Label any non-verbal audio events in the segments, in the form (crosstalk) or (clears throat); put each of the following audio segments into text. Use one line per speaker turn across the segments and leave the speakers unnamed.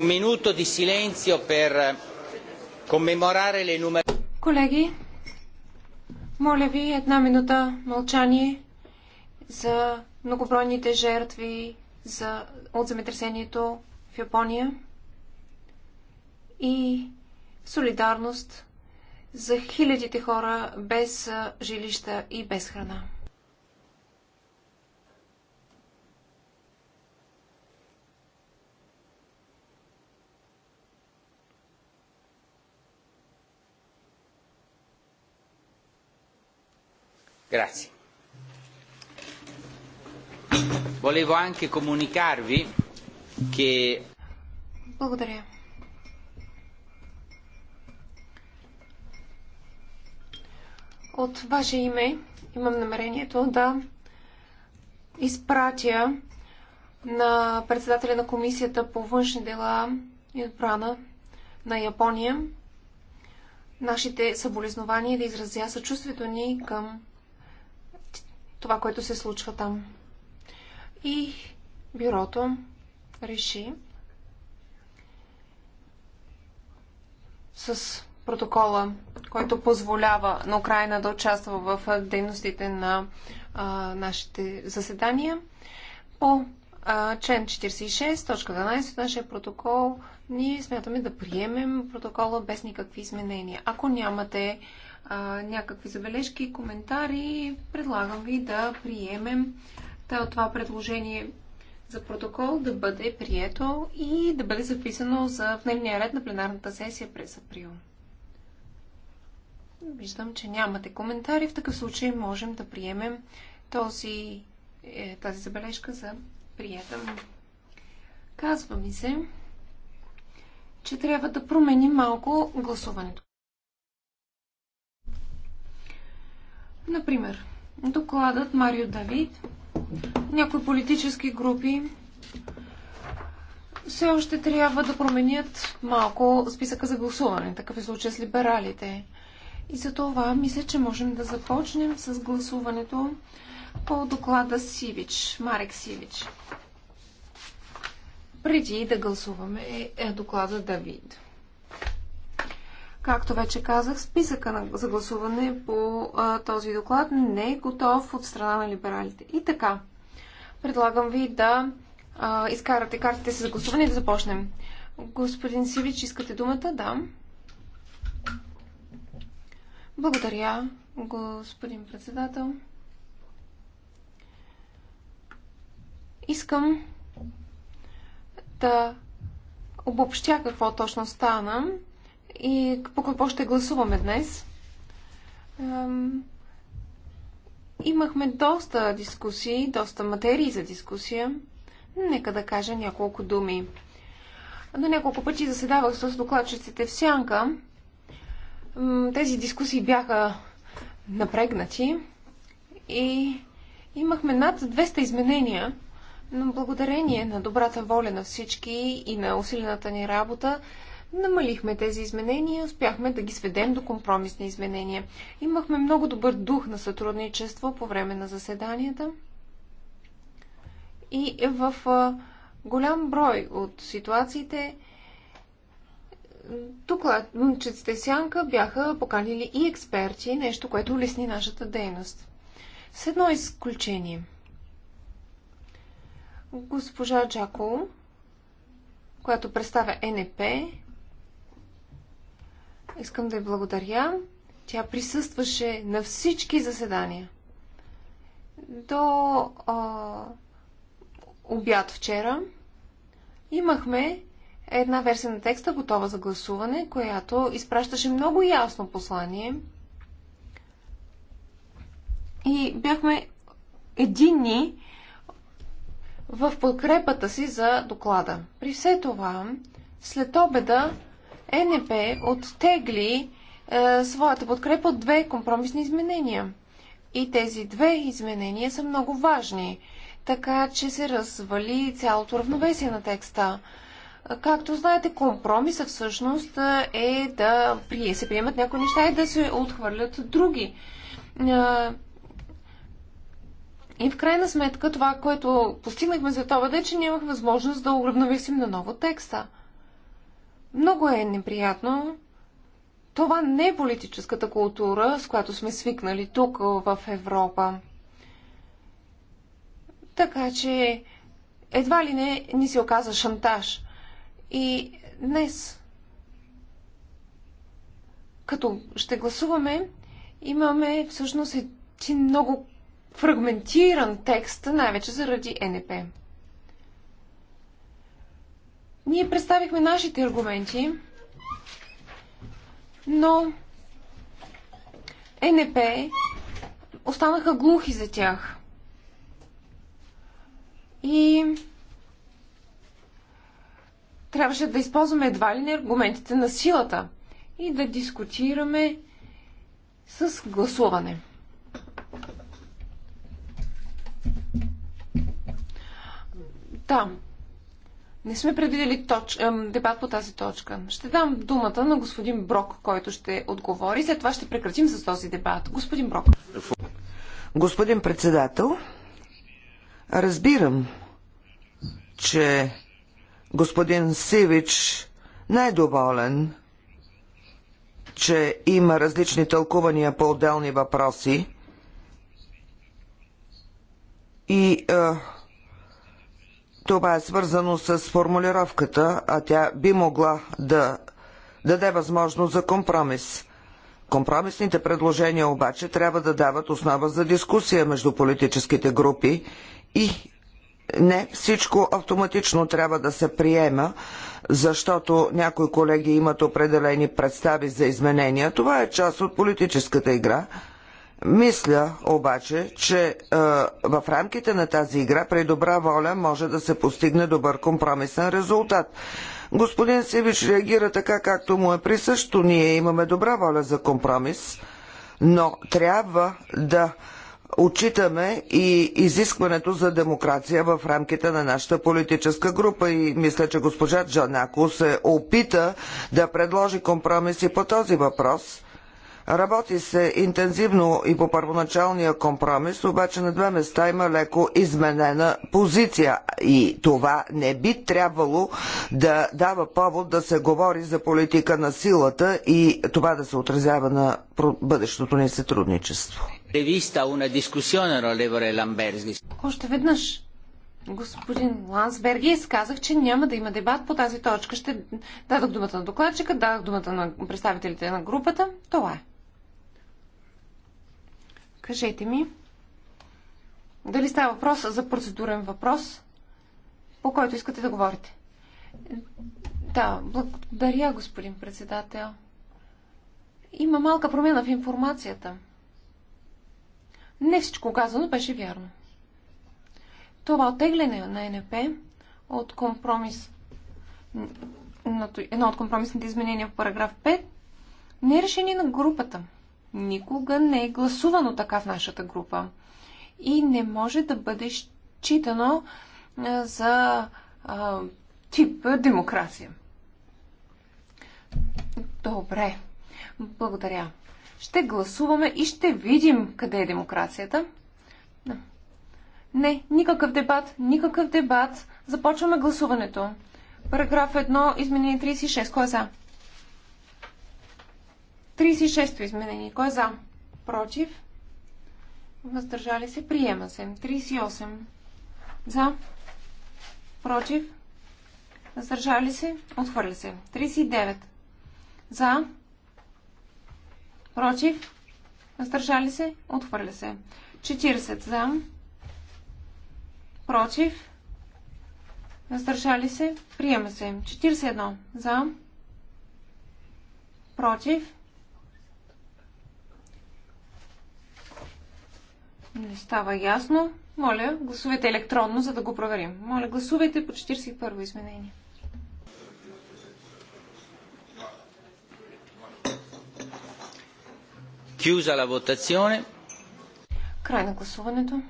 Eh,
Колеги, моля ви една минута мълчание за многобройните жертви за, от земетресението в Япония и солидарност за хилядите хора без жилища и без храна.
Grazie. Volevo anche comunicarvi che...
Благодаря. От ваше име имам намерението да изпратя на председателя на Комисията по външни дела и отбрана на Япония нашите съболезнования да изразя съчувствието ни към това, което се случва там. И бюрото реши с протокола, който позволява на Украина да участва в дейностите на а, нашите заседания. По а, член 46, точка 12 от нашия протокол, ние смятаме да приемем протокола без никакви изменения. Ако нямате а, някакви забележки и коментари, предлагам ви да приемем това предложение за протокол да бъде прието и да бъде записано за дневния ред на пленарната сесия през април. Виждам, че нямате коментари. В такъв случай можем да приемем този, е, тази забележка за прията. Казва ми се, че трябва да променим малко гласуването. Например, докладът Марио Давид, някои политически групи все още трябва да променят малко списъка за гласуване. Такъв е случай с либералите. И за това мисля, че можем да започнем с гласуването по доклада Сивич, Марек Сивич. Преди да гласуваме е, е доклада Давид. Както вече казах, списъка на, за гласуване по а, този доклад не е готов от страна на либералите. И така, предлагам ви да а, изкарате картите си за гласуване и да започнем. Господин Сивич, искате думата? Да. Благодаря, господин председател. Искам да обобщя какво точно стана и по какво ще гласуваме днес. Имахме доста дискусии, доста материи за дискусия. Нека да кажа няколко думи. На няколко пъти заседавах с докладчиците в Сянка. Тези дискусии бяха напрегнати и имахме над 200 изменения, но благодарение на добрата воля на всички и на усилената ни работа намалихме тези изменения и успяхме да ги сведем до компромисни изменения. Имахме много добър дух на сътрудничество по време на заседанията и в голям брой от ситуациите тук момчетите Сянка бяха поканили и експерти, нещо, което улесни нашата дейност. С едно изключение. Госпожа Джако, която представя НП, искам да я благодаря. Тя присъстваше на всички заседания. До а, обяд вчера имахме една версия на текста, готова за гласуване, която изпращаше много ясно послание. И бяхме единни в подкрепата си за доклада. При все това, след обеда ЕНП оттегли е, своята подкрепа от две компромисни изменения. И тези две изменения са много важни, така че се развали цялото равновесие на текста. Както знаете, компромиса всъщност е да се приемат някои неща и да се отхвърлят други. Е, и в крайна сметка това, което постигнахме за това, е, че нямах възможност да уравновесим на ново текста. Много е неприятно. Това не е политическата култура, с която сме свикнали тук в Европа. Така че едва ли не ни се оказа шантаж. И днес, като ще гласуваме, имаме всъщност един много фрагментиран текст, най-вече заради НП. Ние представихме нашите аргументи, но НП останаха глухи за тях. И трябваше да използваме едва ли не аргументите на силата и да дискутираме с гласуване. Да, не сме предвидели точ... дебат по тази точка. Ще дам думата на господин Брок, който ще отговори. След това ще прекратим с този дебат. Господин Брок.
Господин председател, разбирам, че господин Сивич не е доволен, че има различни тълкувания по отделни въпроси. И а, това е свързано с формулировката, а тя би могла да даде възможност за компромис. Компромисните предложения обаче трябва да дават основа за дискусия между политическите групи и не всичко автоматично трябва да се приема, защото някои колеги имат определени представи за изменения. Това е част от политическата игра – мисля обаче, че е, в рамките на тази игра при добра воля може да се постигне добър компромисен резултат. Господин Сивич реагира така, както му е присъщо. Ние имаме добра воля за компромис, но трябва да отчитаме и изискването за демокрация в рамките на нашата политическа група и мисля, че госпожа Джанако се опита да предложи компромиси по този въпрос – Работи се интензивно и по първоначалния компромис, обаче на две места има леко изменена позиция и това не би трябвало да дава повод да се говори за политика на силата и това да се отразява на бъдещото ни сътрудничество.
Още веднъж Господин Лансбергис, казах, че няма да има дебат по тази точка. Ще дадох думата на докладчика, дадох думата на представителите на групата. Това е. Кажете ми, дали става въпрос за процедурен въпрос, по който искате да говорите? Да, благодаря, господин председател. Има малка промяна в информацията. Не всичко казано беше вярно. Това оттегляне на НП от компромис едно от компромисните изменения в параграф 5 не е решение на групата – никога не е гласувано така в нашата група и не може да бъде считано за а, тип демокрация. Добре, благодаря. Ще гласуваме и ще видим къде е демокрацията. Не, никакъв дебат, никакъв дебат. Започваме гласуването. Параграф 1, изменение 36. Кой е за? 36-то изменение. Кой е за? Против. Въздържали се. Приема се. 38. За. Против. Въздържали се. Отхвърля се. 39. За. Против. Въздържали се. Отхвърля се. 40. За. Против. Въздържали се. Приема се. 41. За. Против. Не става ясно. Моля, гласувайте електронно, за да го проверим. Моля, гласувайте по 41-во изменение.
Chiusa la votazione.
Край на гласуването.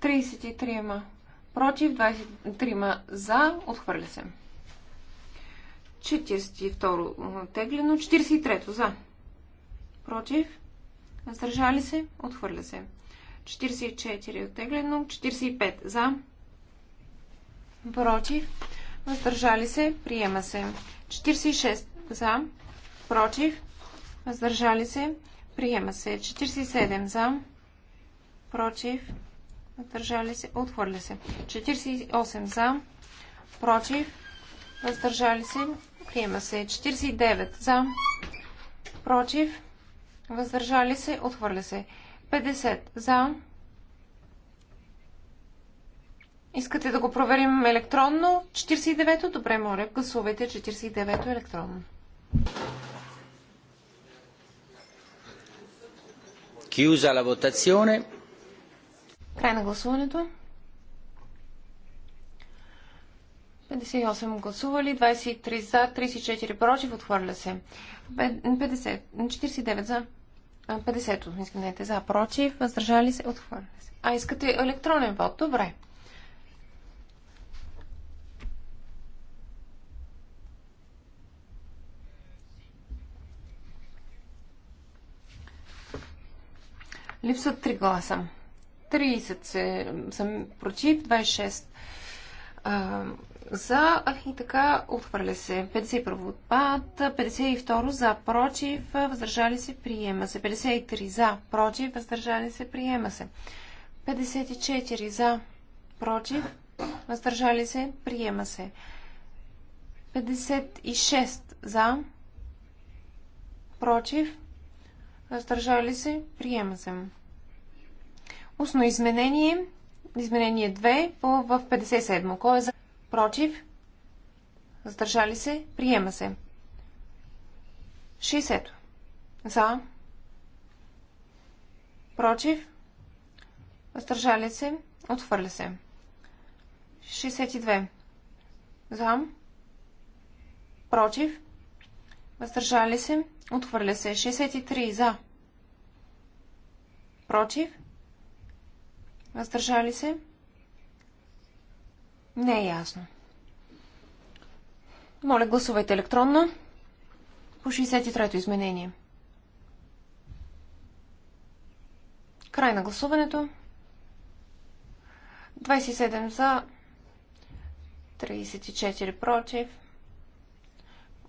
33 против, 23 за, отхвърля се. 42 теглено, 43 за против, въздържали се, отхвърля се. 44 е оттеглено, 45 за, против, въздържали се, приема се. 46 за, против, въздържали се, приема се. 47 за, против, въздържали се, отхвърля се. 48 за, против, въздържали се, приема се. 49 за, против, Въздържали се, отхвърля се. 50 за. Искате да го проверим електронно? 49-то? Добре, моля, гласувайте 49-то електронно.
Chiusa la votazione.
Край на гласуването. 58 гласували, 23 за, 34 против, отхвърля се. 50, 49 за. 50, извинете, за, против, въздържали се, отхвърля се. А искате електронен вод? Добре. Липсват 3 гласа. 30 се, съм против, 26 а, за и така отхвърля се. 51 отпад, 52 за, против, въздържали се, приема се. 53 за, против, въздържали се, приема се. 54 за, против, въздържали се, приема се. 56 за, против, въздържали се, приема се. Устно изменение Изменение 2 по, в 57. Кой е за? Против? задържали се? Приема се. 60. За? Против? Въздържали се? Отхвърля се. 62. За? Против? Въздържали се? Отхвърля се. 63. За? Против? Въздържали се? Не е ясно. Моля, гласувайте електронно по 63-то изменение. Край на гласуването. 27 за, 34 против.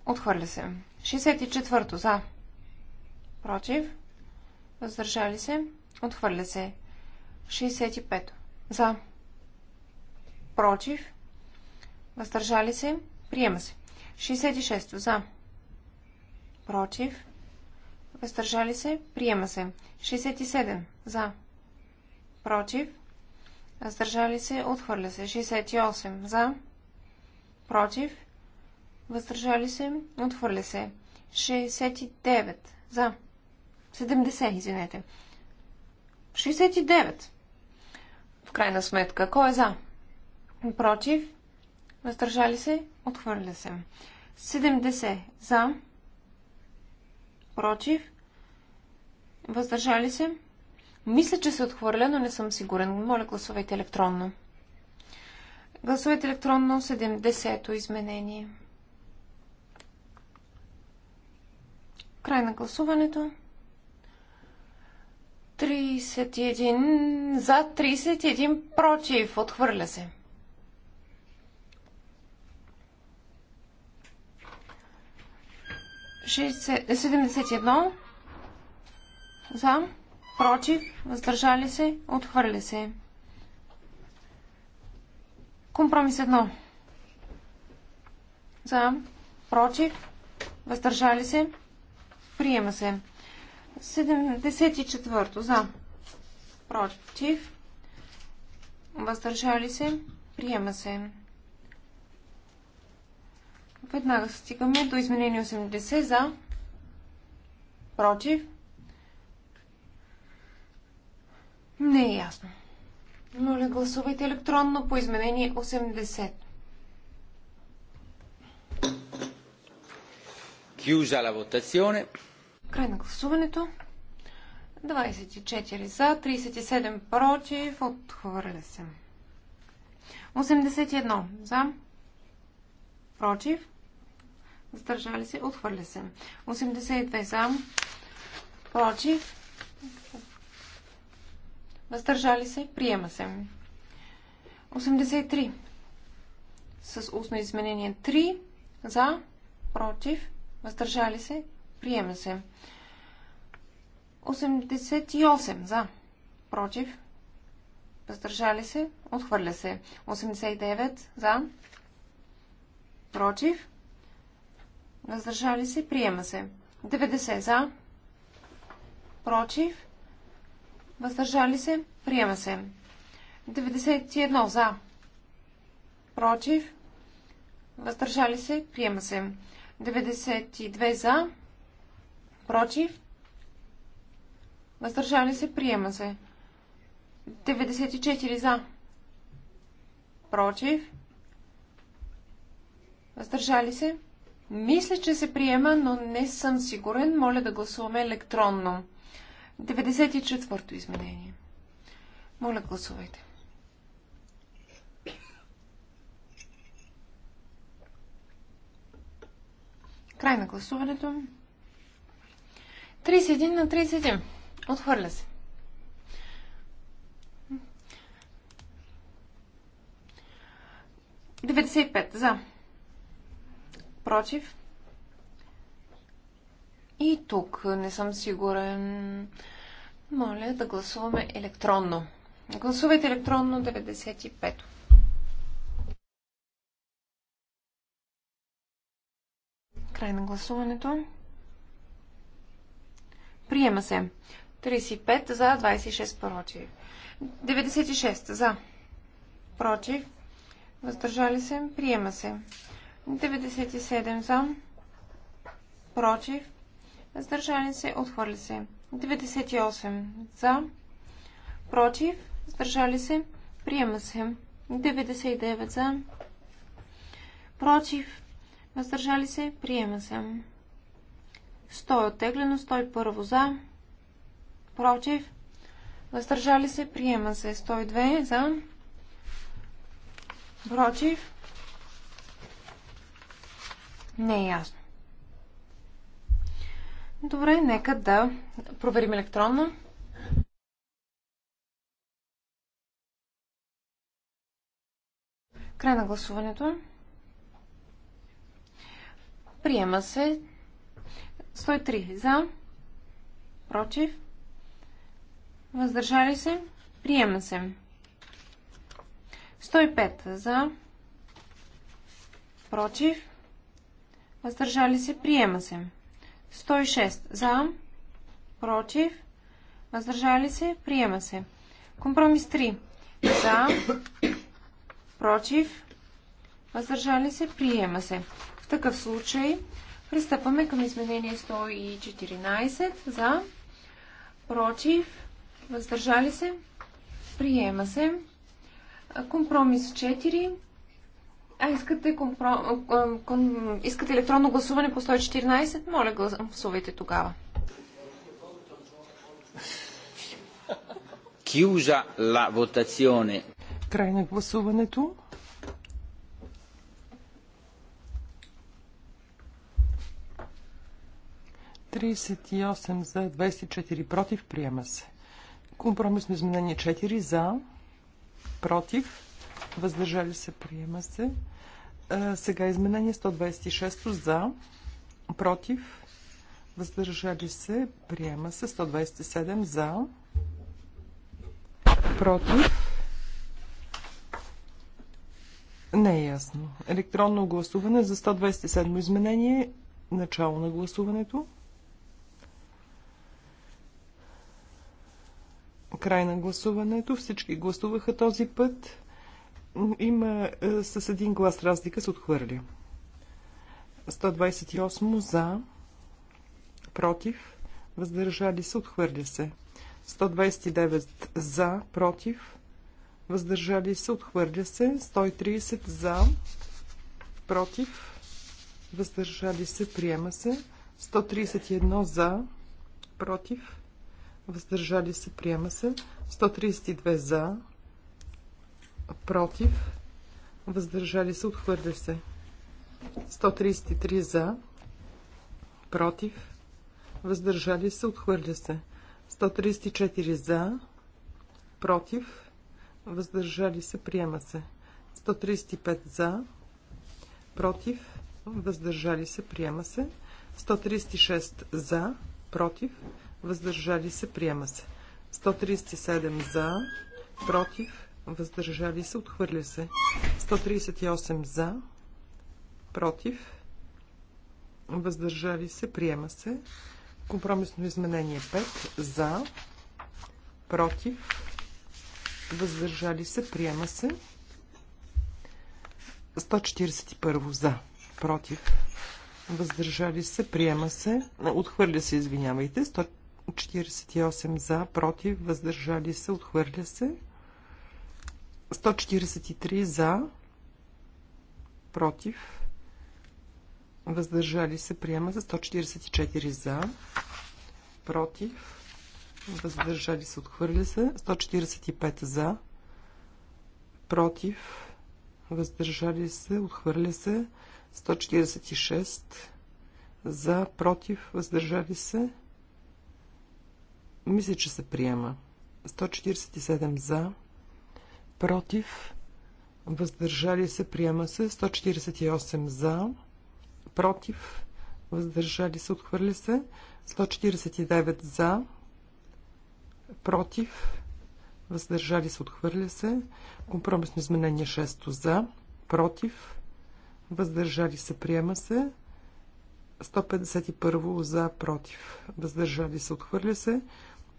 Отхвърля се. 64 за, против. Въздържали се. Отхвърля се. 65. За. Против. Въздържали се. Приема се. 66. За. Против. Въздържали се. Приема се. 67. За. Против. Въздържали се. Отхвърля се. 68. За. Против. Въздържали се. Отхвърля се. 69. За. 70, извинете. 69. В крайна сметка, кой е за? Против? Въздържали се? Отхвърля се. 70 за. Против? Въздържали се? Мисля, че се отхвърля, но не съм сигурен. Моля, гласувайте електронно. Гласувайте електронно 70-то изменение. Край на гласуването. 31 за, 31 против. Отхвърля се. Шестце... 71 за, против, въздържали се, отхвърля се. Компромис 1. За, против, въздържали се, приема се. 74 за. Против. Въздържали се. Приема се. Веднага стигаме до изменение 80 за. Против. Не е ясно. Моля, гласувайте електронно по изменение 80.
Chiusa la votazione.
Край на гласуването. 24 за, 37 против, отхвърля се. 81 за, против, въздържали се, отхвърля се. 82 за, против, въздържали се, приема се. 83 с устно изменение 3 за, против, въздържали се, Приема се. 88 за. Против. Въздържали се. Отхвърля се. 89 за. Против. Въздържали се. Приема се. 90 за. Против. Въздържали се. Приема се. 91 за. Против. Въздържали се. Приема се. 92 за. Против? Въздържали се? Приема се. 94 за. Против? Въздържали се? Мисля, че се приема, но не съм сигурен. Моля да гласуваме електронно. 94-то изменение. Моля, гласувайте. Край на гласуването. 31 на 31. Отхвърля се. Деветдесет за. Против. И тук не съм сигурен. Моля да гласуваме електронно. Гласувайте електронно 95. Край на гласуването. Приема се. 35 за, 26 против. 96 за, против, въздържали се, приема се. 97 за, против, въздържали се, отхвърли се. 98 за, против, въздържали се, приема се. 99 за, против, въздържали се, приема се. 100 е оттеглено, 101 за, против, въздържали се, приема се 102 за, против, не е ясно. Добре, нека да проверим електронно. Край на гласуването. Приема се 103 за, против, въздържали се, приема се. 105 за, против, въздържали се, приема се. 106 за, против, въздържали се, приема се. Компромис 3 за, против, въздържали се, приема се. В такъв случай Пристъпваме към изменение 114 за, против, въздържали се, приема се. Компромис 4. А, искате, компро... искате електронно гласуване по 114? Моля, гласувайте тогава.
Кюжа ла
Край на гласуването. 38 за, 24 против. Приема се. Компромисно изменение 4 за, против. Въздържали се. Приема се. Сега изменение 126 за, против. Въздържали се. Приема се. 127 за, против. Не е ясно. Електронно гласуване за 127 изменение. Начало на гласуването. Край на гласуването. Всички гласуваха този път. Има е, с един глас разлика се отхвърля. 128 за, против, въздържали се, отхвърля се. 129 за, против, въздържали се, отхвърля се. 130 за, против, въздържали се, приема се. 131 за, против, въздържали се, приема се. 132 за, против, въздържали се, отхвърля се. 133 за, против, въздържали се, отхвърля се. 134 за, против, въздържали се, приема се. 135 за, против, въздържали се, приема се. 136 за, против, въздържали се, приема се. 137 за, против, въздържали се, отхвърля се. 138 за, против, въздържали се, приема се. Компромисно изменение 5 за, против, въздържали се, приема се. 141 за, против, въздържали се, приема се, отхвърля се, извинявайте, 48 за, против, въздържали се, отхвърля се. 143 за, против, въздържали се, приема се. 144 за, против, въздържали се, отхвърля се. 145 за, против, въздържали се, отхвърля се. 146 за, против, въздържали се. Мисля, че се приема. 147 за, против, въздържали се, приема се. 148 за, против, въздържали се, отхвърли се. 149 за, против, въздържали се, отхвърля се. Компромисно изменение 6 за, против, въздържали се, приема се. 151 за, против, въздържали се, отхвърля се.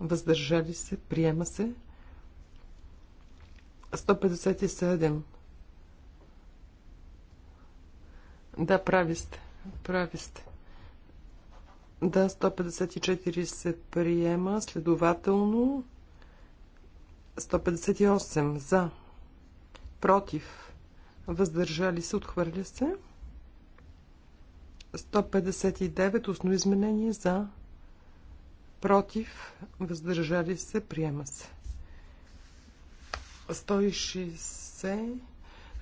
въздържали се, приема се. 157. Да, прави сте, прави сте. Да, 154 се приема, следователно 158 за, против, въздържали се, отхвърля се. 159 основно изменение за, против, въздържали се, приема се. 160.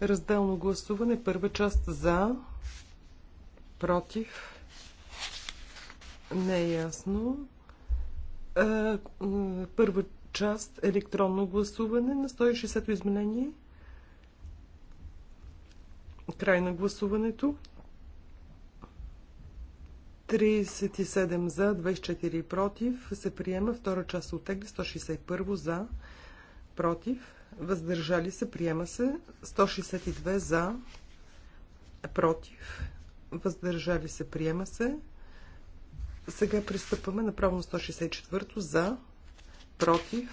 Разделно гласуване. Първа част за, против, не е ясно. Е, първа част електронно гласуване на 160-то изменение. Край на гласуването. 37 за, 24 против. Се приема. Втора част оттегли. 161 за, против. Въздържали се. Приема се. 162 за, против. Въздържали се. Приема се. Сега пристъпваме направо на 164 за, против.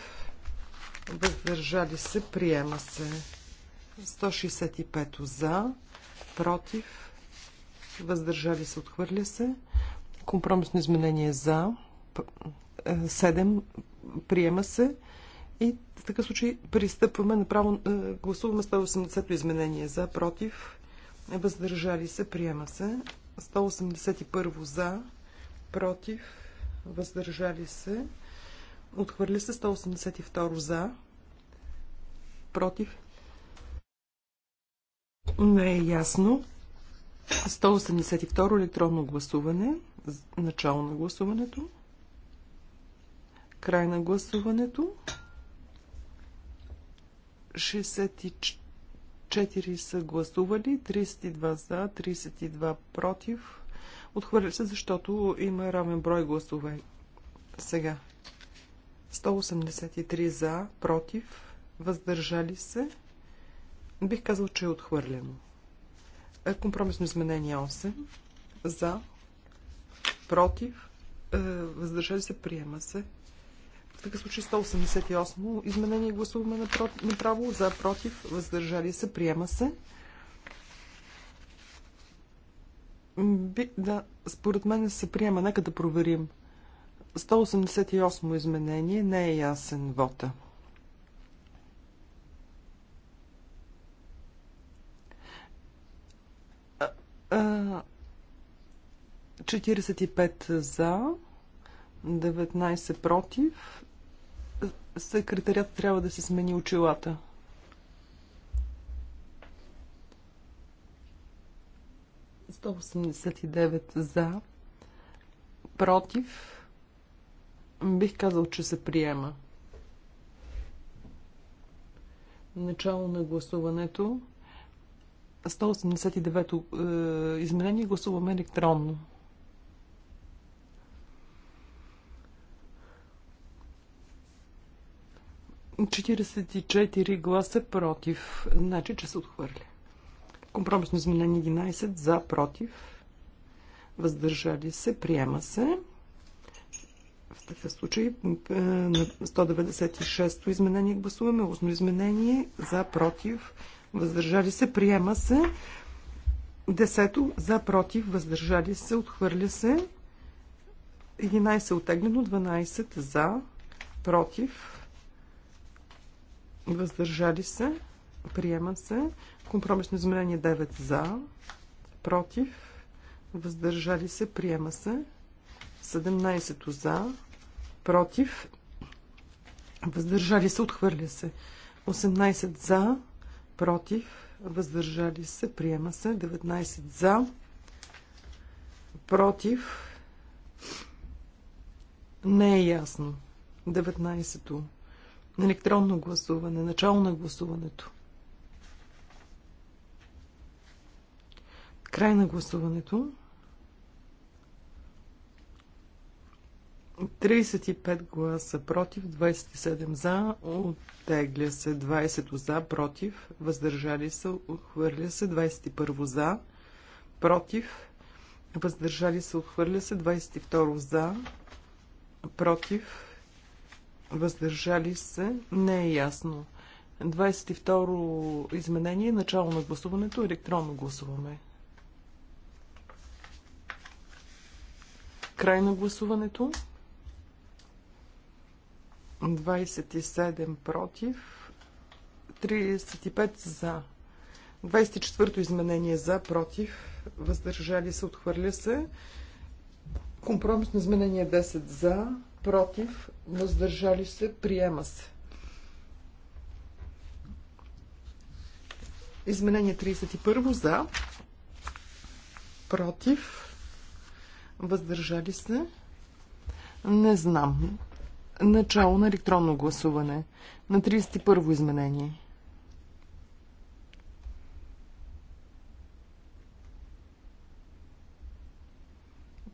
Въздържали се. Приема се. 165 за, против въздържали се, отхвърля се. Компромисно изменение за 7 е, приема се. И в такъв случай пристъпваме направо, е, гласуваме 180-то изменение за, против, въздържали се, приема се. 181 за, против, въздържали се, отхвърли се 182 за, против. Не е ясно. 182 електронно гласуване. Начало на гласуването. Край на гласуването. 64 са гласували, 32 за, 32 против. Отхвърля се, защото има равен брой гласове. Сега. 183 за, против, въздържали се. Бих казал, че е отхвърлено. Компромисно изменение 8. За. Против. Е, въздържали се. Приема се. В такъв случай 188 изменение гласуваме направо. За. Против. Въздържали се. Приема се. Би, да, според мен се приема. Нека да проверим. 188 изменение не е ясен вота. 45 за, 19 против. Секретарят трябва да се смени очилата. Сто за, против. Бих казал, че се приема. Начало на гласуването. 189-то е, изменение гласуваме електронно. Четиридесет и четири гласа против. Значи, че се отхвърля. Компромисно изменение 11 за против. Въздържали се. Приема се. В такъв случай е, на 196-то изменение гласуваме. Устно изменение за против въздържали се, приема се. Десето за, против, въздържали се, отхвърля се. 11 отеглено, 12 за, против, въздържали се, приема се. Компромисно изменение 9 за, против, въздържали се, приема се. 17 за, против, въздържали се, отхвърля се. 18 за, против, въздържали се, приема се. 19 за, против, не е ясно. 19-то. Електронно гласуване, начало на гласуването. Край на гласуването. 35 гласа против, 27 за, оттегля се 20 за, против, въздържали се, отхвърля се 21 за, против, въздържали се, отхвърля се 22 за, против, въздържали се, не е ясно. 22 изменение, начало на гласуването, електронно гласуваме. Край на гласуването. 27 против, 35 за. 24-то изменение за, против, въздържали се, отхвърля се. Компромисно изменение 10 за, против, въздържали се, приема се. Изменение 31 за, против, въздържали се. Не знам. Начало на електронно гласуване на 31-во изменение.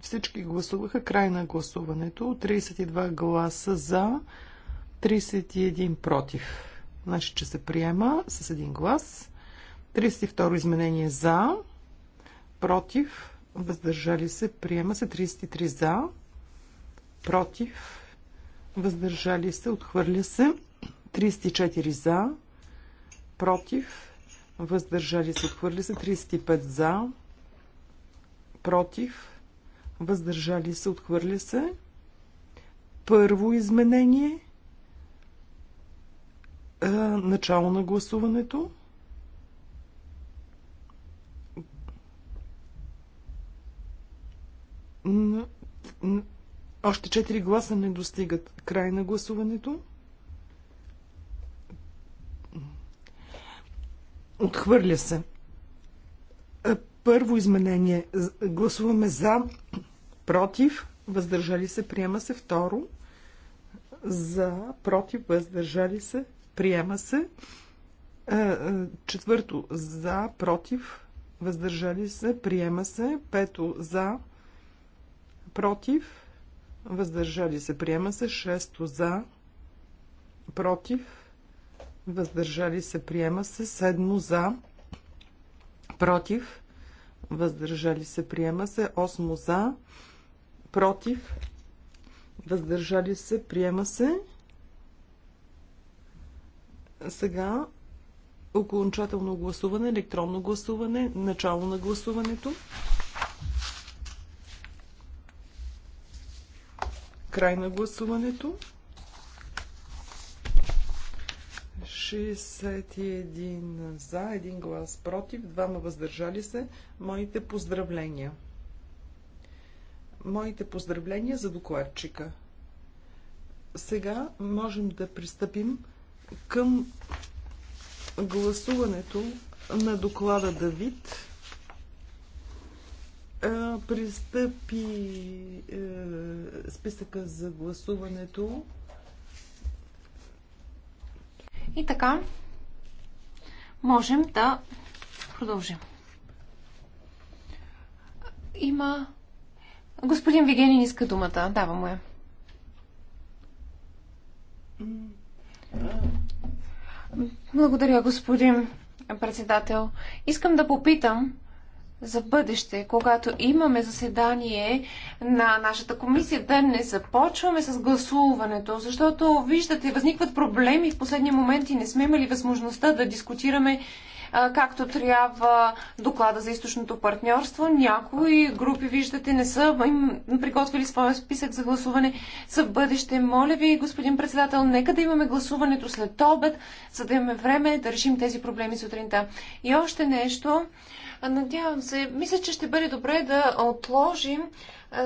Всички гласуваха край на гласуването. 32 гласа за, 31 против. Значи, че се приема с един глас. 32 изменение за, против, въздържали се, приема се 33 за, против, въздържали се, отхвърля се. 34 за, против, въздържали се, отхвърля се. 35 за, против, въздържали се, отхвърля се. Първо изменение. Начало на гласуването. Още 4 гласа не достигат край на гласуването. Отхвърля се. Е, първо изменение. Гласуваме за, против, въздържали се, приема се. Второ, за, против, въздържали се, приема се. Е, е, четвърто, за, против, въздържали се, приема се. Пето, за, против, въздържали се, приема се. 6 за, против, въздържали се, приема се. 7 за, против, въздържали се, приема се. 8 за, против, въздържали се, приема се. Сега окончателно гласуване, електронно гласуване, начало на гласуването. Край на гласуването. 61 за, 1 глас против, 2 въздържали се. Моите поздравления. Моите поздравления за докладчика. Сега можем да пристъпим към гласуването на доклада Давид пристъпи е, списъка за гласуването.
И така, можем да продължим. Има. Господин Вигенин иска думата. Давам му я. Благодаря, господин председател. Искам да попитам за бъдеще, когато имаме заседание на нашата комисия, да не започваме с гласуването, защото, виждате, възникват проблеми в последния момент и не сме имали възможността да дискутираме а, както трябва доклада за източното партньорство. Някои групи, виждате, не са им приготвили своя списък за гласуване за бъдеще. Моля ви, господин председател, нека да имаме гласуването след обед, за да имаме време да решим тези проблеми сутринта. И още нещо Надявам се, мисля, че ще бъде добре да отложим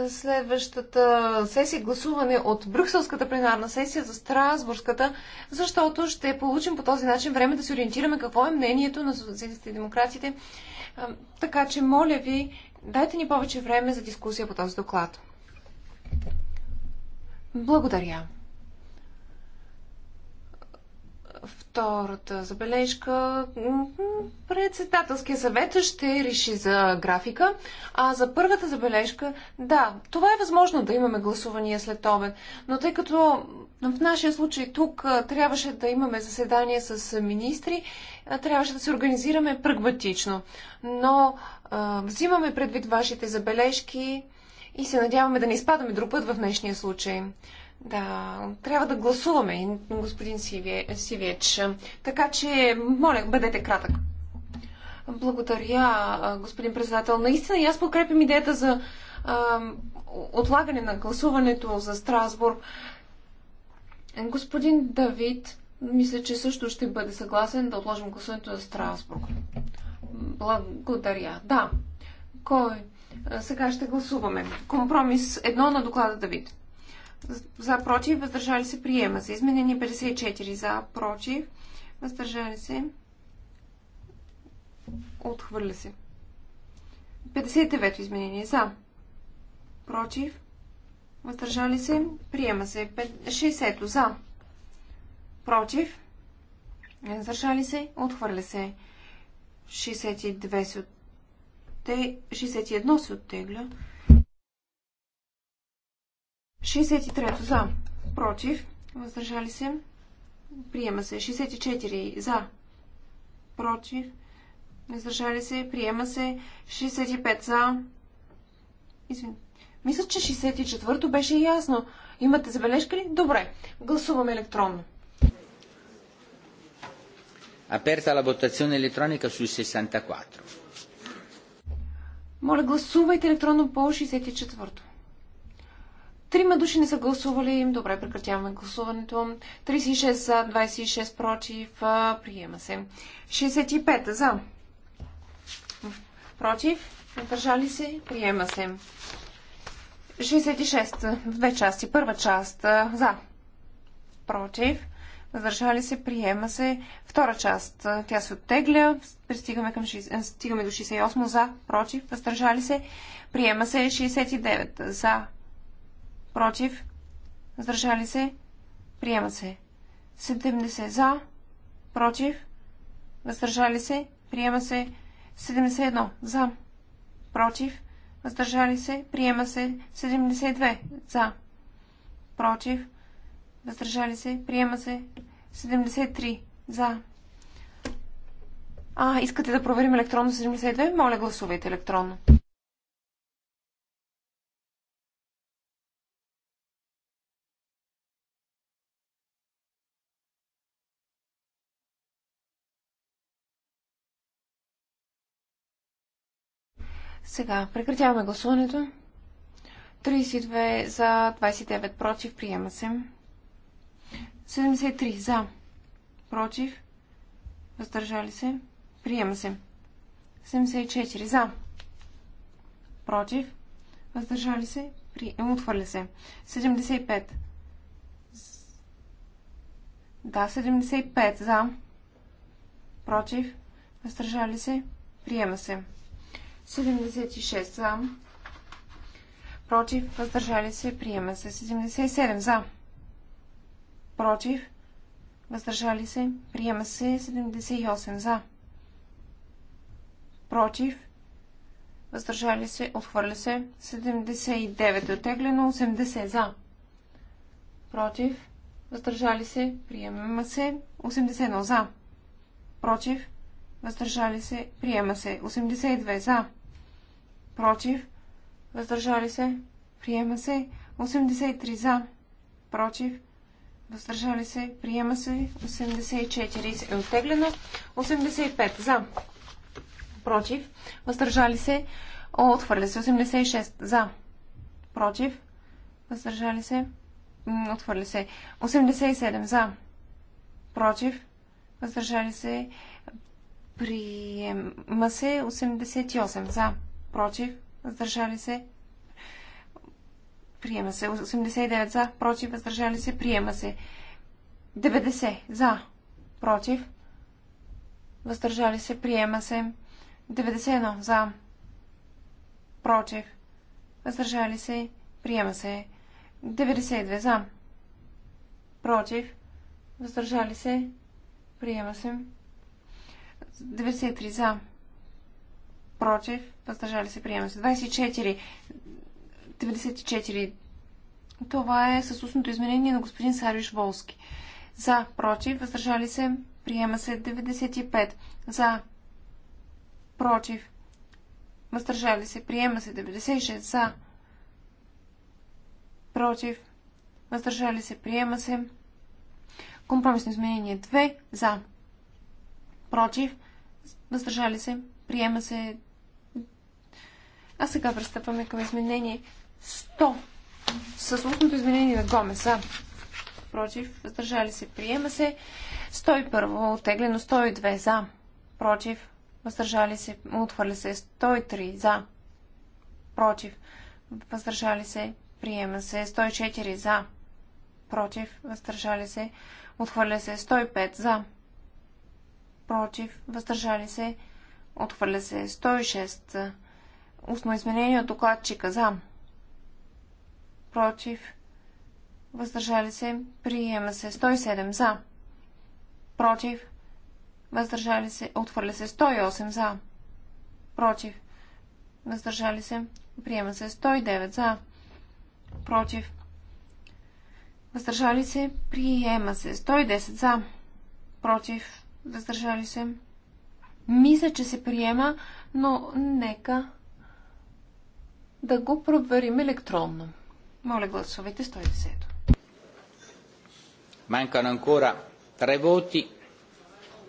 следващата сесия гласуване от Брюкселската пленарна сесия за Страсбургската, защото ще получим по този начин време да се ориентираме какво е мнението на социалистите и демократите. Така че, моля ви, дайте ни повече време за дискусия по този доклад. Благодаря. Втората забележка. Председателския съвет ще реши за графика. А за първата забележка, да, това е възможно да имаме гласувания след обед. Но тъй като в нашия случай тук трябваше да имаме заседание с министри, трябваше да се организираме прагматично. Но а, взимаме предвид вашите забележки и се надяваме да не изпадаме друг път в днешния случай. Да, трябва да гласуваме, господин Сивиеч. Така че, моля, бъдете кратък. Благодаря, господин председател. Наистина, и аз подкрепям идеята за а, отлагане на гласуването за Страсбург. Господин Давид, мисля, че също ще бъде съгласен да отложим гласуването за Страсбург. Благодаря. Да. Кой? Сега ще гласуваме. Компромис едно на доклада Давид за против, въздържали се, приема се. Изменение 54 за против, въздържали се, отхвърля се. 59 изменение за против, въздържали се, приема се. 60 за против, въздържали се, отхвърля се. 62 се от... 61 се оттегля. 63 за, против, въздържали се, приема се. 64 за, против, въздържали се, приема се. 65 за, извин. Мисля, че 64-то беше ясно. Имате забележка ли? Добре. Гласуваме електронно.
Аперта ла ботацион електроника су 64.
Моля, гласувайте електронно по 64-то. Трима души не са гласували. Добре, прекратяваме гласуването. 36 за, 26 против. Приема се. 65 за. Против. Въздържали се. Приема се. 66. Две части. Първа част. За. Против. Въздържали се. Приема се. Втора част. Тя се оттегля. Пристигаме към, стигаме до 68. За. Против. Въздържали се. Приема се. 69. За против, въздържали се, приема се. 70 за, против, въздържали се, приема се. 71 за, против, въздържали се, приема се. 72 за, против, въздържали се, приема се. 73 за. А, искате да проверим електронно 72? Моля, гласувайте електронно. Сега прекратяваме гласуването. 32 за, 29 против, приема се. 73 за, против, въздържали се, приема се. 74 за, против, въздържали се, при... отхвърля се. 75 да, 75 за, против, въздържали се, приема се. 76 за. Против. Въздържали се. Приема се. 77 за. Против. Въздържали се. Приема се. 78 за. Против. Въздържали се. Отхвърля се. 79 отеглено, 80 за. Против. Въздържали се. Приема се. 81 за. Против въздържали се, приема се. 82 за, против, въздържали се, приема се. 83 за, против, въздържали се, приема се. 84 е оттеглено. 85 за, против, въздържали се, отхвърля се. 86 за, против, въздържали се, отхвърля се. 87 за, против, въздържали се, Приема се 88 за, против, въздържали се. Приема се 89 за, против, въздържали се. Приема се 90 за, против, въздържали се. Приема се 91 за, против, въздържали се. Приема се 92 за, против, въздържали се. Приема се. 93 за. Против. Въздържали се. Приема се. 24. 94. Това е с устното изменение на господин Сариш Волски. За. Против. Въздържали се. Приема се. 95. За. Против. Въздържали се. Приема се. 96. За. Против. Въздържали се. Приема се. Компромисно изменение 2. За. Против. Въздържали се. Приема се. А сега пристъпваме към изменение 100. Със устното изменение на Гомеса. Против. Въздържали се. Приема се. 101. Отеглено 102. За. Против. Въздържали се. Отхвърля се. 103. За. Против. Въздържали се. Приема се. 104. За. Против. Въздържали се. Отхвърля се. 105. За против, въздържали се, отхвърля се 106. Устно изменение от докладчика за, против, въздържали се, приема се 107 за, против, въздържали се, отхвърля се 108 за, против, въздържали се, приема се 109 за, против, въздържали се, приема се 110 за, против, Въздържали се. Мисля, че се приема, но нека да го проверим електронно. Моля, гласувайте 110.
Mancano ancora tre voti.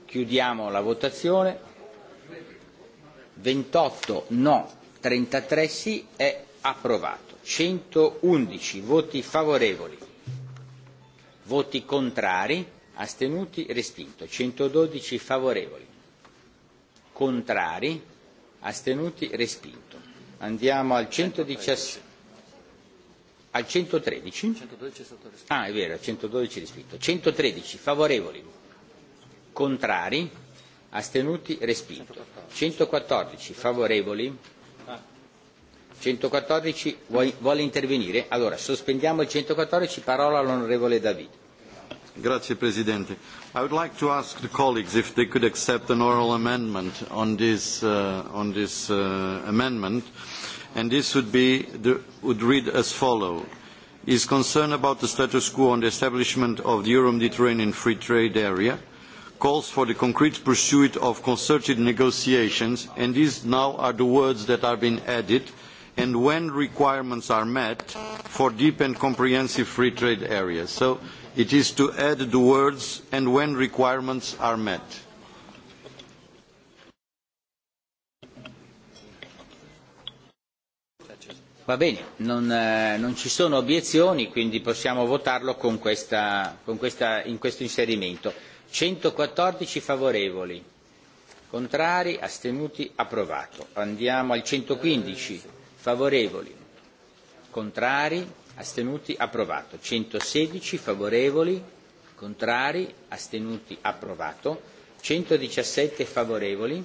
Chiudiamo la votazione. 28 no, 33 sì, è approvato. 111 voti favorevoli, voti contrari astenuti, respinto. 112 favorevoli, contrari, astenuti, respinto. Andiamo al 117. Al 113? 112 è stato Ah, è vero, 112 respinto. 113 favorevoli, contrari, astenuti, respinto. 114 favorevoli, 114 vuole intervenire? Allora, sospendiamo il 114, parola all'onorevole David
Mr President. I would like to ask the colleagues if they could accept an oral amendment on this, amendment, and this would, read as follows. Is concerned about the status quo on the establishment of the Euro-Mediterranean Free Trade Area, calls for the concrete pursuit of concerted negotiations, and these now are the words
that have been added, and when requirements are met for deep and comprehensive free trade areas. So it is to add the words and when requirements are met. Va bene, non, ci sono obiezioni, quindi possiamo votarlo con questa, in questo inserimento. Centoquattordici favorevoli, contrari, astenuti, approvato. Andiamo al centoquindici favorevoli contrari astenuti approvato 116 favorevoli contrari astenuti approvato 117 favorevoli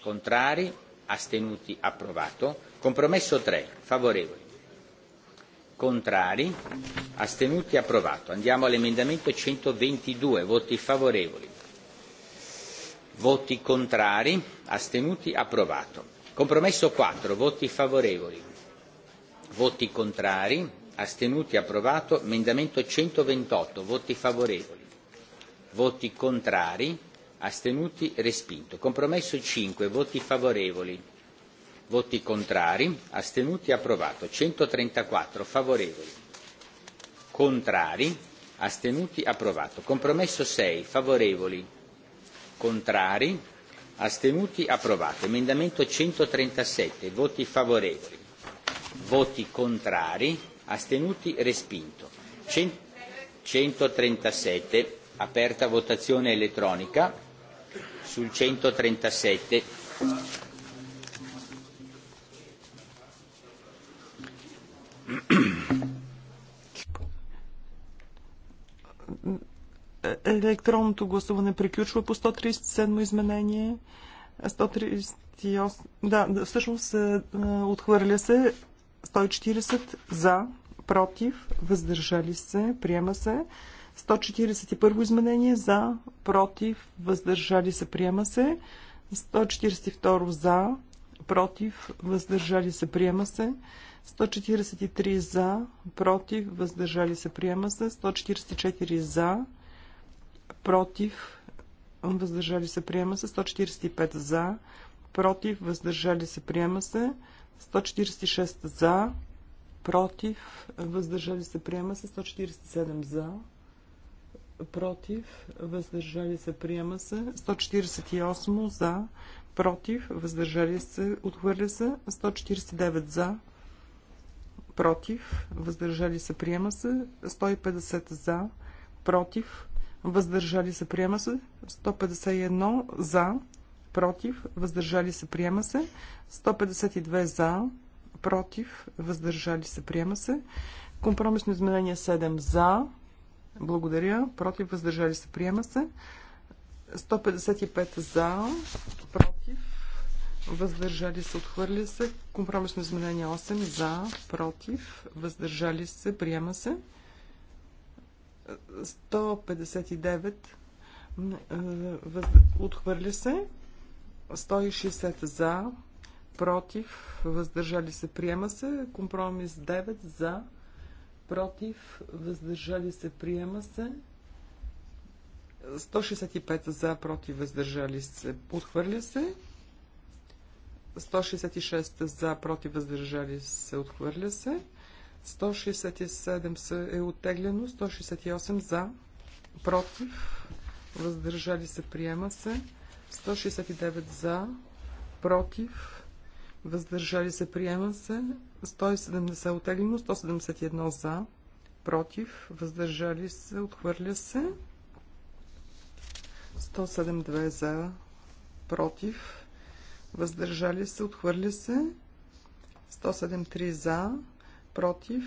contrari astenuti approvato compromesso 3 favorevoli contrari astenuti approvato andiamo all'emendamento 122 voti favorevoli voti contrari astenuti approvato Compromesso 4. Voti favorevoli. Voti contrari. Astenuti. Approvato. Emendamento 128. Voti favorevoli. Voti contrari. Astenuti. Respinto. Compromesso 5. Voti favorevoli. Voti contrari. Astenuti. Approvato. 134. Favorevoli. Contrari. Astenuti. Approvato. Compromesso 6. Favorevoli. Contrari Astenuti? Approvato. Emendamento 137. Voti favorevoli. Voti contrari. Astenuti? Respinto. 137. Aperta votazione elettronica sul 137.
електронното гласуване приключва по 137 изменение. 138, да, всъщност е, е, отхвърля се 140 за, против, въздържали се, приема се. 141 изменение за, против, въздържали се, приема се. 142 за, против, въздържали се, приема се. 143 за, против, въздържали се, приема се. 144 за, против, въздържали се, приема се. 145 за, против, въздържали се, приема се. 146 за, против, въздържали се, приема се. 147 за, против, въздържали се, приема се. 148 за, против, въздържали се, отхвърля се. 149 за, против, въздържали се, приема се. 150 за, против, въздържали се, приема се. 151 за, против, въздържали се, приема се. 152 за, против, въздържали се, приема се. Компромисно изменение 7 за, благодаря, против, въздържали се, приема се. 155 за, против, въздържали се, отхвърля се. Компромисно изменение 8 за, против, въздържали се, приема се. 159 отхвърля се. 160 за, против, въздържали се, приема се. Компромис 9 за, против, въздържали се, приема се. 165 за, против, въздържали се, отхвърля се. 166 за, против, въздържали се, отхвърля се. 167 е оттеглено, 168 за, против, въздържали се, приема се, 169 за, против, въздържали се, приема се, 170 е оттеглено, 171 за, против, въздържали се, отхвърля се, 172 за, против, въздържали се, отхвърля се, 173 за, против,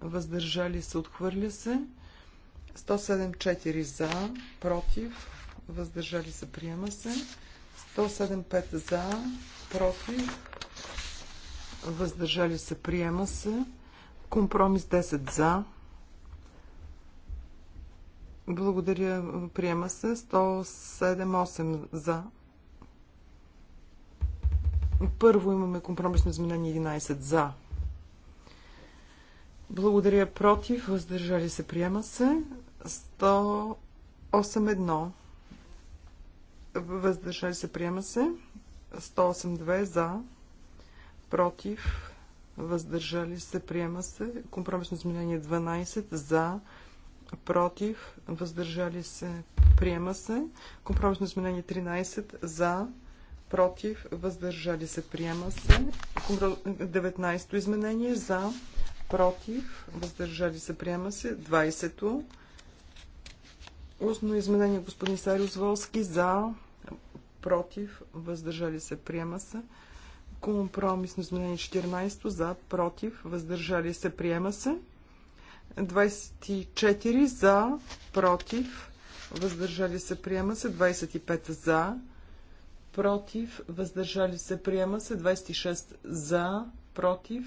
въздържали се, отхвърля се. 107.4 за, против, въздържали се, приема се. 175 за, против, въздържали се, приема се. Компромис 10 за. Благодаря, приема се. 107-8 за. Първо имаме компромисно изменение 11 за, благодаря против, въздържали се, приема се. 108.1. Въздържали се, приема се. 108.2 за. Против, въздържали се, приема се. Компромисно изменение 12 за. Против, въздържали се, приема се. Компромисно изменение 13 за против, въздържали се, приема се. 19-то изменение за, против, въздържали се, приема се. 20-то. Устно изменение господин Сариус Волски за, против, въздържали се, приема се. Компромисно изменение 14 за, против, въздържали се, приема се. 24 за, против, въздържали се, приема се. 25 за, против, въздържали се, приема се. 26 за, против,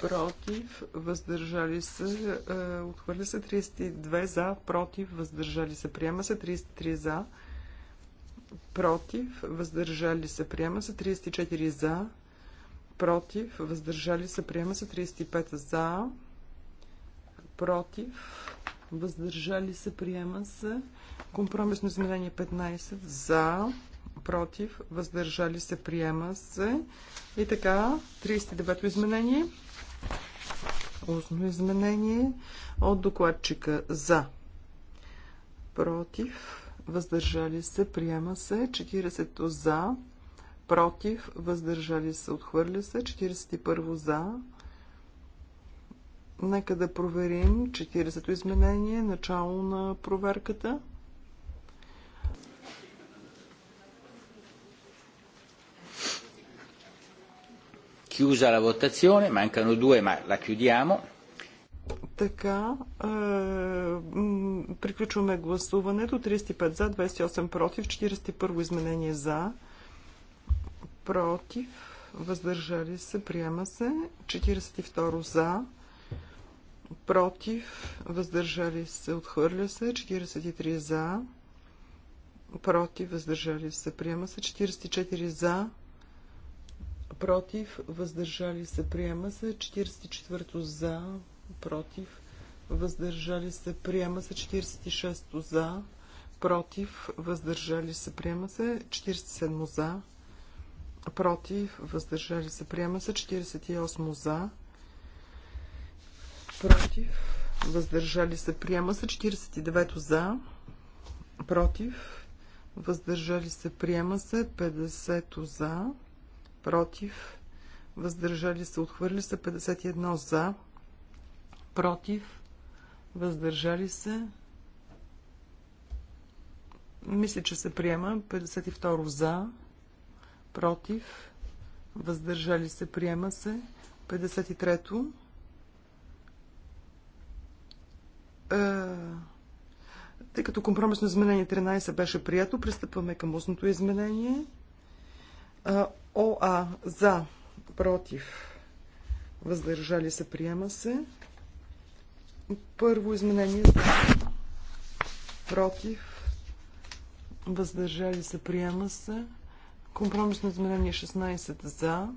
против, въздържали се, е, отхвърля се 32 за, против, въздържали се, приема се 33 за, против, въздържали се, приема се 34 за, против, въздържали се, приема се 35 за, против, въздържали се, приема се компромисно изменение 15 за, против, въздържали се, приема се и така 39 изменение Устно изменение от докладчика за. Против. Въздържали се. Приема се. 40 за. Против. Въздържали се. Отхвърля се. 41 за. Нека да проверим 40-то изменение, начало на проверката.
Chiusa la votazione, mancano due ma la chiudiamo.
Така, е, приключваме гласуването. 35 за, 28 против, 41 изменение за, против, въздържали се, приема се, 42 за, против, въздържали се, отхвърля се, 43 за, против, въздържали се, приема се, 44 за, против, въздържали се, приема се. 44 за, против, въздържали се, приема се. 46 за, против, въздържали се, приема се. 47 за, против, въздържали се, приема се. 48 за, против, въздържали се, приема се. 49 за, против, въздържали се, приема се. 50 за, против, въздържали се, отхвърли се 51 за, против, въздържали се. Мисля, че се приема 52 за, против, въздържали се, приема се 53-то. Е, тъй като компромисно изменение 13 беше прието, пристъпваме към устното изменение. Е, ОА за, против, въздържали се, приема се. Първо изменение за, против, въздържали се, приема се. Компромисно изменение 16 за,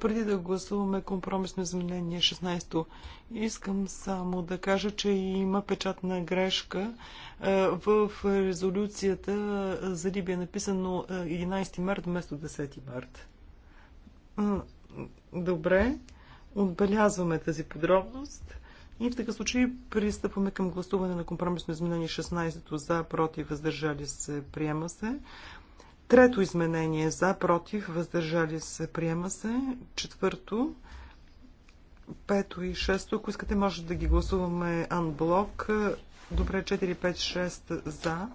Преди да гласуваме компромисно изменение 16, искам само да кажа, че има печатна грешка. Е, в резолюцията за Либия е написано 11 е, март вместо 10 март. Добре, отбелязваме тази подробност. И в такъв случай пристъпваме към гласуване на компромисно изменение 16 то за, против, въздържали се, приема се. Трето изменение е за, против, въздържали се, приема се. Четвърто, пето и шесто, ако искате, може да ги гласуваме анблок. Добре, 4, 5, 6 за,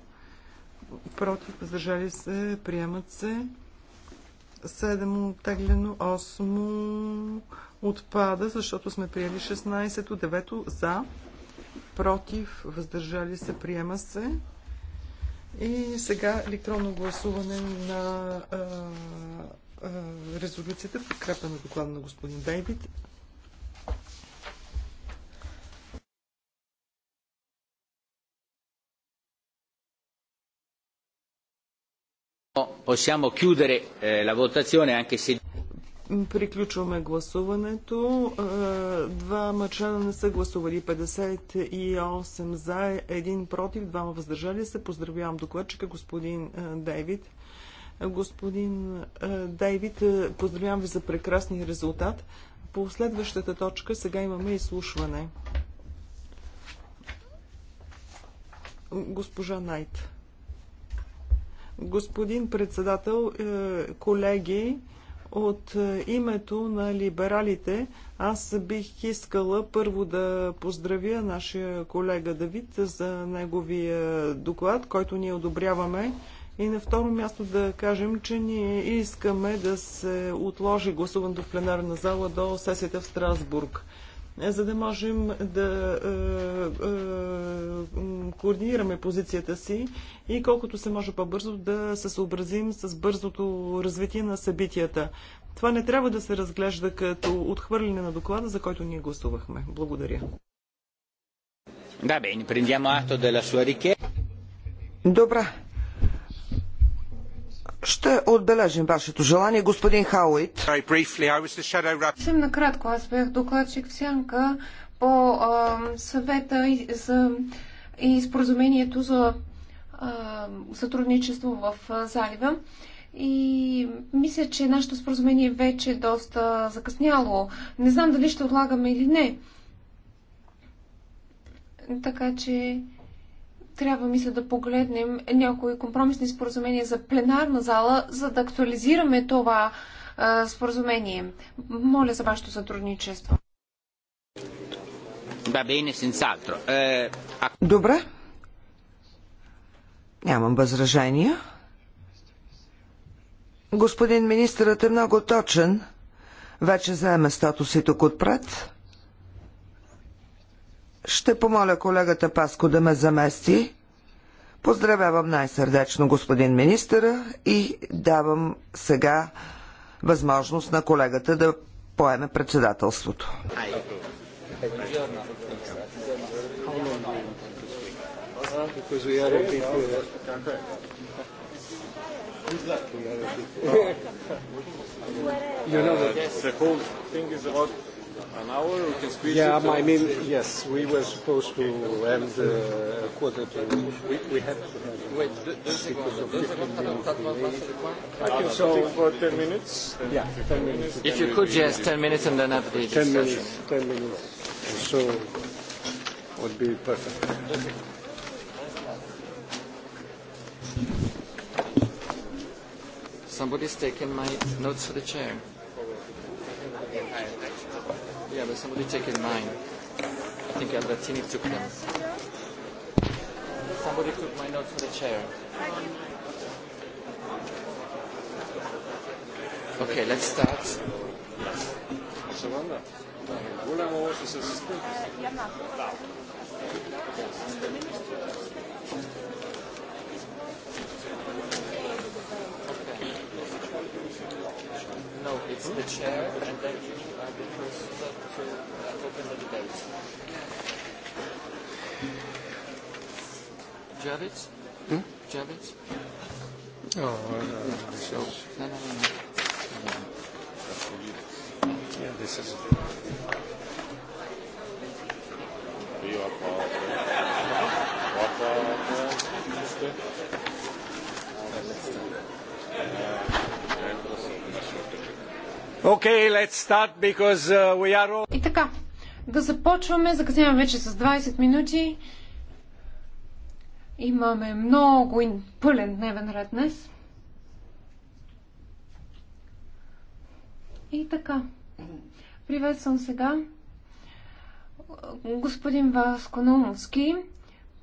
против, въздържали се, приемат се. 7 оттеглено, 8 отпада, защото сме приели 16, 9 за, против, въздържали се, приема се. И сега електронно гласуване на а, а, резолюцията в подкрепа на доклада на господин Дейвид.
Possiamo chiudere eh, la votazione anche se
Приключваме гласуването. Е, двама члена не са гласували. 58 за, един против, двама въздържали се. Поздравявам докладчика господин е, Дейвид. Господин е, Дейвид, поздравявам ви за прекрасния резултат. По следващата точка сега имаме изслушване. Госпожа Найт. Господин председател, колеги, от е, името на либералите аз бих искала първо да поздравя нашия колега Давид за неговия доклад, който ние одобряваме. И на второ място да кажем, че ние искаме да се отложи гласуването в пленарна зала до сесията в Страсбург за да можем да е, е, координираме позицията си и колкото се може по-бързо да се съобразим с бързото развитие на събитията. Това не трябва да се разглежда като отхвърляне на доклада, за който ние гласувахме. Благодаря.
Да, бе, prendiamo atto della sua richiesta.
Добре, ще
отбележим вашето желание, господин Хауит.
Съвсем накратко, аз бях докладчик в сянка по а, съвета и, за, и споразумението за а, сътрудничество в а, залива. И мисля, че нашето споразумение вече е доста закъсняло. Не знам дали ще отлагаме или не. Така че трябва, мисля, да погледнем някои компромисни споразумения за пленарна зала, за да актуализираме това а, споразумение. Моля за вашето сътрудничество.
Е,
Добре. Нямам възражения. Господин министърът е много точен. Вече заема статуси тук отпред. Ще помоля колегата Паско да ме замести. Поздравявам най-сърдечно господин министъра и давам сега възможност на колегата да поеме председателството.
Good luck.
You know, the whole thing is about an hour? We can squeeze yeah, it I mean, yes, we were supposed to okay. end uh,
quarter to. We, we had to have. Wait, deux secondes.
I can so for 10 minutes. Yeah, 10 minutes. If you could, yes, 10 minutes and then have the discussion. 10 minutes. 10 minutes. So would be perfect.
Somebody's taken my notes for the chair. Yeah, but somebody taken mine. I think Albertini took them.
Somebody took my notes for the chair. Okay, let's start. Yes. it's the chair, and then you uh the first to open the debate.
Javits? Hmm? Javits? Oh, uh, so. No, no, no. no. Yeah, this is.
We are part the. What
Okay, let's start because uh, we are all...
И така, да започваме. Закъсняваме вече с 20 минути. Имаме много пълен дневен ред днес. И така, приветствам сега господин Васко Наумовски,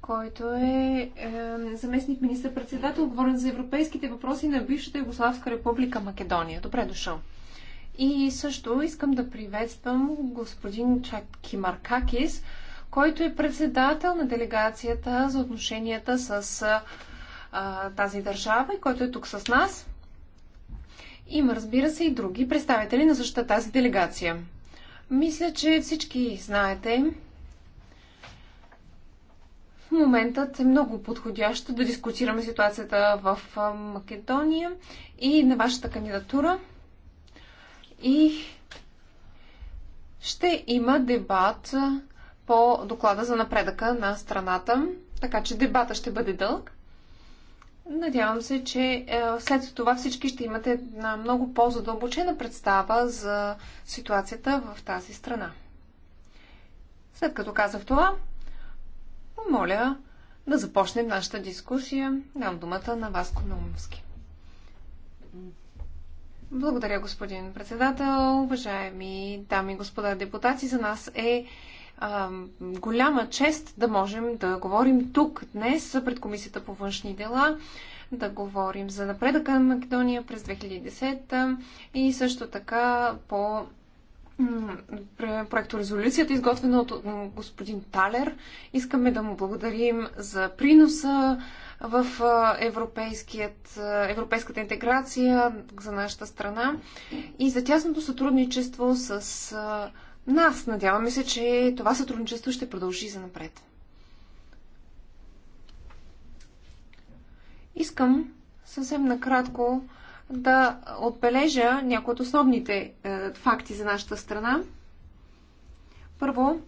който е, е заместник министър-председател, отговорен за европейските въпроси на бившата Югославска република Македония. Добре дошъл. И също искам да приветствам господин Чак Кимаркакис, който е председател на делегацията за отношенията с а, тази държава и който е тук с нас. Има, разбира се, и други представители на същата тази делегация. Мисля, че всички знаете, в моментът е много подходящо да дискутираме ситуацията в Македония и на вашата кандидатура и ще има дебат по доклада за напредъка на страната, така че дебата ще бъде дълг. Надявам се, че е, след това всички ще имате една много по-задълбочена представа за ситуацията в тази страна. След като казах това, моля да започнем нашата дискусия. Дам думата на Васко Наумски. Благодаря, господин председател. Уважаеми дами и господа депутати, за нас е а, голяма чест да можем да говорим тук днес пред Комисията по външни дела, да говорим за напредъка на Македония през 2010 и също така по резолюцията, изготвена от господин Талер. Искаме да му благодарим за приноса в европейската интеграция за нашата страна и за тясното сътрудничество с нас. Надяваме се, че това сътрудничество ще продължи за напред. Искам съвсем накратко да отбележа някои от основните е, факти за нашата страна. Първо,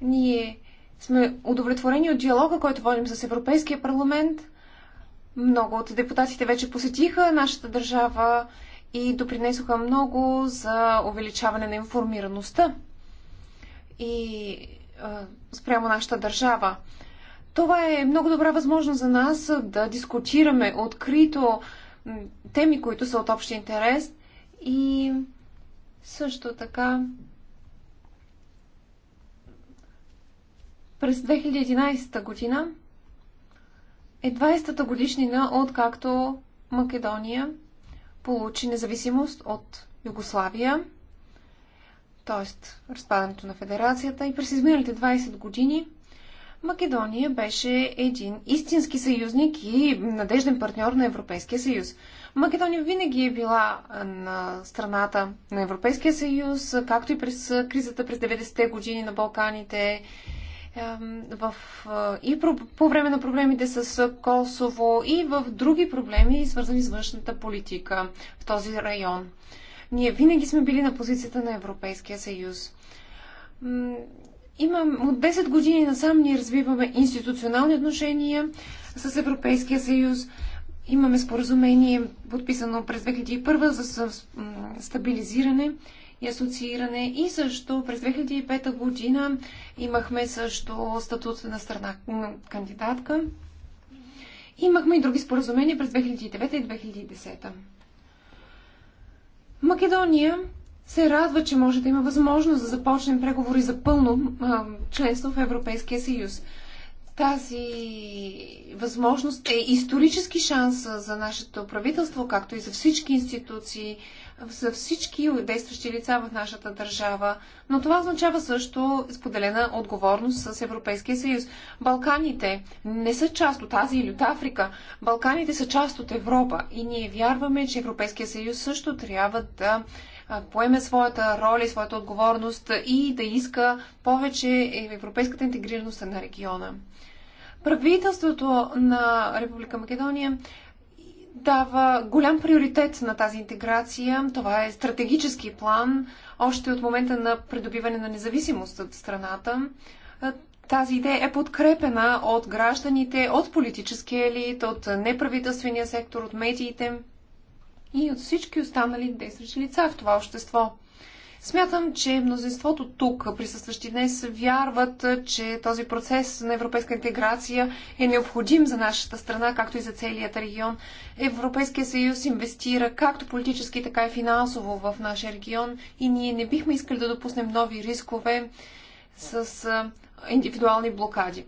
ние сме удовлетворени от диалога, който водим с Европейския парламент. Много от депутатите вече посетиха нашата държава и допринесоха много за увеличаване на информираността и е, спрямо нашата държава. Това е много добра възможност за нас да дискутираме открито теми, които са от общ интерес и също така през 2011 година е 20-та годишнина, откакто Македония получи независимост от Югославия, т.е. разпадането на федерацията и през изминалите 20 години Македония беше един истински съюзник и надежден партньор на Европейския съюз. Македония винаги е била на страната на Европейския съюз, както и през кризата през 90-те години на Балканите, в, и по време на проблемите с Косово, и в други проблеми, свързани с външната политика в този район. Ние винаги сме били на позицията на Европейския съюз имам, от 10 години насам ние развиваме институционални отношения с Европейския съюз. Имаме споразумение, подписано през 2001 за стабилизиране и асоцииране. И също през 2005 година имахме също статут на страна кандидатка. Имахме и други споразумения през 2009 и 2010. Македония се радва, че може да има възможност да започнем преговори за пълно а, членство в Европейския съюз. Тази възможност е исторически шанс за нашето правителство, както и за всички институции, за всички действащи лица в нашата държава. Но това означава също споделена отговорност с Европейския съюз. Балканите не са част от Азия или от Африка. Балканите са част от Европа. И ние вярваме, че Европейския съюз също трябва да поеме своята роля и своята отговорност и да иска повече европейската интегрираност на региона. Правителството на Република Македония дава голям приоритет на тази интеграция. Това е стратегически план още от момента на придобиване на независимост от страната. Тази идея е подкрепена от гражданите, от политическия елит, от неправителствения сектор, от медиите и от всички останали действащи лица в това общество. Смятам, че мнозинството тук, присъстващи днес, вярват, че този процес на европейска интеграция е необходим за нашата страна, както и за целият регион. Европейския съюз инвестира както политически, така и финансово в нашия регион и ние не бихме искали да допуснем нови рискове с индивидуални блокади.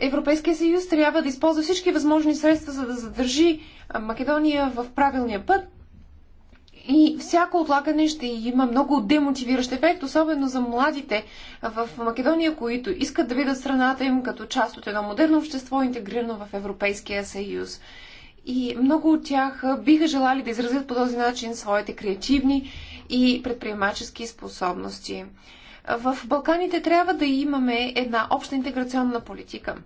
Европейския съюз трябва да използва всички възможни средства, за да задържи Македония в правилния път. И всяко отлагане ще има много демотивиращ ефект, особено за младите в Македония, които искат да видят страната им като част от едно модерно общество, интегрирано в Европейския съюз. И много от тях биха желали да изразят по този начин своите креативни и предприемачески способности в Балканите трябва да имаме една обща интеграционна политика.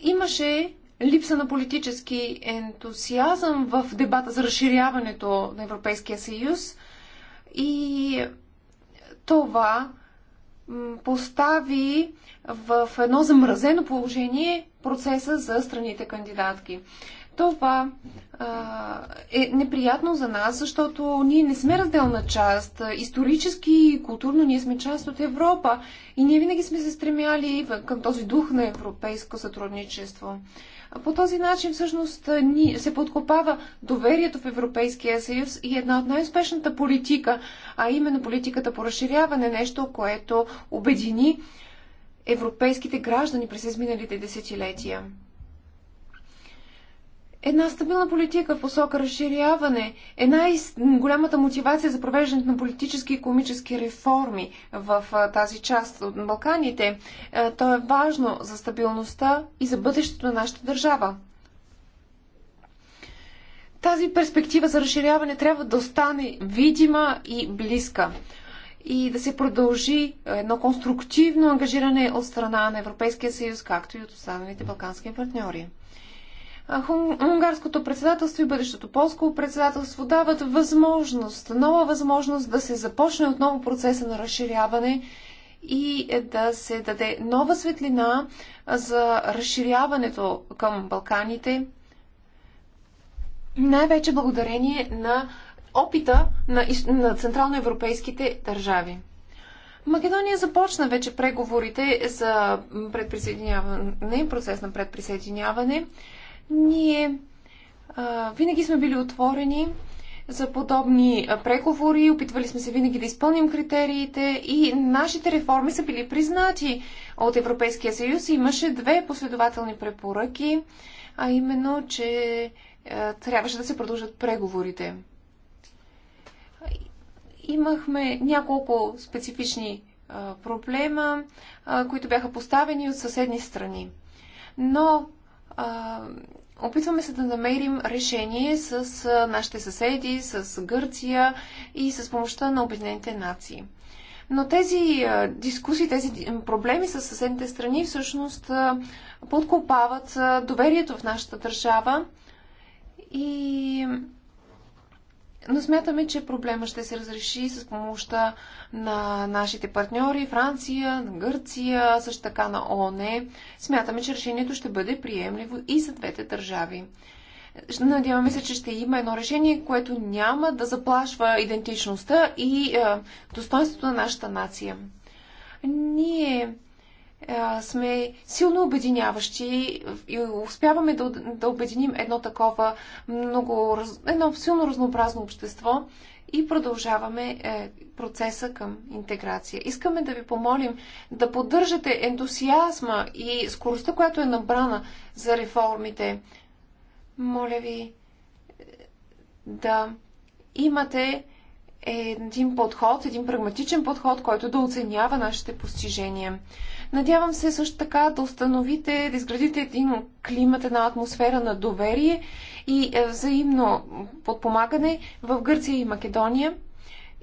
Имаше липса на политически ентусиазъм в дебата за разширяването на Европейския съюз и това постави в едно замразено положение процеса за страните кандидатки. Това е неприятно за нас, защото ние не сме разделна част. Исторически и културно ние сме част от Европа и ние винаги сме се стремяли към този дух на европейско сътрудничество. По този начин всъщност се подкопава доверието в Европейския съюз и една от най-успешната политика, а именно политиката по разширяване, нещо, което обедини европейските граждани през изминалите десетилетия една стабилна политика в посока разширяване е най-голямата мотивация за провеждането на политически и економически реформи в тази част от Балканите. Е, то е важно за стабилността и за бъдещето на нашата държава. Тази перспектива за разширяване трябва да остане видима и близка и да се продължи едно конструктивно ангажиране от страна на Европейския съюз, както и от останалите балкански партньори. Унгарското председателство и бъдещото полско председателство дават възможност, нова възможност да се започне отново процеса на разширяване и е, да се даде нова светлина за разширяването към Балканите, най-вече благодарение на опита на, на централноевропейските държави. Македония започна вече преговорите за предприсъединяване, процес на предприсъединяване. Ние а, винаги сме били отворени за подобни преговори, опитвали сме се винаги да изпълним критериите и нашите реформи са били признати от Европейския съюз. Имаше две последователни препоръки, а именно, че а, трябваше да се продължат преговорите. Имахме няколко специфични а, проблема, а, които бяха поставени от съседни страни. Но Опитваме се да намерим решение с нашите съседи, с Гърция и с помощта на Обединените нации. Но тези дискусии, тези проблеми с съседните страни всъщност подкопават доверието в нашата държава и но смятаме, че проблема ще се разреши с помощта на нашите партньори Франция, на Гърция, също така на ООН. Смятаме, че решението ще бъде приемливо и за двете държави. Надяваме се, че ще има едно решение, което няма да заплашва идентичността и е, достоинството на нашата нация. Ние сме силно обединяващи и успяваме да, да обединим едно такова много, едно силно разнообразно общество и продължаваме е, процеса към интеграция. Искаме да ви помолим да поддържате ентусиазма и скоростта, която е набрана за реформите. Моля ви е, да имате един подход, един прагматичен подход, който да оценява нашите постижения. Надявам се също така да установите, да изградите един климат, една атмосфера на доверие и е, взаимно подпомагане в Гърция и Македония.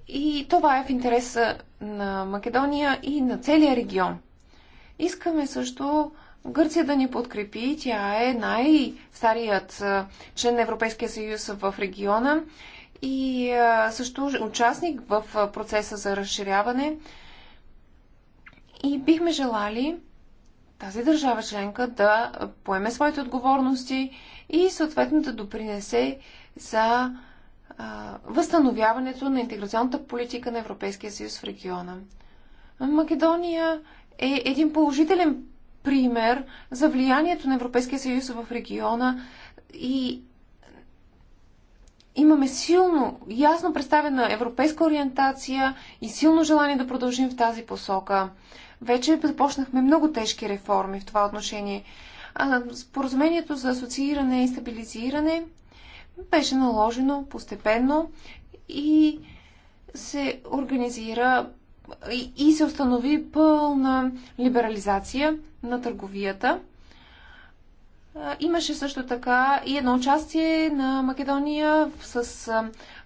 И това е в интереса е, на Македония и на целия регион. Искаме също Гърция да ни подкрепи. Тя е най-старият е, член на Европейския съюз в региона и също участник в процеса за разширяване. И бихме желали тази държава членка да поеме своите отговорности и съответно да допринесе за а, възстановяването на интеграционната политика на Европейския съюз в региона. Македония е един положителен пример за влиянието на Европейския съюз в региона и имаме силно, ясно представена европейска ориентация и силно желание да продължим в тази посока. Вече започнахме много тежки реформи в това отношение. А споразумението за асоцииране и стабилизиране беше наложено постепенно и се организира и се установи пълна либерализация на търговията Имаше също така и едно участие на Македония с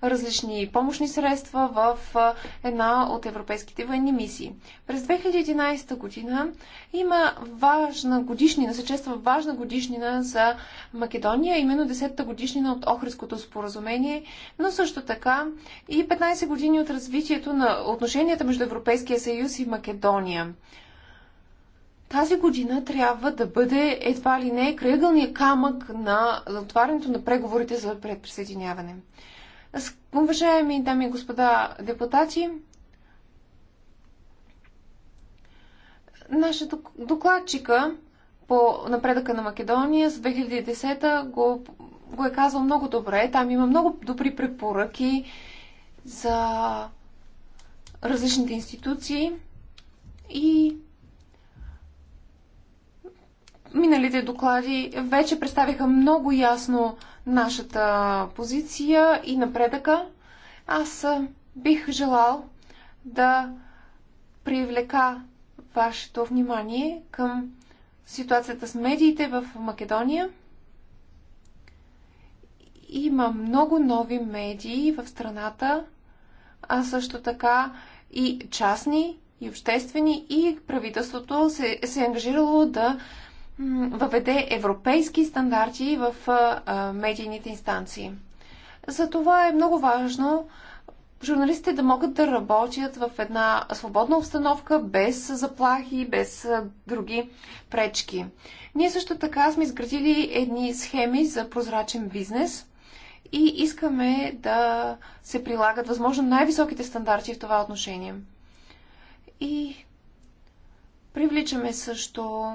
различни помощни средства в една от европейските военни мисии. През 2011 година има важна годишнина, се чества важна годишнина за Македония, именно 10-та годишнина от Охридското споразумение, но също така и 15 години от развитието на отношенията между Европейския съюз и Македония тази година трябва да бъде едва ли не крайъгълния камък на отварянето на преговорите за предприсъединяване. Уважаеми дами и господа депутати, нашата докладчика по напредъка на Македония за 2010 го, го е казал много добре. Там има много добри препоръки за различните институции и Миналите доклади вече представиха много ясно нашата позиция и напредъка. Аз бих желал да привлека вашето внимание към ситуацията с медиите в Македония. Има много нови медии в страната, а също така и частни, и обществени, и правителството се, се е ангажирало да въведе европейски стандарти в медийните инстанции. Затова е много важно журналистите да могат да работят в една свободна обстановка, без заплахи, без други пречки. Ние също така сме изградили едни схеми за прозрачен бизнес и искаме да се прилагат възможно най-високите стандарти в това отношение. И привличаме също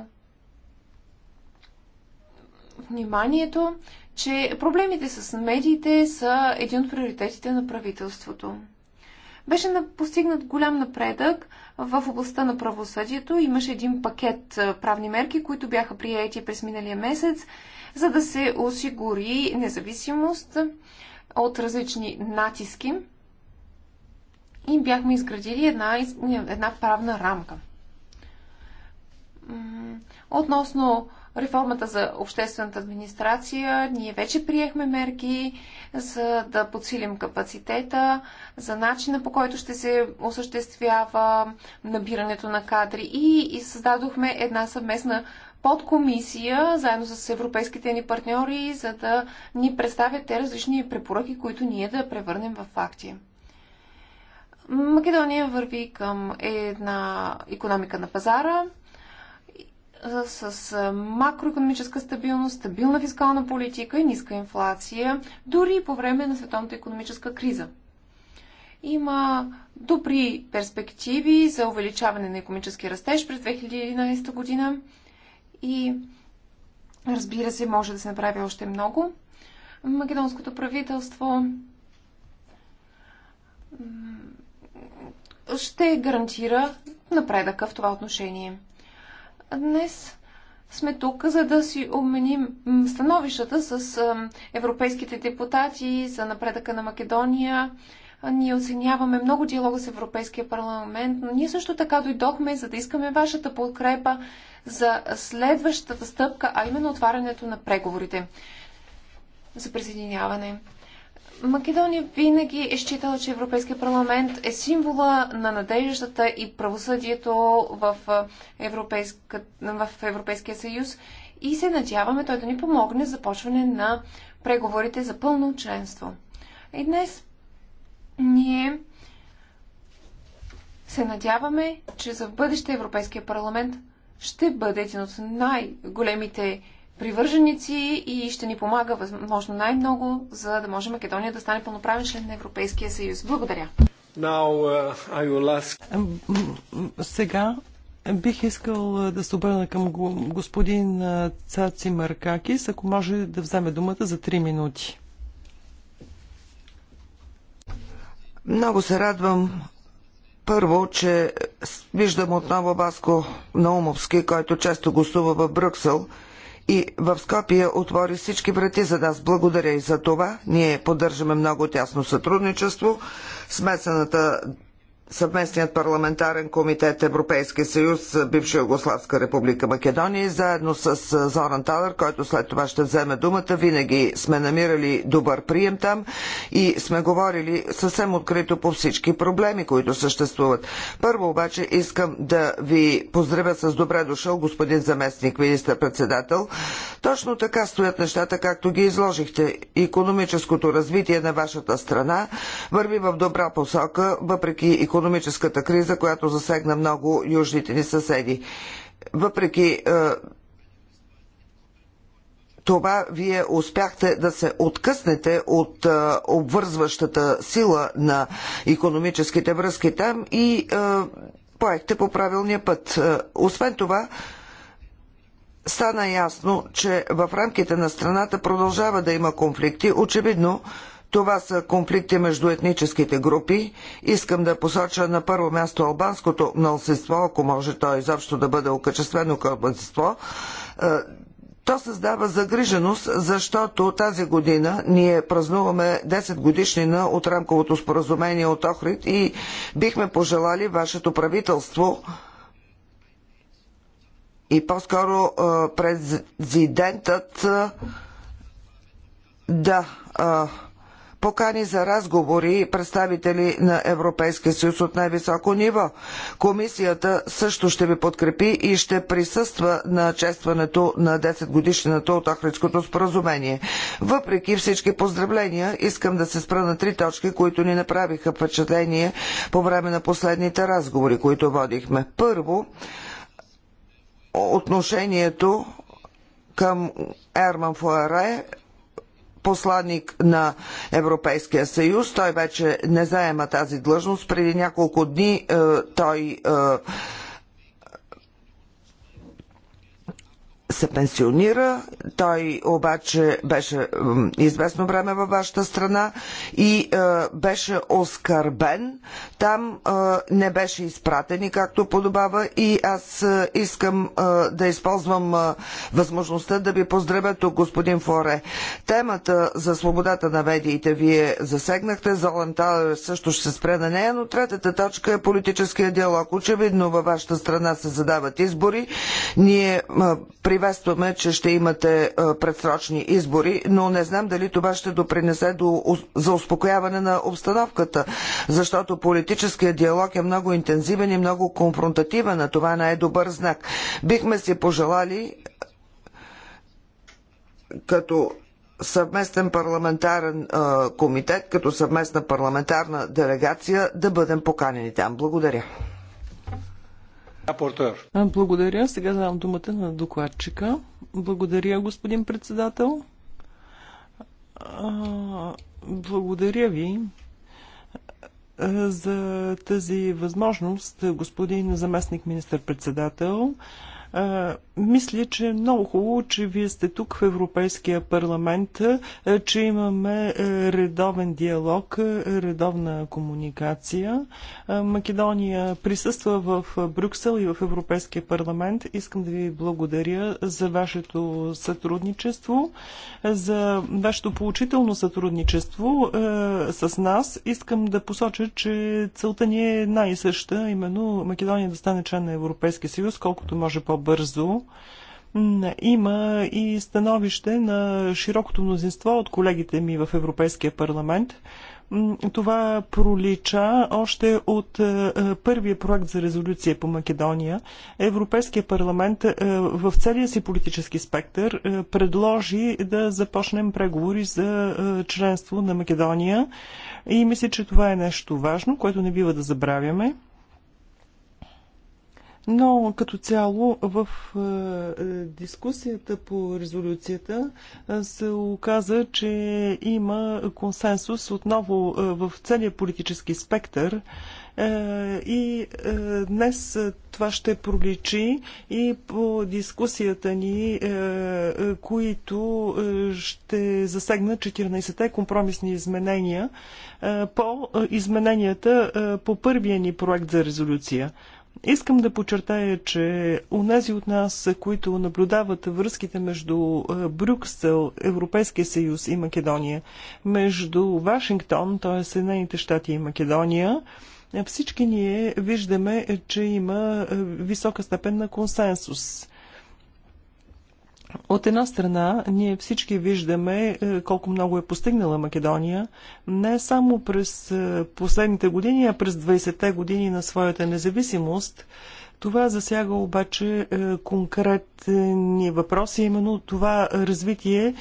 вниманието, че проблемите с медиите са един от приоритетите на правителството. Беше постигнат голям напредък в областта на правосъдието. Имаше един пакет правни мерки, които бяха приети през миналия месец, за да се осигури независимост от различни натиски. И бяхме изградили една, една правна рамка. Относно реформата за обществената администрация, ние вече приехме мерки за да подсилим капацитета, за начина по който ще се осъществява набирането на кадри и, и създадохме една съвместна подкомисия, заедно с европейските ни партньори, за да ни представят те различни препоръки, които ние да превърнем в факти. Македония върви към една економика на пазара – с макроекономическа стабилност, стабилна фискална политика и ниска инфлация, дори по време на световната економическа криза. Има добри перспективи за увеличаване на економически растеж през 2011 година и разбира се, може да се направи още много. Македонското правителство ще гарантира напредъка в това отношение. Днес сме тук, за да си обменим становищата с европейските депутати за напредъка на Македония. Ние оценяваме много диалога с Европейския парламент, но ние също така дойдохме, за да искаме вашата подкрепа за следващата стъпка, а именно отварянето на преговорите за присъединяване. Македония винаги е считала, че Европейския парламент е символа на надеждата и правосъдието в, Европейска, в Европейския съюз и се надяваме той да ни помогне за започване на преговорите за пълно членство. И днес ние се надяваме, че за бъдеще Европейския парламент ще бъде един от най-големите привърженици и ще ни помага възможно най-много, за да може Македония да стане пълноправен член на Европейския съюз. Благодаря.
Now, uh,
ask... Сега бих искал да се обърна към господин Цаци Маркакис, ако може да вземе думата за 3 минути. Много се радвам първо, че виждам
отново Баско Наумовски, който често гостува в Брюксел – и в Скопия отвори всички врати за нас. благодаря и за това. Ние поддържаме много тясно сътрудничество. Смесената съвместният парламентарен комитет Европейски съюз, бивша Югославска република Македония, заедно с Зоран Талър, който след това ще вземе думата. Винаги сме намирали добър прием там и сме говорили съвсем открито по всички проблеми, които съществуват. Първо обаче искам да ви поздравя с добре дошъл господин заместник министър-председател. Точно така стоят нещата, както ги изложихте. Економическото развитие на вашата страна върви в добра посока, въпреки економическото економическата криза, която засегна много южните ни съседи. Въпреки е, това вие успяхте да се откъснете от а, е, обвързващата сила на економическите връзки там и а, е, поехте по правилния път. А, освен това, стана ясно, че в рамките на страната продължава да има конфликти. Очевидно, а, това са конфликти между етническите групи. Искам да посоча на първо място албанското мнозинство, ако може то изобщо да бъде окачествено към мнозинство. Е, то създава загриженост, защото тази година ние празнуваме 10 годишнина от рамковото споразумение от Охрид и бихме пожелали вашето правителство и по-скоро е, президентът е, да покани за разговори представители на Европейския съюз от най-високо ниво. Комисията също ще ви подкрепи и ще присъства на честването на 10 годишнината от Охридското споразумение. Въпреки всички поздравления, искам да се спра на три точки, които ни направиха впечатление по време на последните разговори, които водихме. Първо, отношението към Ерман Фуаре посланник на Европейския съюз. Той вече не заема тази длъжност. Преди няколко дни е, той е, се пенсионира. Той обаче беше известно време във вашата страна и е, беше оскърбен. Там е, не беше изпратен и както подобава. И аз е, искам е, да използвам е, възможността да ви поздравя тук, господин Форе. Темата за свободата на медиите вие засегнахте. Золен Талер също ще се спре на нея, но третата точка е политическия диалог. Очевидно във вашата страна се задават избори. Ние е, при Приветстваме, че ще имате предсрочни избори, но не знам дали това ще допринесе до, за успокояване на обстановката, защото политическият диалог е много интензивен и много конфронтативен, а това не е добър знак. Бихме си пожелали като съвместен парламентарен комитет, като съвместна парламентарна делегация да бъдем поканени там. Благодаря.
Благодаря. Сега давам думата на докладчика. Благодаря, господин председател. Благодаря ви за тази възможност, господин заместник министър-председател. Мисля, че е много хубаво, че вие сте тук в Европейския парламент, е, че имаме е, редовен диалог, е, редовна комуникация. Македония присъства в Брюксел и в Европейския парламент. Искам да ви благодаря за вашето сътрудничество, за вашето поучително сътрудничество с нас. Искам да посоча, че целта ни е най съща, именно Македония да стане член на Европейския съюз, колкото може по-бързо. Има и становище на широкото мнозинство от колегите ми в Европейския парламент. Това пролича още от е, е, първия проект за резолюция по Македония. Европейския парламент е, в целия си политически спектър предложи да започнем преговори за членство на Македония. И мисля, че това е нещо важно, което не бива да забравяме. Но като цяло в е, е, дискусията по резолюцията е, се оказа, че има консенсус отново в целия политически спектър и днес това ще проличи и по дискусията ни, които ще засегнат 14-те компромисни изменения по измененията по първия ни проект за резолюция. Искам да подчертая, че унези от нас, които наблюдават връзките между е, Брюксел, Европейския съюз и Македония, между Вашингтон, т.е. Съединените щати и Македония, всички ние виждаме, че има е, висока степен на консенсус. От една страна, ние всички виждаме е, колко много е постигнала Македония, не само през е, последните години, а през 20-те години на своята независимост. Това засяга обаче е, конкретни въпроси, именно това развитие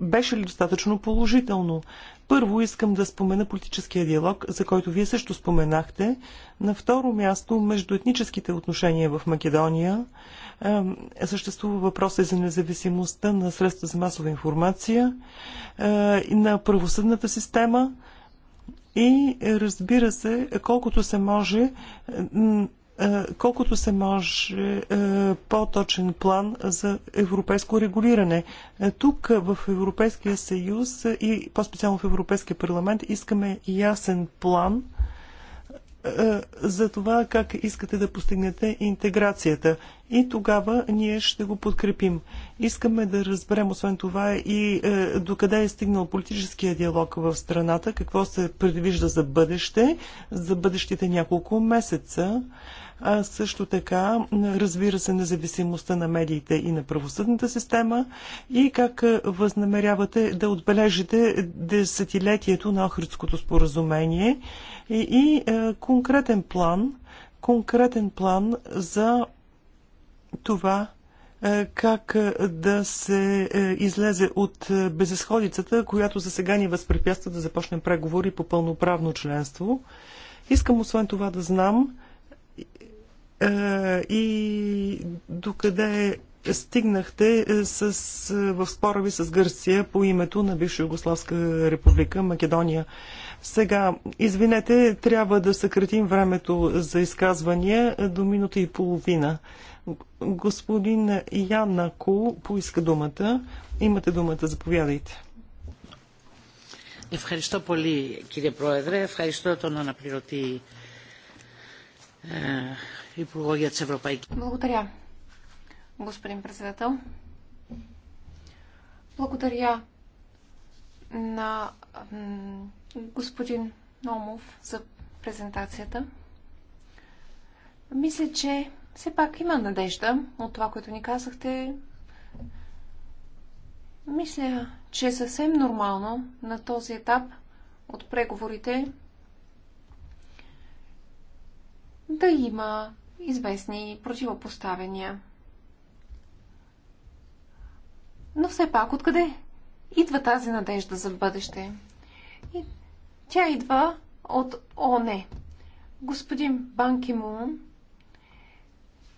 беше ли достатъчно положително? Първо искам да спомена политическия диалог, за който вие също споменахте. На второ място междуетническите отношения в Македония съществува въпроса за независимостта на средства за масова информация и на правосъдната система и разбира се, колкото се може колкото се може по-точен план за европейско регулиране. Тук в Европейския съюз и по-специално в Европейския парламент искаме ясен план е, за това как искате да постигнете интеграцията. И тогава ние ще го подкрепим. Искаме да разберем, освен това, и е, докъде е стигнал политическия диалог в страната, какво се предвижда за бъдеще, за бъдещите няколко месеца. А също така, разбира се, независимостта на медиите и на правосъдната система и как възнамерявате да отбележите десетилетието на Охридското споразумение и, и е, конкретен план, конкретен план за това е, как е, да се излезе от безисходицата, която за сега ни възпрепятства да започнем преговори по пълноправно членство. Искам освен това да знам и докъде стигнахте с, в спора ви с Гърция по името на бивша Югославска република Македония. Сега, извинете, трябва да съкратим времето за изказвания до минута и половина. Господин Яна Ку поиска думата. Имате думата, заповядайте.
Ευχαριστώ πολύ κύριε Πρόεδρε. Ευχαριστώ τον αναπληρωτή ε, Υπουργό για τις Ευρωπαϊκές.
Благодаря, господин председател. Благодаря на господин Номов за презентацията. Мисля, че все пак има надежда от това, което ни казахте. Мисля, че е съвсем нормално на този етап от преговорите да има известни противопоставяния. Но все пак, откъде идва тази надежда за бъдеще? И тя идва от ОНЕ. Господин Банки Мун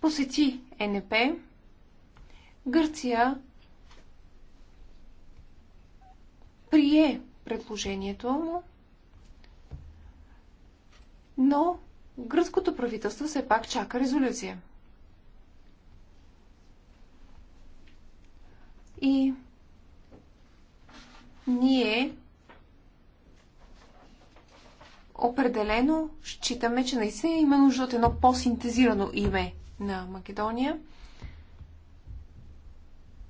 посети ЕНП. Е. Гърция прие предложението му, но гръцкото правителство все пак чака резолюция. И ние определено считаме, че наистина има нужда от едно по-синтезирано име на Македония.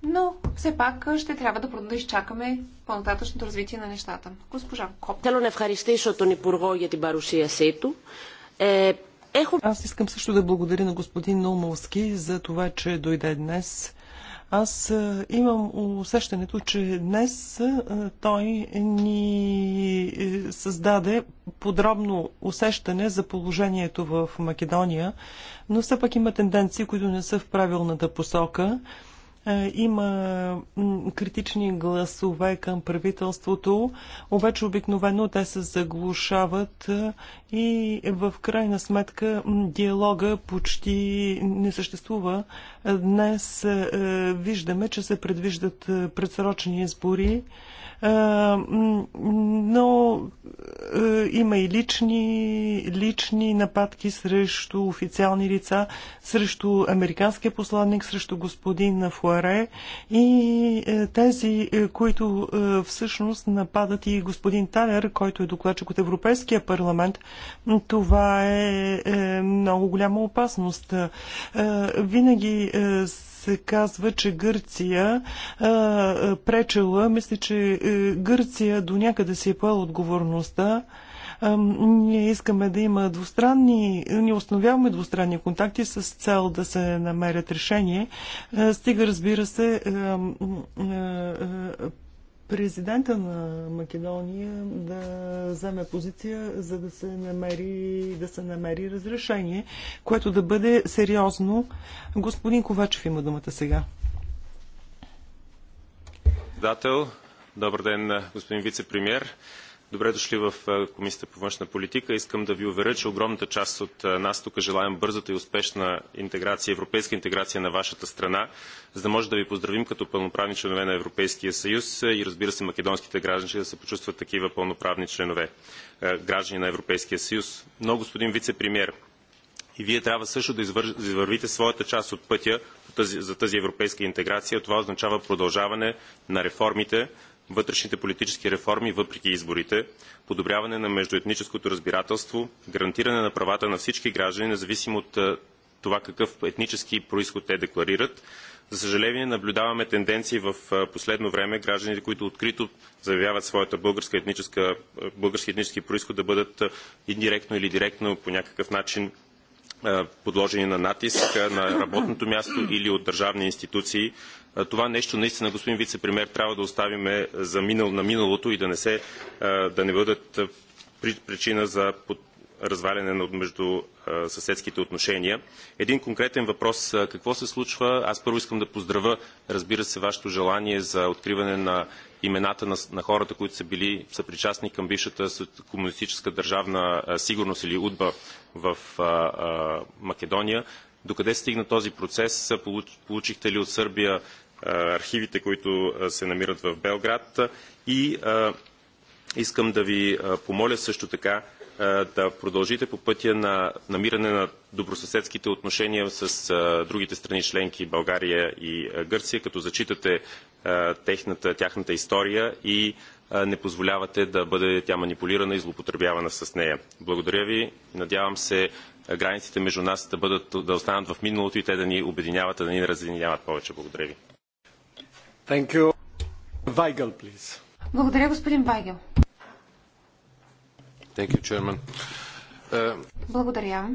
Но все пак ще трябва да, да изчакаме по-нататъчното развитие на нещата. Госпожа
Коп. Θέλω να ευχαριστήσω τον Υπουργό για την παρουσίασή του. Аз искам също да благодаря на господин Номовски за това, че дойде днес аз е, имам усещането, че днес е, той ни е, създаде подробно усещане за положението в Македония, но все пак има тенденции, които не са в правилната посока. Е, има критични гласове към правителството, обаче обикновено те се заглушават е, и в крайна сметка диалога почти не съществува. Днес е, виждаме, че се предвиждат предсрочни избори но има и лични, лични нападки срещу официални лица, срещу американския посланник, срещу господин Фуер Туаре и е, тези, е, които е, всъщност нападат и господин Талер, който е докладчик от Европейския парламент. Това е много голяма опасност. Винаги се казва, че Гърция а, пречела. Мисля, че Гърция до някъде си е поела отговорността. Ние искаме да има двустранни, ние установяваме двустранни контакти с цел да се намерят решение. Е, стига, разбира се, е, е, президента на Македония да вземе позиция, за да се намери, да се намери разрешение, което да бъде сериозно. Господин Ковачев има думата сега.
Дател, добър ден, господин вице-премьер. Добре дошли в Комисията по външна политика. Искам да ви уверя, че огромната част от нас тук желаем бързата и успешна интеграция, европейска интеграция на вашата страна, за да може да ви поздравим като пълноправни членове на Европейския съюз и разбира се македонските граждани да се почувстват такива пълноправни членове, граждани на Европейския съюз. Но, господин вице-премьер, и вие трябва също да извървите своята част от пътя за тази европейска интеграция. Това означава продължаване на реформите, вътрешните политически реформи въпреки изборите, подобряване на междуетническото разбирателство, гарантиране на правата на всички граждани, независимо от е, това какъв етнически происход те декларират. За съжаление, наблюдаваме тенденции в е, последно време гражданите, които открито заявяват своята българска етническа, е, български етнически происход да бъдат индиректно или директно по някакъв начин подложени на натиск на работното място или от държавни институции. Това нещо наистина, господин вице-премьер, трябва да оставим за минал, на миналото и да не, се, да не бъдат причина за разваляне на между съседските отношения. Един конкретен въпрос. Какво се случва? Аз първо искам да поздравя, разбира се, вашето желание за откриване на имената на, на хората, които са били съпричастни към бившата комунистическа държавна сигурност или УДБА в а, а, Македония. Докъде стигна този процес? Получихте ли от Сърбия архивите, които се намират в Белград? И а, искам да ви помоля също така да продължите по пътя на намиране на добросъседските отношения с другите страни членки България и Гърция, като зачитате техната, тяхната история и не позволявате да бъде тя манипулирана и злоупотребявана с нея. Благодаря ви. Надявам се границите между нас да, бъдат, да останат в миналото и те да ни обединяват, а да ни не разединяват повече. Благодаря ви. Thank you. Weigel, please.
Благодаря, господин Вайгел.
You,
Благодаря.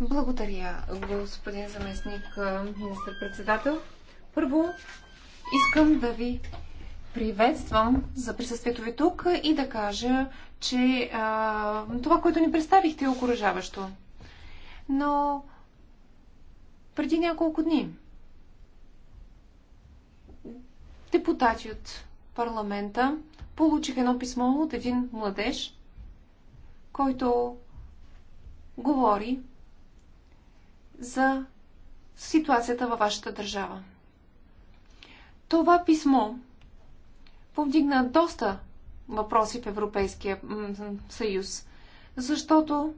Благодаря, господин заместник министър-председател. Първо, искам да ви приветствам за присъствието ви тук и да кажа, че а, това, което ни представихте е окоръжаващо. Но преди няколко дни депутати от парламента получих едно писмо от един младеж, който говори за ситуацията във вашата държава. Това писмо повдигна доста въпроси в Европейския съюз, защото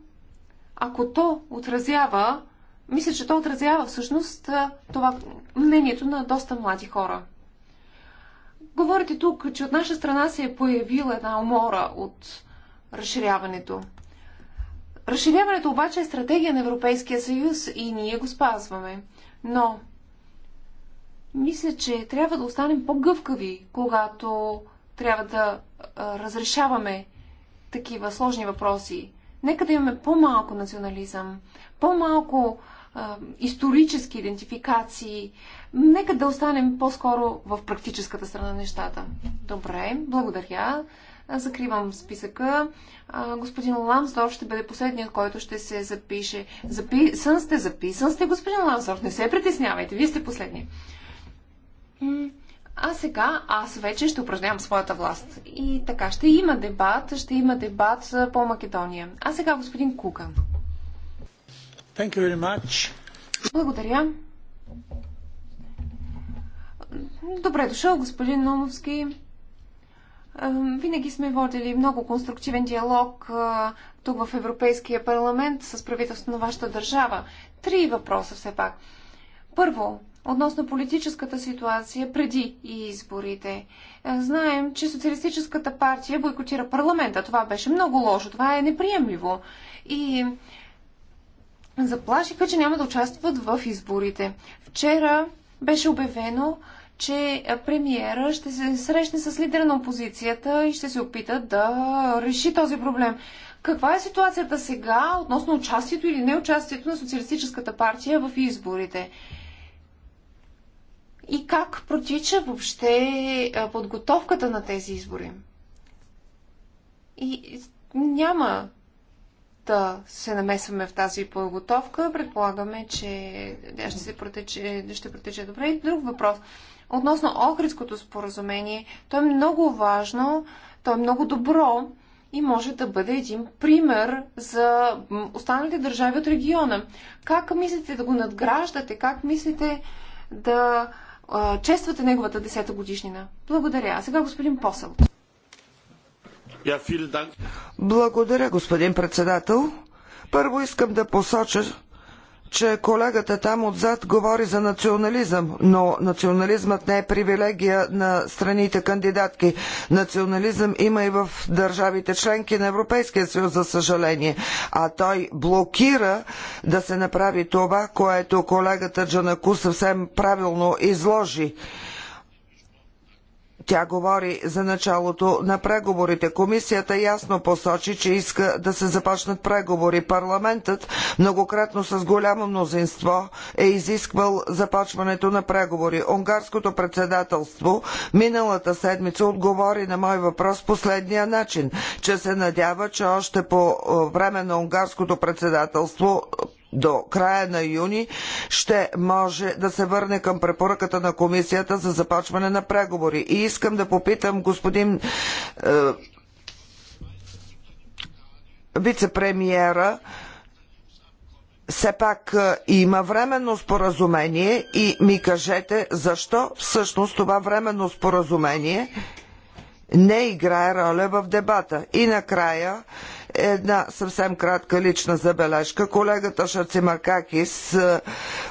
ако то отразява, мисля, че то отразява всъщност това мнението на доста млади хора. Говорите тук, че от наша страна се е появила една умора от разширяването. Разширяването обаче е стратегия на Европейския съюз и ние го спазваме. Но мисля, че трябва да останем по-гъвкави, когато трябва да а, разрешаваме такива сложни въпроси. Нека да имаме по-малко национализъм, по-малко исторически идентификации. Нека да останем по-скоро в практическата страна на нещата. Добре, благодаря. Закривам списъка. господин Ламсдорф ще бъде последният, който ще се запише. Записан сте, записан сте, господин Ламсдорф. Не се притеснявайте, вие сте последни. А сега аз вече ще упражнявам своята власт. И така, ще има дебат, ще има дебат по Македония. А сега господин Кукан. Благодаря. Добре дошъл, господин Номовски. Е, винаги сме водили много конструктивен диалог е, тук в Европейския парламент с правителството на вашата държава. Три въпроса все пак. Първо, относно политическата ситуация преди изборите. Е, знаем, че Социалистическата партия бойкотира парламента. Това беше много лошо. Това е неприемливо. И заплашиха, че няма да участват в изборите. Вчера беше обявено, че премиера ще се срещне с лидера на опозицията и ще се опита да реши този проблем. Каква е ситуацията сега относно участието или неучастието на Социалистическата партия в изборите? И как протича въобще подготовката на тези избори? И няма да се намесваме в тази подготовка. Предполагаме, че тя ще, се протече, ще протече добре. И друг въпрос. Относно Охридското споразумение, то е много важно, то е много добро и може да бъде един пример за останалите държави от региона. Как мислите да го надграждате? Как мислите да чествате неговата десета годишнина? Благодаря. А сега господин Посъл.
Благодаря, господин председател. Първо искам да посоча, че колегата там отзад говори за национализъм, но национализмът не е привилегия на страните кандидатки. Национализъм има и в държавите членки на Европейския съюз, за съжаление. А той блокира да се направи това, което колегата Джанаку съвсем правилно изложи. Тя говори за началото на преговорите. Комисията ясно посочи, че иска да се започнат преговори. Парламентът многократно с голямо мнозинство е изисквал започването на преговори. Унгарското председателство миналата седмица отговори на мой въпрос последния начин, че се надява, че още по време на унгарското председателство до края на юни ще може да се върне към препоръката на комисията за започване на преговори. И искам да попитам господин е, вице-премьера, все пак е, има временно споразумение и ми кажете защо всъщност това временно споразумение не играе роля в дебата. И накрая Една съвсем кратка лична забележка. Колегата Шацимаркакис, е,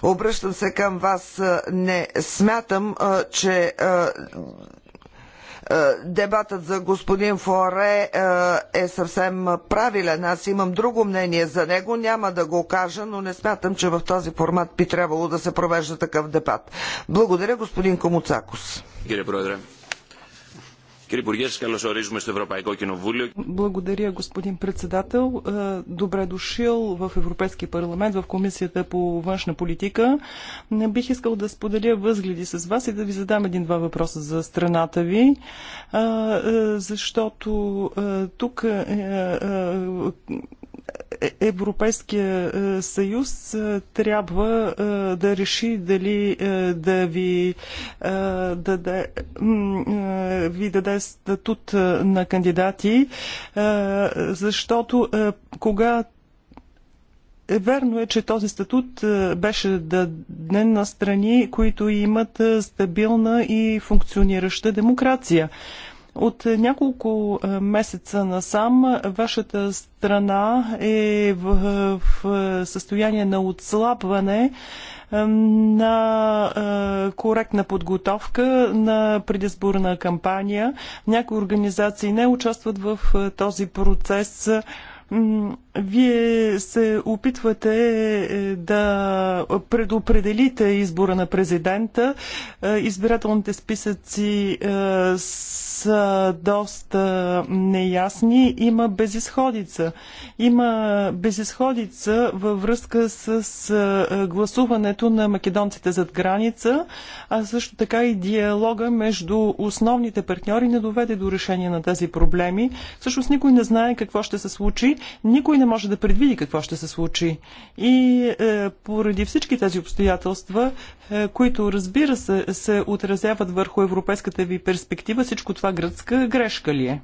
обръщам се към вас, е, не смятам, е, че дебатът за господин Форе е съвсем правилен. Аз имам друго мнение за него, няма да го кажа, но не смятам, че в този формат би трябвало да се провежда такъв дебат. Благодаря, господин
Комуцакос. Благодаря.
Благодаря, господин председател. Е, добре дошъл в Европейския парламент, в Комисията по външна политика. Не бих искал да споделя възгледи с вас и да ви задам един-два въпроса за страната ви, е, е, защото тук е, Европейския е, съюз е, трябва да реши дали да ви даде, ви даде статут на кандидати, защото кога Верно е, че този статут беше даден на страни, които имат стабилна и функционираща демокрация. От няколко е, месеца насам е, вашата страна е в, е, в състояние на отслабване на коректна подготовка на предизборна кампания. Някои организации не участват в този процес вие се опитвате е, да предопределите избора на президента. Е, избирателните списъци е, са доста неясни. Има безисходица. Има безисходица във връзка с гласуването на македонците зад граница, а също така и диалога между основните партньори не доведе до решение на тези проблеми. Всъщност никой не знае какво ще се случи. Никой не може да предвиди какво ще се случи. И е, поради всички тези обстоятелства, е, които разбира се, се отразяват върху европейската ви перспектива, всичко това гръцка грешка ли е?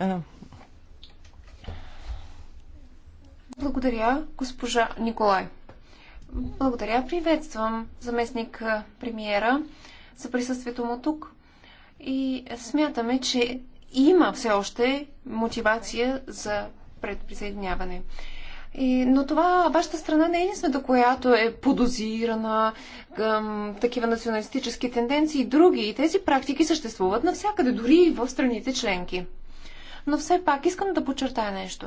е. Благодаря, госпожа Николай. Благодаря, приветствам заместник е, премиера за присъствието му тук. И смятаме, че има все още мотивация за предприсъединяване. И, но това, вашата страна не е единствената, която е подозирана към такива националистически тенденции и други. И тези практики съществуват навсякъде, дори и в страните членки. Но все пак искам да подчертая нещо.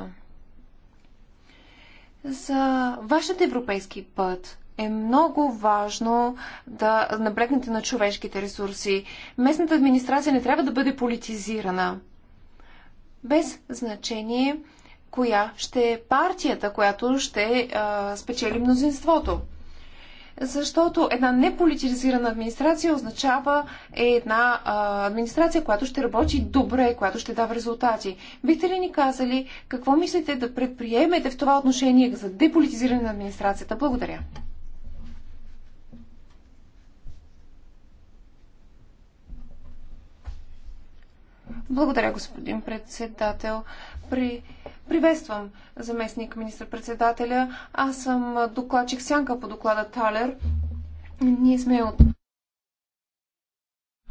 За вашият европейски път е много важно да наблегнете на човешките ресурси. Местната администрация не трябва да бъде политизирана. Без значение коя ще е партията, която ще а, спечели мнозинството. Защото една неполитизирана администрация означава една а, администрация, която ще работи добре, която ще дава резултати. Бихте ли ни казали какво мислите да предприемете в това отношение за деполитизиране на администрацията? Благодаря. Благодаря, господин председател. При Приветствам заместник министър-председателя. Аз съм докладчик Сянка по доклада Талер. Ние сме от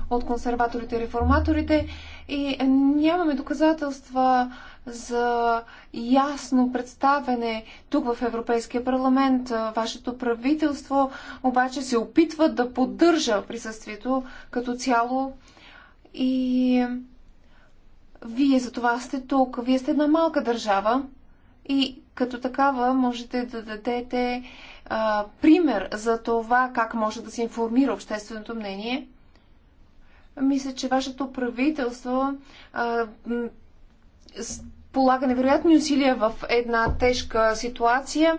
от консерваторите и реформаторите и нямаме доказателства за ясно представене тук в Европейския парламент. Вашето правителство обаче се опитва да поддържа присъствието като цяло и вие за това сте тук. Вие сте една малка държава и като такава можете да дадете а, пример за това как може да се информира общественото мнение. Мисля, че вашето правителство а, полага невероятни усилия в една тежка ситуация.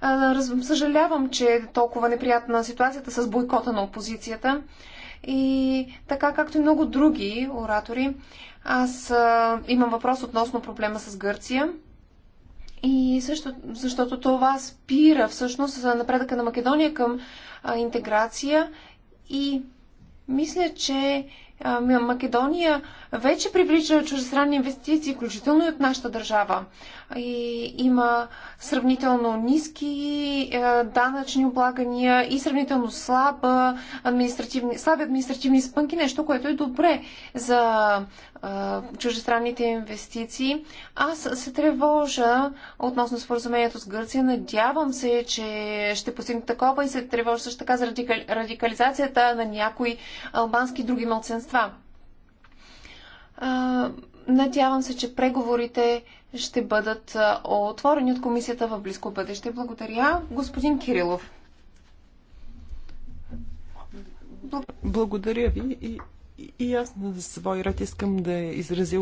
А, съжалявам, че е толкова неприятна ситуацията с бойкота на опозицията. И така, както и много други оратори, аз а, имам въпрос относно проблема с Гърция. И също, защото това спира всъщност за напредъка на Македония към а, интеграция. И мисля, че а, Македония вече привлича чуждестранни инвестиции, включително и от нашата държава. И има сравнително ниски е, данъчни облагания и сравнително слаба административни, слаби административни спънки, нещо, което е добре за е, чуждестранните инвестиции. Аз се тревожа относно споразумението с Гърция. Надявам се, че ще постигне такова и се тревожа също така за радикализацията на някои албански други мълценства. Надявам се, че преговорите ще бъдат отворени от комисията в близко бъдеще. Благодаря. Господин Кирилов.
Благодаря ви и и аз на свой ред искам да изразя е,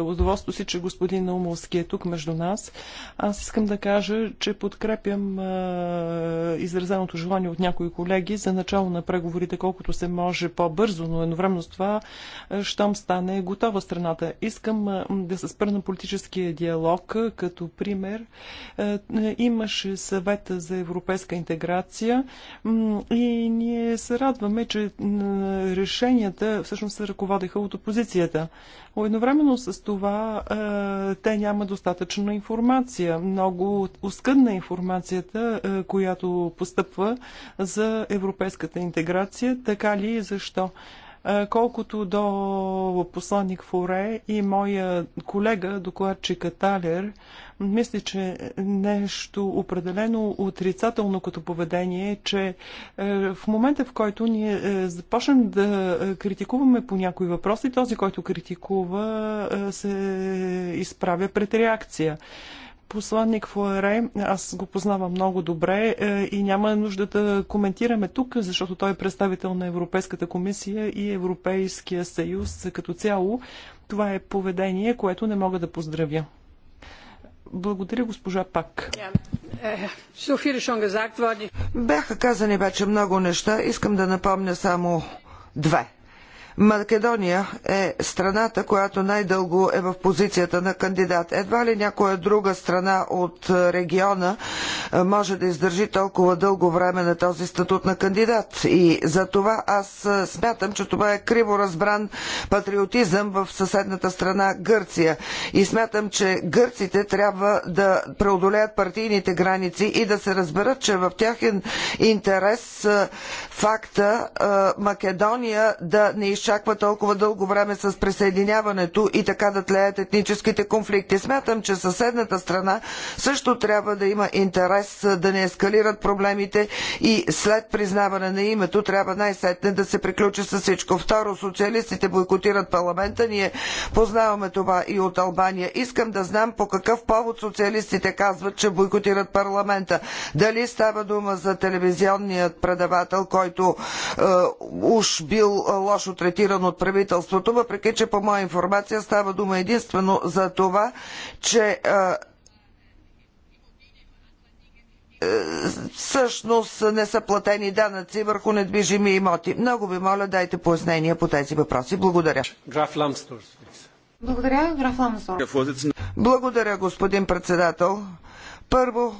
удоволство си, че господин Наумовски е тук между нас. Аз искам да кажа, че подкрепям е, изразеното желание от някои колеги за начало на преговорите колкото се може по-бързо, но едновременно с това, е, щом стане готова страната. Искам да се спра на политическия диалог, като пример. Имаше съвета за европейска интеграция и ние се радваме, че решенията всъщност се ръководеха от опозицията. Едновременно с това е, те няма достатъчно информация. Много оскъдна е информацията, е, която постъпва за европейската интеграция. Така ли и защо? Колкото до посланник Форе и моя колега, докладчик Талер, мисля, че нещо определено отрицателно като поведение е, че е, в момента, в който ние е, започнем да е, критикуваме по някои въпроси, този, който критикува, се изправя пред реакция. Посланник Фуаре, аз го познавам много добре е, и няма нужда да коментираме тук, защото той е представител на Европейската комисия и Европейския съюз като цяло. Това е поведение, което не мога да поздравя. Благодаря, госпожа Пак.
Бяха казани вече много неща. Искам да напомня само две. Македония е страната, която най-дълго е в позицията на кандидат. Едва ли някоя друга страна от региона може да издържи толкова дълго време на този статут на кандидат. И за това аз смятам, че това е криво разбран патриотизъм в съседната страна Гърция. И смятам, че гърците трябва да преодолеят партийните граници и да се разберат, че в тяхен интерес факта Македония да не изчезва изчаква толкова дълго време с присъединяването и така да тлеят етническите конфликти. Смятам, че съседната страна също трябва да има интерес да не ескалират проблемите и след признаване на името трябва най-сетне да се приключи с всичко. Второ, социалистите бойкотират парламента. Ние познаваме това и от Албания. Искам да знам по какъв повод социалистите казват, че бойкотират парламента. Дали става дума за телевизионният предавател, който е, уж бил лошо третиран третиран от правителството, въпреки че по моя информация става дума единствено за това, че е, всъщност не са платени данъци върху недвижими имоти. Много ви моля, дайте пояснения по тези въпроси. Благодаря.
Благодаря, граф Ламсдорф.
Благодаря, господин председател. Първо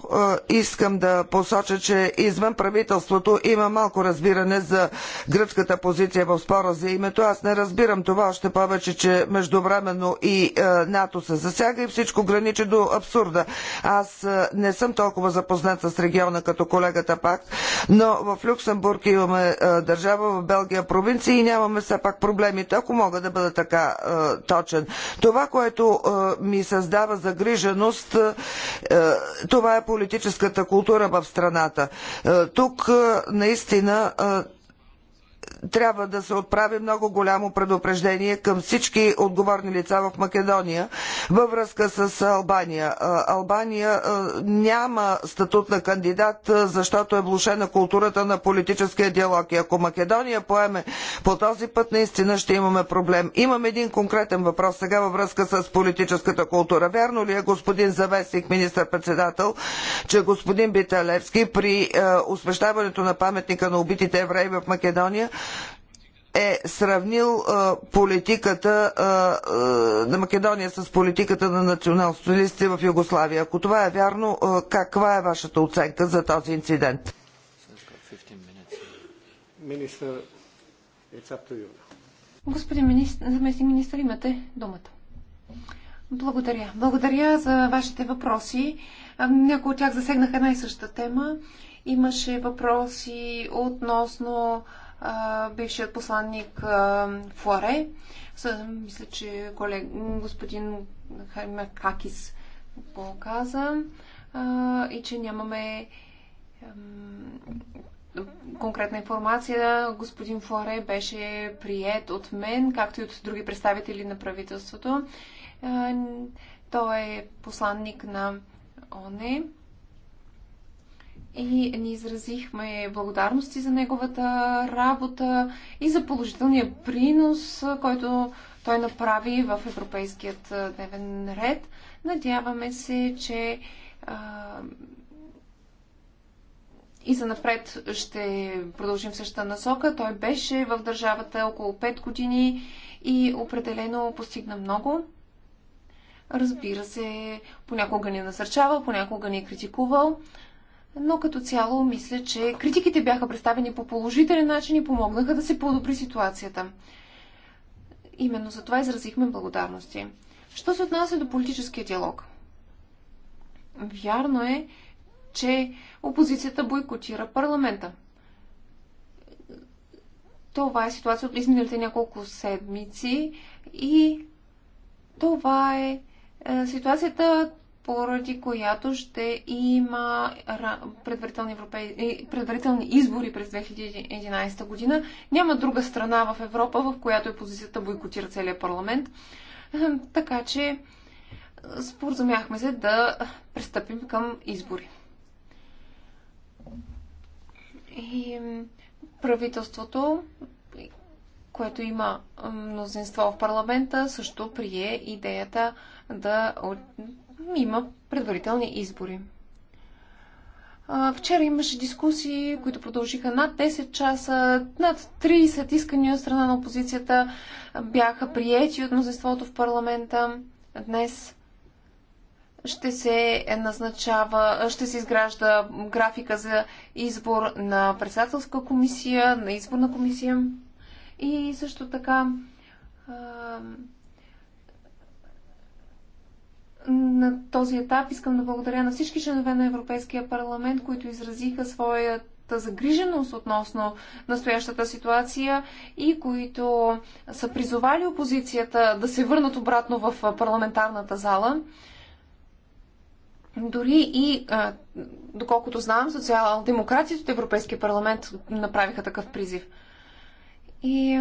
искам да посоча, че извън правителството има малко разбиране за гръцката позиция в спора за името. Аз не разбирам това, още повече, че междувременно и НАТО се засяга и всичко граничи до абсурда. Аз не съм толкова запознат с региона като колегата пак, но в Люксембург имаме държава, в Белгия провинция и нямаме все пак проблемите, ако мога да бъда така точен. Това, което ми създава загриженост това е политическата култура в страната. Е, тук е, наистина е, трябва да се отправи много голямо предупреждение към всички отговорни лица в Македония във връзка с Албания. Албания няма статут на кандидат, защото е влушена културата на политическия диалог. И ако Македония поеме по този път, наистина ще имаме проблем. Имам един конкретен въпрос сега във връзка с политическата култура. Вярно ли е, господин заместник министър-председател, че господин Биталевски при успещаването на паметника на убитите евреи в Македония е сравнил политиката на Македония с политиката на националсоциалистите в Югославия. Ако това е вярно, каква е вашата оценка за този инцидент?
Господин министр, заместник министр, имате думата. Благодаря. Благодаря за вашите въпроси. Някои от тях засегнаха една и съща тема. Имаше въпроси относно бившият посланник Фуаре, мисля, че колег, господин Хаймакакис го каза, и че нямаме конкретна информация. Господин Фуаре беше прият от мен, както и от други представители на правителството. Той е посланник на ОНЕ и ни изразихме благодарности за неговата работа и за положителния принос, който той направи в европейският дневен ред. Надяваме се, че а, и за напред ще продължим в същата насока. Той беше в държавата около 5 години и определено постигна много. Разбира се, понякога ни е насърчавал, понякога ни е критикувал, но като цяло мисля, че критиките бяха представени по положителен начин и помогнаха да се подобри ситуацията. Именно за това изразихме благодарности. Що се отнася до политическия диалог? Вярно е, че опозицията бойкотира парламента. Това е ситуация от изминалите няколко седмици и това е, е ситуацията поради която ще има предварителни, европе... предварителни избори през 2011 година. Няма друга страна в Европа, в която е позицията бойкотира целият парламент. Така че е, споразумяхме се да пристъпим към избори. И правителството, което има мнозинство в парламента, също прие идеята да има предварителни избори. Вчера имаше дискусии, които продължиха над 10 часа, над 30 искания от страна на опозицията бяха приети от мнозинството в парламента. Днес ще се назначава, ще се изгражда графика за избор на председателска комисия, на изборна комисия и също така на този етап искам да благодаря на всички членове на Европейския парламент, които изразиха своята загриженост относно настоящата ситуация и които са призовали опозицията да се върнат обратно в парламентарната зала. Дори и, доколкото знам, социал-демократите от Европейския парламент направиха такъв призив. И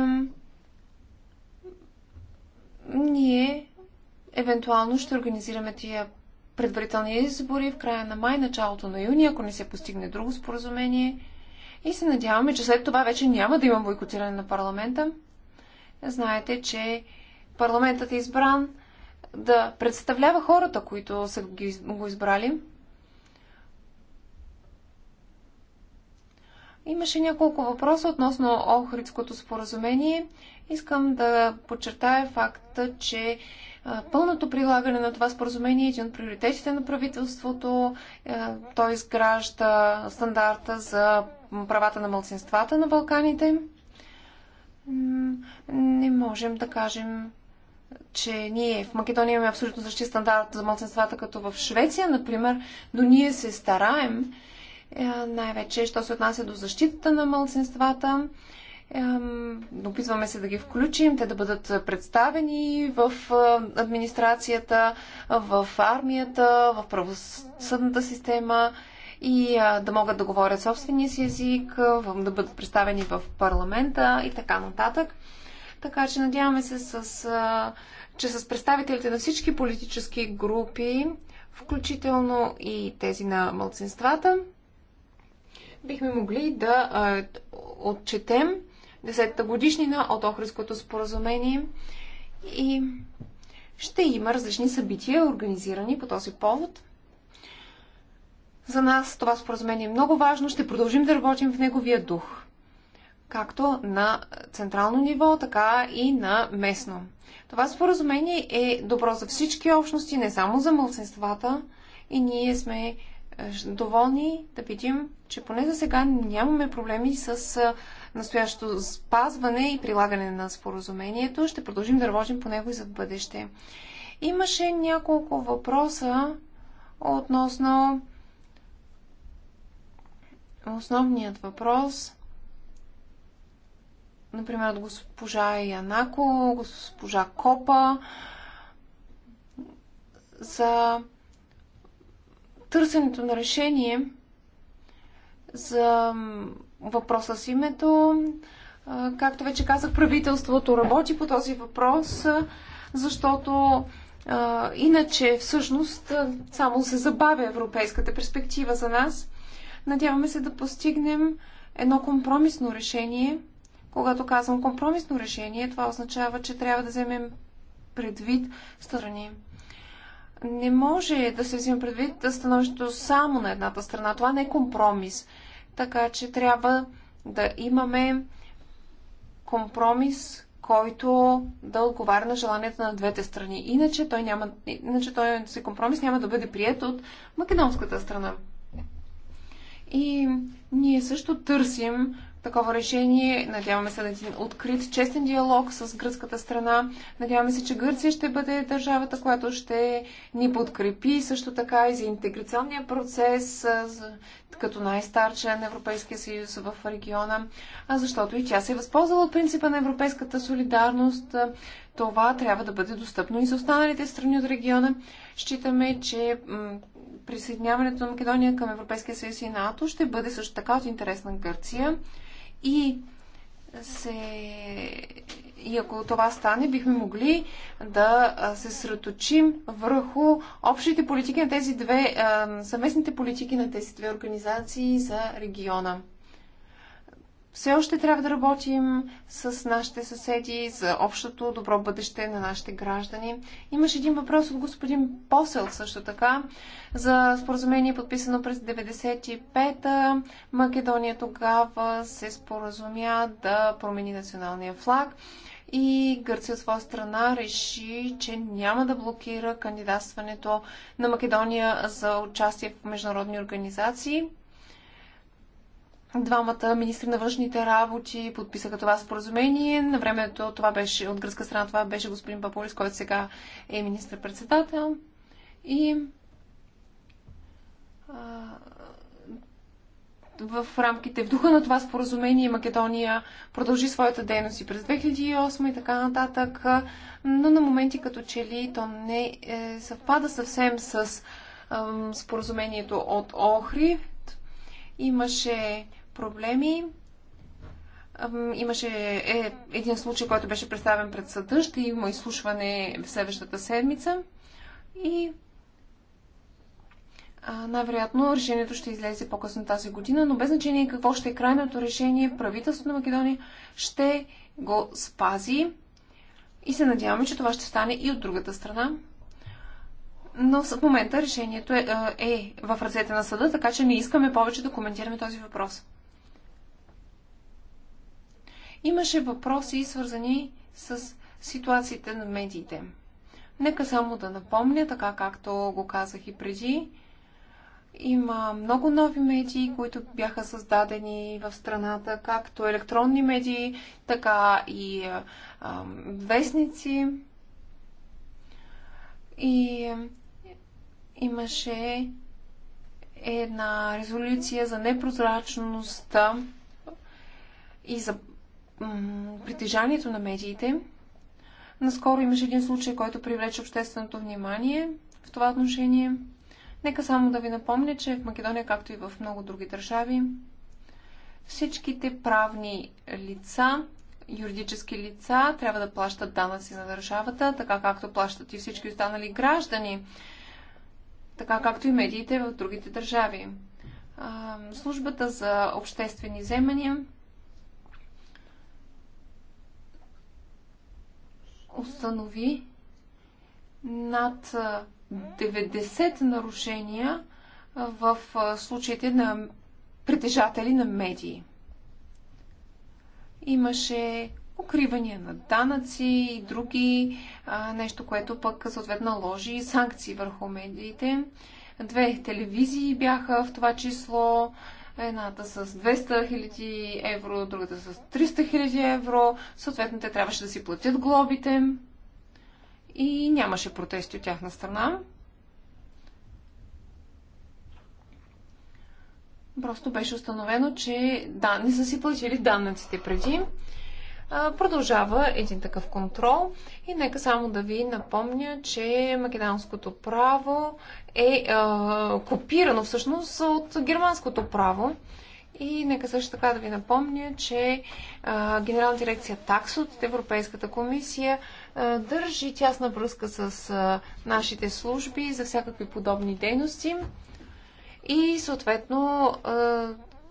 ние Евентуално ще организираме тия предварителни избори в края на май, началото на юни, ако не се постигне друго споразумение. И се надяваме, че след това вече няма да има бойкотиране на парламента. Знаете, че парламентът е избран да представлява хората, които са го избрали. Имаше няколко въпроса относно Охридското споразумение. Искам да подчертая факта, че Пълното прилагане на това споразумение е един от приоритетите на правителството. Е, той изгражда стандарта за правата на мълцинствата на Балканите. Не можем да кажем, че ние в Македония имаме абсолютно същия стандарт за мълцинствата като в Швеция, например, но ние се стараем е, най-вече, що се отнася до защитата на мълцинствата Опитваме се да ги включим, те да бъдат представени в администрацията, в армията, в правосъдната система и да могат да говорят собствения си език, да бъдат представени в парламента и така нататък. Така че надяваме се, с, че с представителите на всички политически групи, включително и тези на мълцинствата, бихме могли да отчетем 10-та годишнина от Охридското споразумение и ще има различни събития, организирани по този повод. За нас това споразумение е много важно. Ще продължим да работим в неговия дух. Както на централно ниво, така и на местно. Това споразумение е добро за всички общности, не само за мълценствата. И ние сме е, доволни да видим, че поне за сега нямаме проблеми с е, настоящото спазване и прилагане на споразумението. Ще продължим да работим по него и за бъдеще. Имаше няколко въпроса относно основният въпрос, например от госпожа Янако, госпожа Копа, за търсенето на решение за въпроса с името. Както вече казах, правителството работи по този въпрос, защото иначе всъщност само се забавя европейската перспектива за нас. Надяваме се да постигнем едно компромисно решение. Когато казвам компромисно решение, това означава, че трябва да вземем предвид страни. Не може да се взима предвид да становището само на едната страна. Това не е компромис така че трябва да имаме компромис, който да отговаря на желанията на двете страни. Иначе той, няма, иначе той си компромис няма да бъде прият от македонската страна. И ние също търсим такова решение. Надяваме се на един открит, честен диалог с гръцката страна. Надяваме се, че Гърция ще бъде държавата, която ще ни подкрепи също така и за интеграционния процес като най-стар член на Европейския съюз в региона, защото и тя се е възползвала от принципа на европейската солидарност. Това трябва да бъде достъпно и за останалите страни от региона. Считаме, че присъединяването на Македония към Европейския съюз и НАТО ще бъде също така от интерес на Гърция и се... И ако това стане, бихме могли да се сръточим върху общите политики на тези две, съвместните политики на тези две организации за региона. Все още трябва да работим с нашите съседи за общото добро бъдеще на нашите граждани. Имаше един въпрос от господин Посел също така за споразумение подписано през 95-та. Македония тогава се споразумя да промени националния флаг и Гърция от своя страна реши, че няма да блокира кандидатстването на Македония за участие в международни организации Двамата министри на външните работи подписаха това споразумение. На времето това беше, от гръцка страна това беше господин Папулис, който сега е министр-председател. И а, в рамките, в духа на това споразумение Македония продължи своята дейност и през 2008 и така нататък, но на моменти като че ли то не е, съвпада съвсем с а, споразумението от Охри. Имаше проблеми. Имаше е, един случай, който беше представен пред съда. Ще има изслушване в следващата седмица. И най-вероятно решението ще излезе по-късно тази година, но без значение какво ще е крайното решение, правителството на Македония ще го спази. И се надяваме, че това ще стане и от другата страна. Но в момента решението е, е в ръцете на съда, така че не искаме повече да коментираме този въпрос. Имаше въпроси, свързани с ситуациите на медиите. Нека само да напомня, така както го казах и преди, има много нови медии, които бяха създадени в страната, както електронни медии, така и а, вестници. И имаше една резолюция за непрозрачността и за притежанието на медиите. Наскоро имаше един случай, който привлече общественото внимание в това отношение. Нека само да ви напомня, че в Македония, както и в много други държави, всичките правни лица, юридически лица, трябва да плащат данъци на държавата, така както плащат и всички останали граждани, така както и медиите в другите държави. Службата за обществени вземания установи над 90 нарушения в случаите на притежатели на медии. Имаше укривания на данъци и други, нещо, което пък съответно наложи санкции върху медиите. Две телевизии бяха в това число Едната с 200 хиляди евро, другата с 300 хиляди евро. Съответно, те трябваше да си платят глобите и нямаше протести от тяхна страна. Просто беше установено, че да, не са си платили данъците преди продължава един такъв контрол. И нека само да ви напомня, че македонското право е копирано всъщност от германското право. И нека също така да ви напомня, че а, Генерална дирекция ТАКС от Европейската комисия а, държи тясна връзка с а, нашите служби за всякакви подобни дейности и съответно а,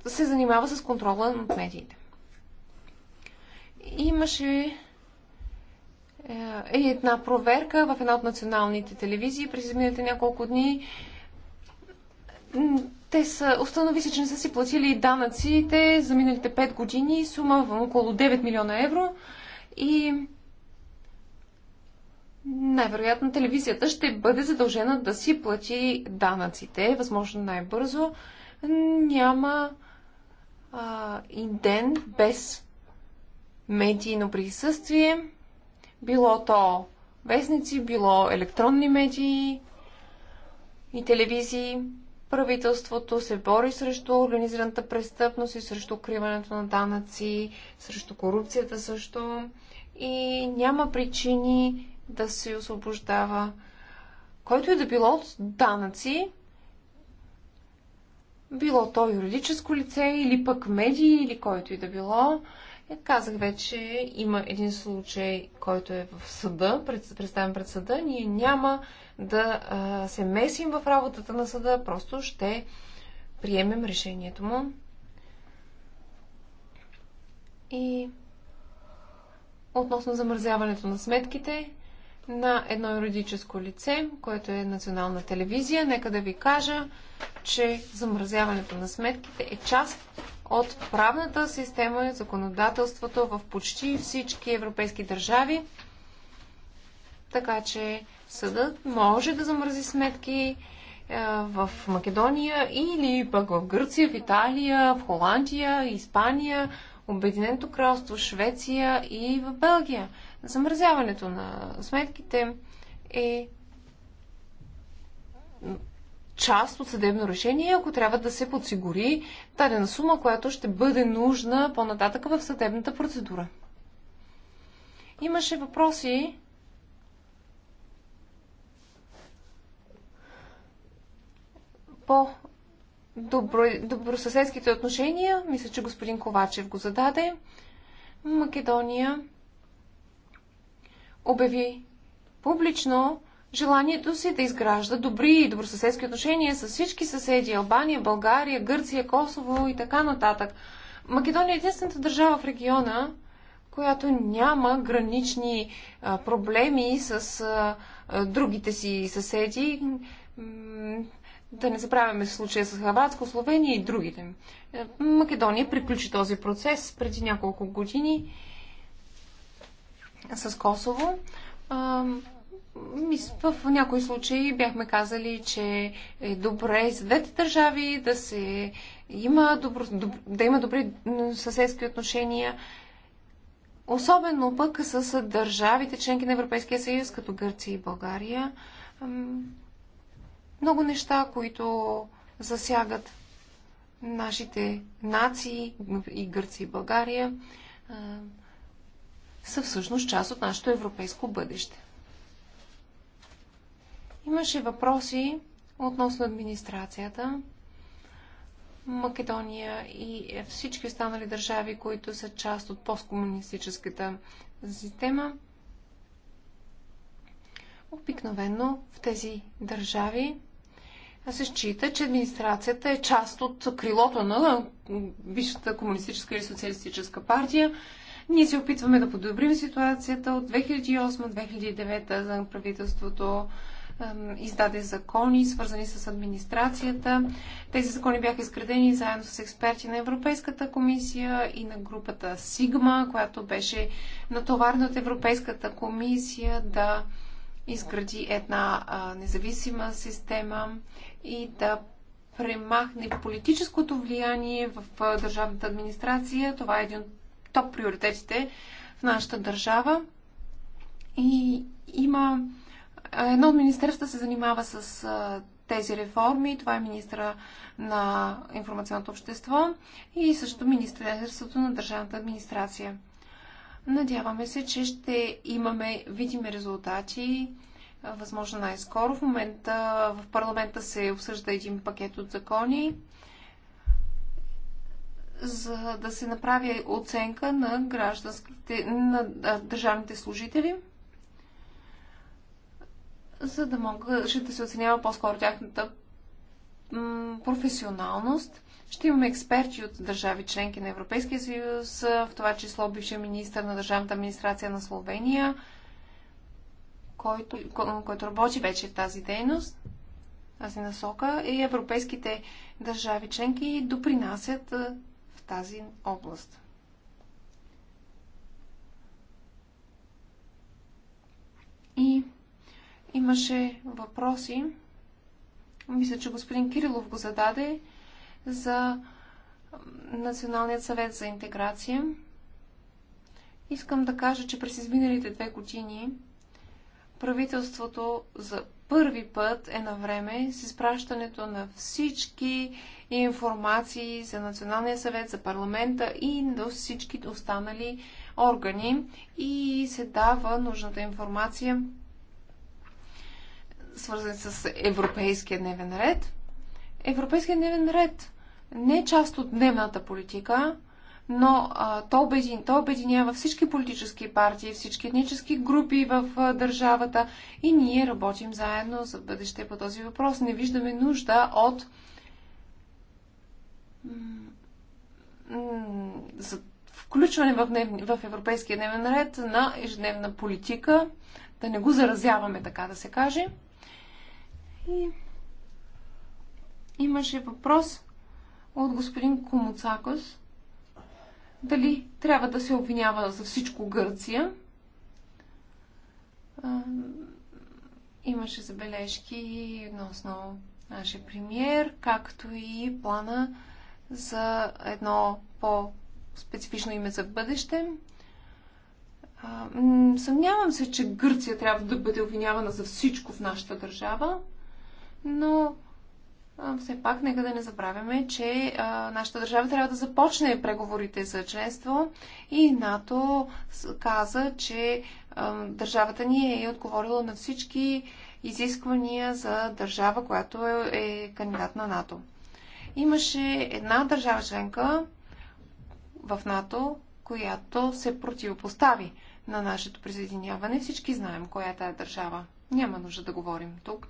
се занимава с контрола над медиите. Имаше е, е една проверка в една от националните телевизии през изминалите няколко дни. Те са, установи се, че не са си платили данъците за миналите 5 години, сума в около 9 милиона евро. И най-вероятно телевизията ще бъде задължена да си плати данъците, възможно най-бързо. Няма а, и ден без медийно присъствие, било то вестници, било електронни медии и телевизии. Правителството се бори срещу организираната престъпност и срещу укриването на данъци, срещу корупцията също. И няма причини да се освобождава който и е да било от данъци, било то юридическо лице или пък медии или който и е да било. Е, казах вече, има един случай, който е в съда, представен пред съда. Ние няма да се месим в работата на съда, просто ще приемем решението му. И относно замързяването на сметките на едно юридическо лице, което е национална телевизия, нека да ви кажа, че замразяването на сметките е част от правната система и законодателството в почти всички европейски държави. Така че съдът може да замрази сметки е, в Македония или пък в Гърция, в Италия, в Холандия, Испания, Обединеното кралство, Швеция и в Белгия. Замразяването на сметките е част от съдебно решение, ако трябва да се подсигури дадена сума, която ще бъде нужна по-нататък в съдебната процедура. Имаше въпроси. По добро, добросъседските отношения, мисля, че господин Ковачев го зададе. Македония обяви публично, желанието си да изгражда добри и добросъседски отношения с всички съседи Албания, България, Гърция, Косово и така нататък. Македония е единствената държава в региона, която няма гранични проблеми с другите си съседи. Да не забравяме случая с Хаватско, Словения и другите. Македония приключи този процес преди няколко години с Косово в някои случаи бяхме казали, че е добре и за двете държави да, се има добро, доб, да има добри съседски отношения. Особено пък с държавите, членки на Европейския съюз, като Гърция и България. Много неща, които засягат нашите нации и Гърция и България, са всъщност част от нашето европейско бъдеще. Имаше въпроси относно администрацията. Македония и всички останали държави, които са част от посткомунистическата система. Обикновено в тези държави се счита, че администрацията е част от крилото на Висшата комунистическа или социалистическа партия. Ние се опитваме да подобрим ситуацията от 2008-2009 за правителството издаде закони, свързани с администрацията. Тези закони бяха изградени заедно с експерти на Европейската комисия и на групата Сигма, която беше натоварна от Европейската комисия да изгради една независима система и да премахне политическото влияние в държавната администрация. Това е един от топ приоритетите в нашата държава. И има Едно от министерства се занимава с тези реформи. Това е министра на информационното общество и също Министерството на държавната администрация. Надяваме се, че ще имаме видими резултати, възможно най-скоро. В момента в парламента се обсъжда един пакет от закони, за да се направи оценка на гражданските, на държавните служители – за да може да се оценява по-скоро тяхната професионалност. Ще имаме експерти от държави членки на Европейския съюз, в това число бившия министр на държавната администрация на Словения, който, който работи вече в тази дейност, тази насока, и европейските държави членки допринасят в тази област. И Имаше въпроси, мисля, че господин Кирилов го зададе, за Националният съвет за интеграция. Искам да кажа, че през изминалите две години правителството за първи път е на време с изпращането на всички информации за Националния съвет, за парламента и до всички останали органи и се дава нужната информация свързани с европейския дневен ред. Европейския дневен ред не е част от дневната политика, но а, то, обедин, то обединява всички политически партии, всички етнически групи в а, държавата и ние работим заедно за бъдеще по този въпрос. Не виждаме нужда от за включване в, днев, в европейския дневен ред на ежедневна политика, да не го заразяваме, така да се каже. И имаше въпрос от господин Комуцакос. Дали трябва да се обвинява за всичко Гърция? Имаше забележки относно нашия премьер, както и плана за едно по-специфично име за бъдеще. Съмнявам се, че Гърция трябва да бъде обвинявана за всичко в нашата държава но все пак нека да не забравяме, че а, нашата държава трябва да започне преговорите за членство и НАТО каза, че а, държавата ни е отговорила на всички изисквания за държава, която е, е кандидат на НАТО. Имаше една държава членка в НАТО, която се противопостави на нашето присъединяване. Всички знаем коя е тая държава. Няма нужда да говорим тук.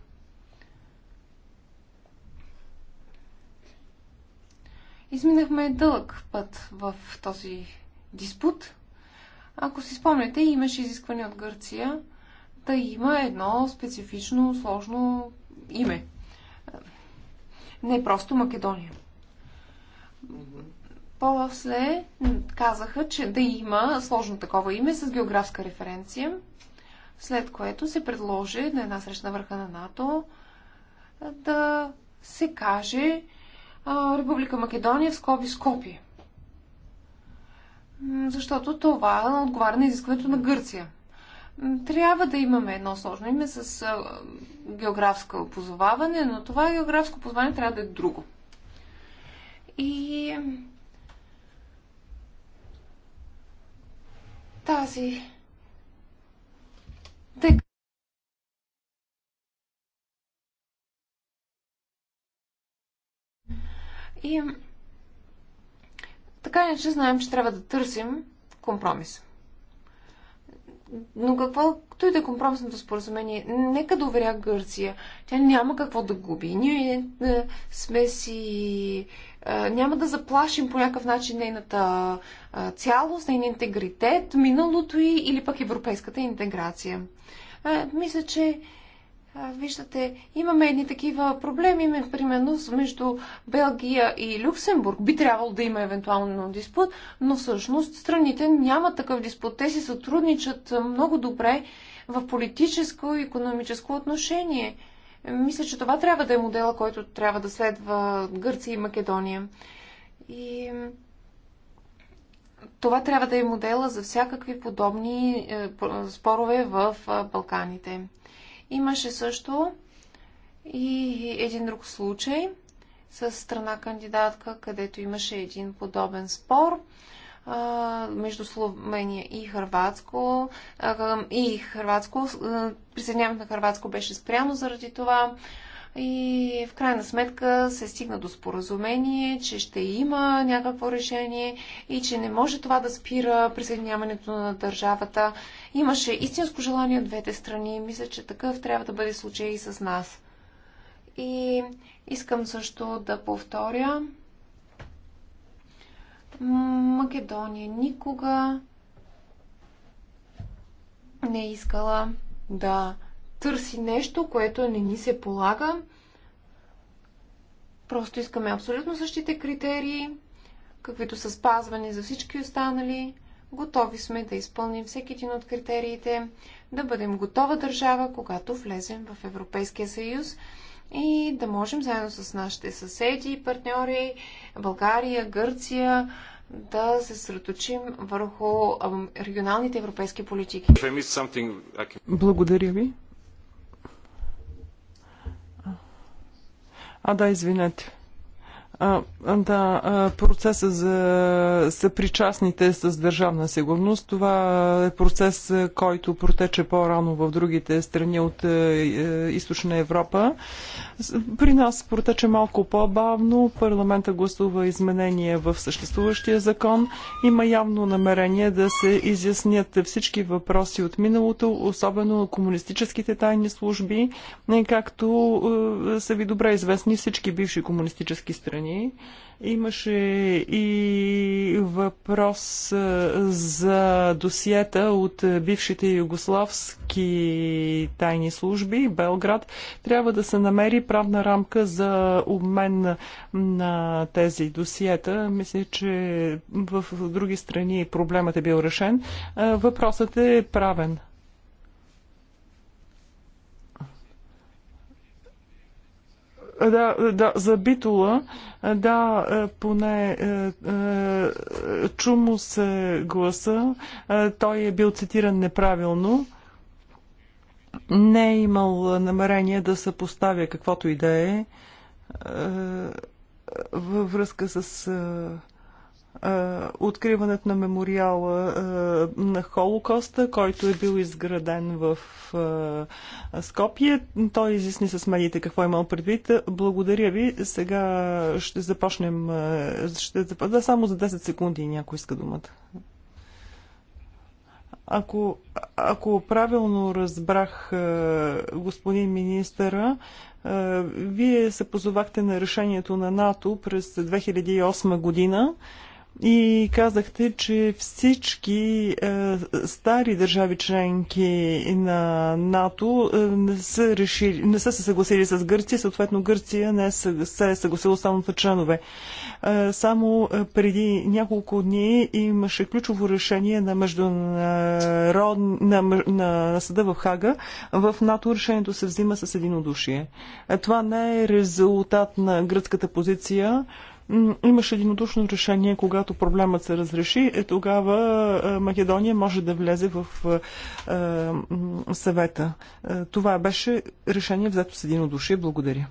Изминахме дълъг път в този диспут. Ако си спомняте, имаше изискване от Гърция да има едно специфично сложно име. Не просто Македония. После казаха, че да има сложно такова име с географска референция, след което се предложи на една среща на върха на НАТО да се каже, Република Македония в Скоби Скопи. Защото това отговаря на изискването на Гърция. Трябва да имаме едно сложно име с географско позоваване, но това географско позоваване трябва да е друго. И тази И така иначе знаем, че трябва да търсим компромис. Но каквото и да е компромисното споразумение, нека да уверя Гърция, тя няма какво да губи. Ние е, сме си... Е, няма да заплашим по някакъв начин нейната е, цялост, нейния интегритет, миналото и или пък европейската интеграция. Мисля, че Виждате, имаме едни такива проблеми, примерно между Белгия и Люксембург. Би трябвало да има евентуално диспут, но всъщност страните няма такъв диспут. Те си сътрудничат много добре в политическо и економическо отношение. Мисля, че това трябва да е модела, който трябва да следва Гърция и Македония. И това трябва да е модела за всякакви подобни е, спорове в Балканите. Имаше също и един друг случай с страна кандидатка, където имаше един подобен спор между Словения и Хрватско. И Хрватско, присъединяването на Хрватско беше спряно заради това и в крайна сметка се стигна до споразумение, че ще има някакво решение и че не може това да спира присъединяването на държавата. Имаше истинско желание от двете страни. Мисля, че такъв трябва да бъде случай и с нас. И искам също да повторя. Македония никога не е искала да търси нещо, което не ни се полага. Просто искаме абсолютно същите критерии, каквито са спазвани за всички останали. Готови сме да изпълним всеки един от критериите, да бъдем готова държава, когато влезем в Европейския съюз и да можем заедно с нашите съседи и партньори, България, Гърция, да се средоточим върху регионалните европейски политики.
Благодаря ви. А да, извинете да, процеса за съпричастните с държавна сигурност, това е процес, който протече по-рано в другите страни от източна Европа. При нас протече малко по-бавно. Парламента гласува изменения в съществуващия закон. Има явно намерение да се изяснят всички въпроси от миналото, особено комунистическите тайни служби, както са ви добре известни всички бивши комунистически страни. Имаше и въпрос за досиета от бившите югославски тайни служби, Белград. Трябва да се намери правна рамка за обмен на тези досиета. Мисля, че в други страни проблемът е бил решен. Въпросът е правен. да, да, за битула, да, е, поне е, е, чу му се гласа. Той е бил цитиран неправилно. Не е имал намерение да се поставя каквото и да е във връзка с откриването на мемориала на Холокоста, който е бил изграден в Скопие. Той изясни с медиите какво е имал предвид. Благодаря ви. Сега ще започнем. Ще... Да, само за 10 секунди някой иска думата. Ако, ако правилно разбрах господин министъра, вие се позовахте на решението на НАТО през 2008 година и казахте, че всички е, стари държави членки на НАТО е, не, са решили, не са се съгласили с Гърция, съответно Гърция не са, се е съгласила само с членове. Е, само е, преди няколко дни имаше ключово решение на, международ, на, на, на съда в Хага. В НАТО решението се взима с единодушие. Е, това не е резултат на гръцката позиция имаше единодушно решение, когато проблемът се разреши, е тогава е, Македония може да влезе в е, съвета. Е, това беше решение взето с единодушие. Благодаря.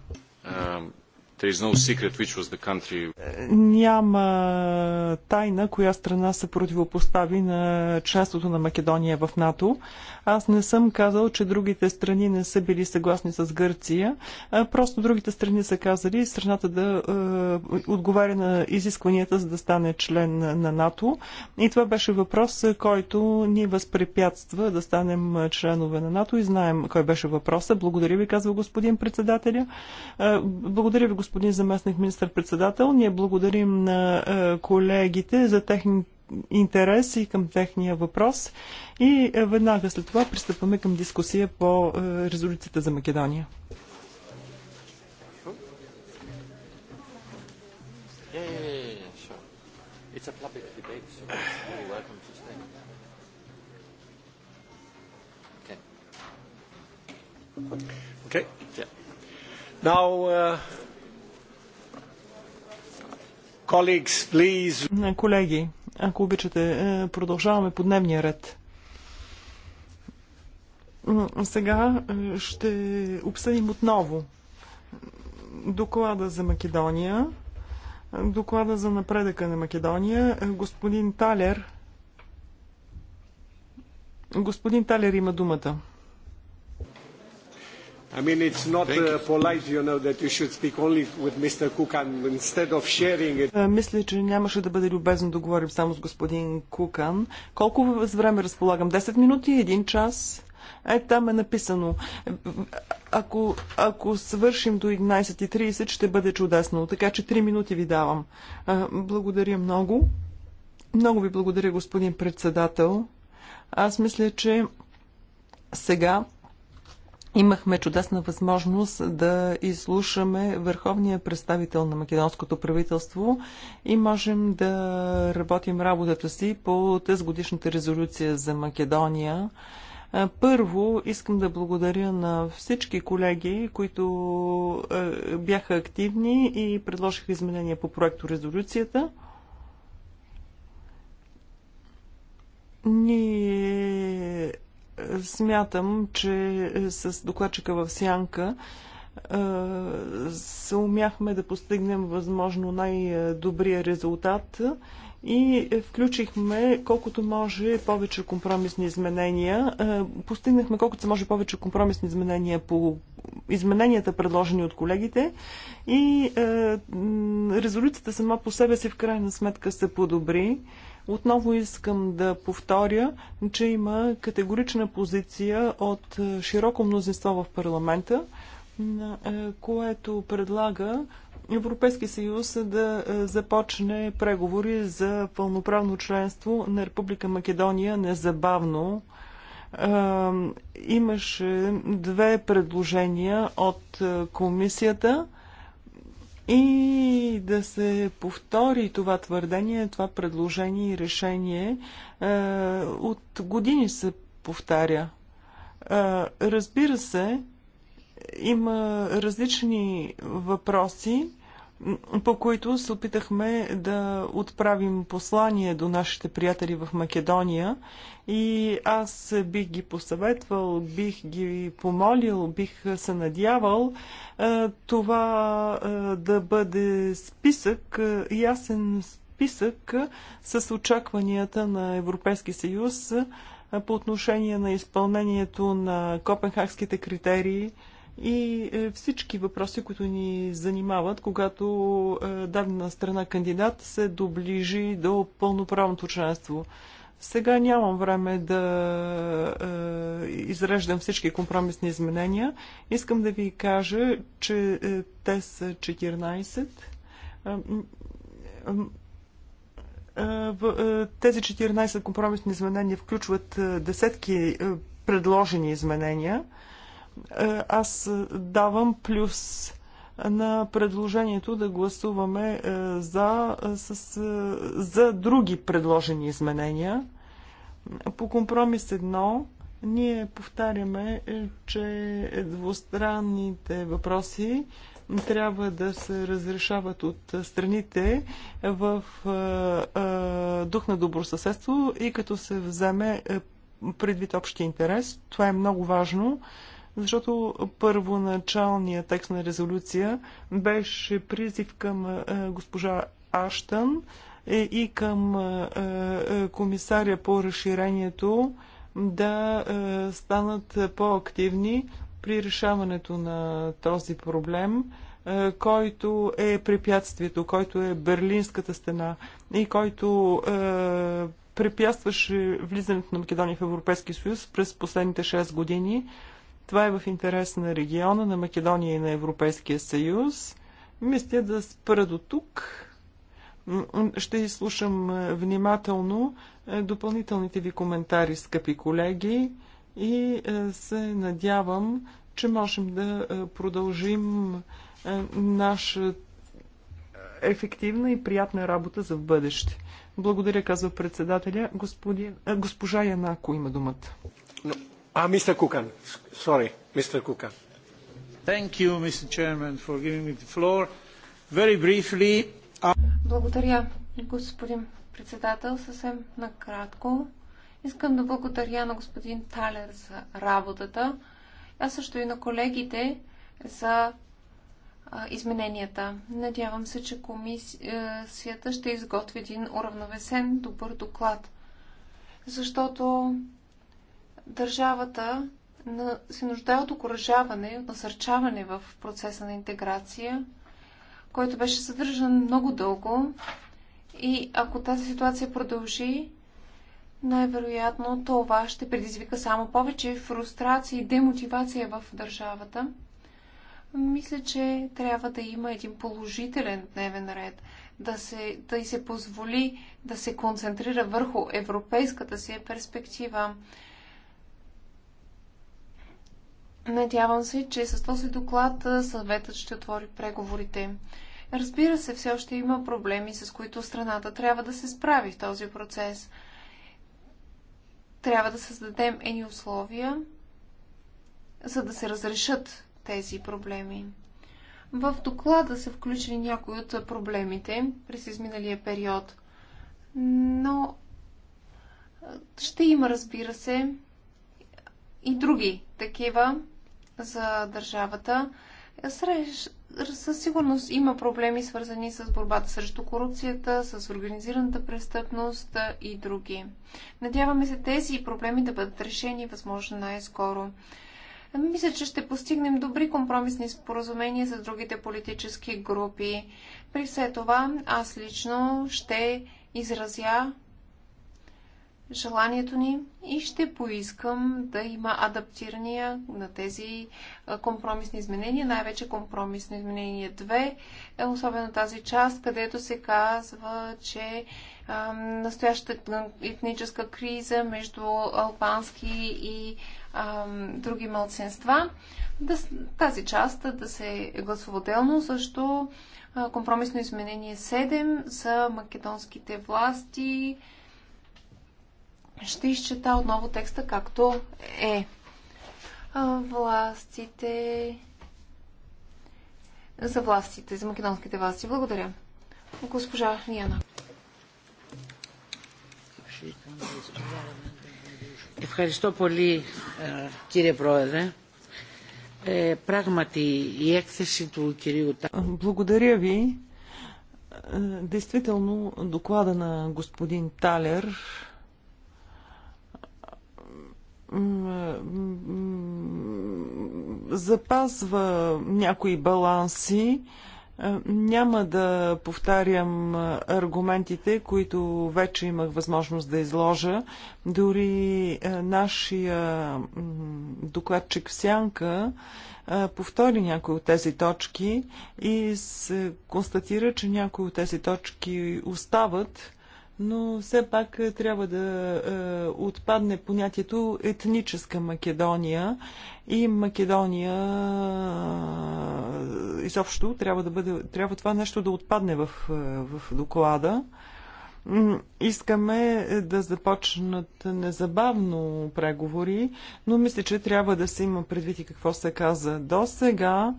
Няма тайна коя страна се противопостави на членството на Македония в НАТО. Аз не съм казал, че другите страни не са били съгласни с Гърция. Просто другите страни са казали страната да е, отговаря на изискванията, за да стане член на НАТО. И това беше въпрос, който ни възпрепятства да станем членове на НАТО и знаем кой беше въпроса. Благодаря ви, казва господин председателя. Е, благодаря ви, господин господин заместник министър-председател. Ние благодарим на е, колегите за техните интерес и към техния въпрос. И е, веднага след това пристъпваме към дискусия по е, резолюцията за Македония. Okay. Yeah.
Now, uh...
Е, колеги, ако обичате, е, продължаваме по дневния ред. Сега е, ще обсъдим отново доклада за Македония, доклада за напредъка на Македония. Господин Талер, господин Талер има думата.
I mean, it's not uh, polite, you know, that you should speak only with Mr. Kukan instead of sharing it.
Е, мисля, че нямаше да бъде любезно да говорим само с господин Кукан. Колко с време разполагам? 10 минути? Един час? Е, там е написано. Ако, ако свършим до 11.30, ще бъде чудесно. Така че 3 минути ви давам. Е, благодаря много. Много ви благодаря, господин председател. Аз мисля, че сега Имахме чудесна възможност да изслушаме върховния представител на македонското правителство и можем да работим работата си по тази годишната резолюция за Македония. Първо искам да благодаря на всички колеги, които бяха активни и предложиха изменения по проекто резолюцията. Ние Смятам, че е, с докладчика в Сянка е, се умяхме да постигнем възможно най-добрия резултат и включихме колкото може повече компромисни изменения. Е, постигнахме колкото се може повече компромисни изменения по измененията, предложени от колегите. И резолюцията сама по себе си в крайна сметка се подобри. Отново искам да повторя, че има категорична позиция от широко мнозинство в парламента, е, което предлага Европейски съюз да е, започне преговори за пълноправно членство на Република Македония незабавно. Е, имаше две предложения от комисията – и да се повтори това твърдение, това предложение и решение. Е, от години се повтаря. Е, разбира се, има различни въпроси, по които се опитахме да отправим послание до нашите приятели в Македония и аз бих ги посъветвал, бих ги помолил, бих се надявал е, това е, да бъде списък, е, ясен списък с очакванията на Европейски съюз по отношение на изпълнението на копенхагските критерии и е, всички въпроси, които ни занимават, когато е, дадена страна кандидат се доближи до пълноправното членство. Сега нямам време да е, изреждам всички компромисни изменения. Искам да ви кажа, че е, те са 14. Е, е, тези 14 компромисни изменения включват десетки предложени изменения. Е, аз давам плюс на предложението да гласуваме е, за, с, е, за други предложени изменения. По компромис едно ние повтаряме, че двустранните въпроси трябва да се разрешават от страните в дух на добросъседство и като се вземе предвид общия интерес. Това е много важно защото първоначалният текст на резолюция беше призив към е, госпожа Аштън е, и към е, комисаря по разширението да станат по-активни при решаването на този проблем, който е препятствието, който е Берлинската стена и който препятстваше влизането на Македония в Европейския съюз през последните 6 години. Това е в интерес на региона, на Македония и на Европейския съюз. Мисля да спра до тук. Ще изслушам е, внимателно е, допълнителните ви коментари, скъпи колеги, и е, се надявам, че можем да продължим нашата ефективна и приятна работа за в бъдеще. Благодаря, казва председателя. Господин, госпожа Янако има думата.
Ah, Mr. Kukan. Sorry, Mr. Kukan. Thank you, Mr. for giving me the floor. Very briefly... Uh,
благодаря, господин председател. Съвсем накратко. Искам да благодаря на господин Талер за работата, а също и на колегите за измененията. Надявам се, че комисията ще изготви един уравновесен, добър доклад, защото държавата се нуждае от окоръжаване, от насърчаване в процеса на интеграция, който беше съдържан много дълго. И ако тази ситуация продължи, най-вероятно това ще предизвика само повече фрустрация и демотивация в държавата. Мисля, че трябва да има един положителен дневен ред, да, се, да й се позволи да се концентрира върху европейската си перспектива, Надявам се, че с този доклад съветът ще отвори преговорите. Разбира се, все още има проблеми, с които страната трябва да се справи в този процес. Трябва да създадем едни условия, за да се разрешат тези проблеми. В доклада са включени някои от проблемите през изминалия период, но ще има, разбира се, и други такива, за държавата. Със сигурност има проблеми, свързани с борбата срещу корупцията, с организираната престъпност и други. Надяваме се тези проблеми да бъдат решени възможно най-скоро. Мисля, че ще постигнем добри компромисни споразумения за другите политически групи. При все това аз лично ще изразя желанието ни и ще поискам да има адаптирания на тези компромисни изменения, най-вече компромисно изменение 2, е особено тази част, където се казва, че настоящата етническа криза между албански и други малцинства. тази част да се гласува отделно, също компромисно изменение 7 за македонските власти, ще изчета отново текста както е. Властите. За властите, за македонските власти. Благодаря. Госпожа Яна.
Ευχαριστώ πολύ
κύριε Πρόεδρε. Πράγματι η έκθεση του κυρίου Благодаря ви. Е, действително доклада на господин Талер запазва някои баланси. Е, няма да повтарям аргументите, които вече имах възможност да изложа. Дори е, нашия докладчик в Сянка е, повтори някои от тези точки и се констатира, че някои от тези точки остават но все пак е, трябва да е, отпадне понятието етническа Македония и Македония е, изобщо трябва, да бъде, трябва това нещо да отпадне в, е, в доклада. Искаме е, да започнат незабавно преговори, но мисля, че трябва да се има предвид и какво се каза до сега.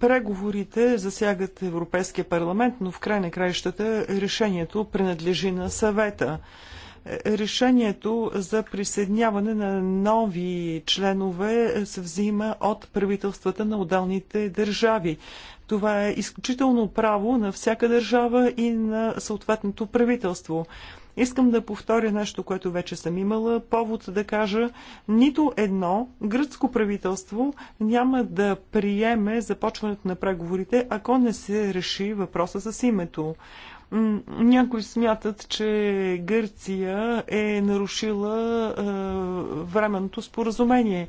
Преговорите засягат Европейския парламент, но в край на краищата решението принадлежи на съвета. Решението за присъединяване на нови членове се взима от правителствата на отделните държави. Това е изключително право на всяка държава и на съответното правителство. Искам да повторя нещо, което вече съм имала повод да кажа. Нито едно гръцко правителство няма да приеме започването на преговорите, ако не се реши въпроса с името. Някои смятат, че Гърция е нарушила е, временното споразумение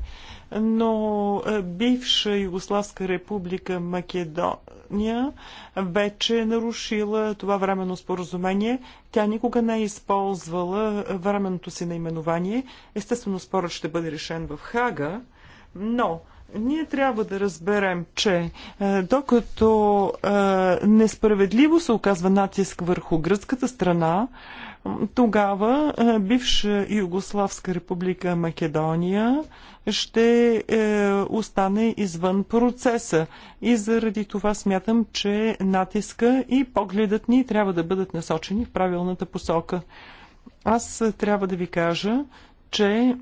но е, бивша Югославска република Македония вече е нарушила това временно споразумение. Тя никога не е използвала временното си наименование. Естествено, спорът ще бъде решен в Хага, но ние трябва да разберем, че е, докато е, несправедливо се оказва натиск върху гръцката страна, тогава е, бивша Югославска република Македония ще е, остане извън процеса. И заради това смятам, че натиска и погледът ни трябва да бъдат насочени в правилната посока. Аз е, трябва да ви кажа, че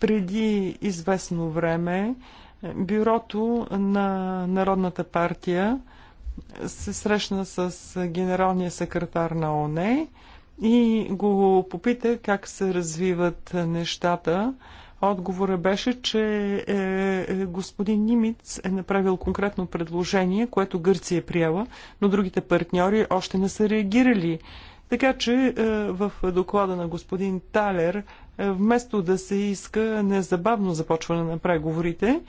преди известно време е, бюрото на Народната партия се срещна с генералния секретар на ОНЕ и го попита как се развиват нещата. Отговора беше, че е, е, господин Нимиц е направил конкретно предложение, което Гърция е приела, но другите партньори още не са реагирали. Така че е, в доклада на господин Талер вместо да се иска незабавно започване на преговорите,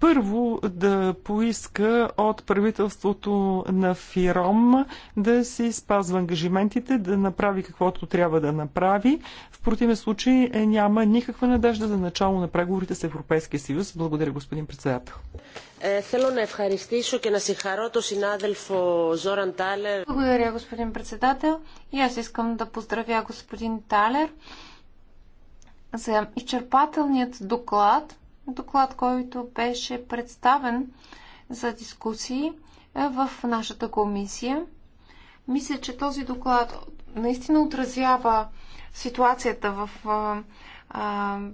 първо да поиска от правителството на Фиром да си спазва ангажиментите, да направи каквото трябва да направи. В противен случай е, няма никаква надежда за начало на преговорите с Европейския съюз. Благодаря, господин председател.
Е, Благодаря,
господин председател. И аз искам да поздравя господин Талер за изчерпателният доклад, доклад, който беше представен за дискусии е в нашата комисия. Мисля, че този доклад наистина отразява ситуацията в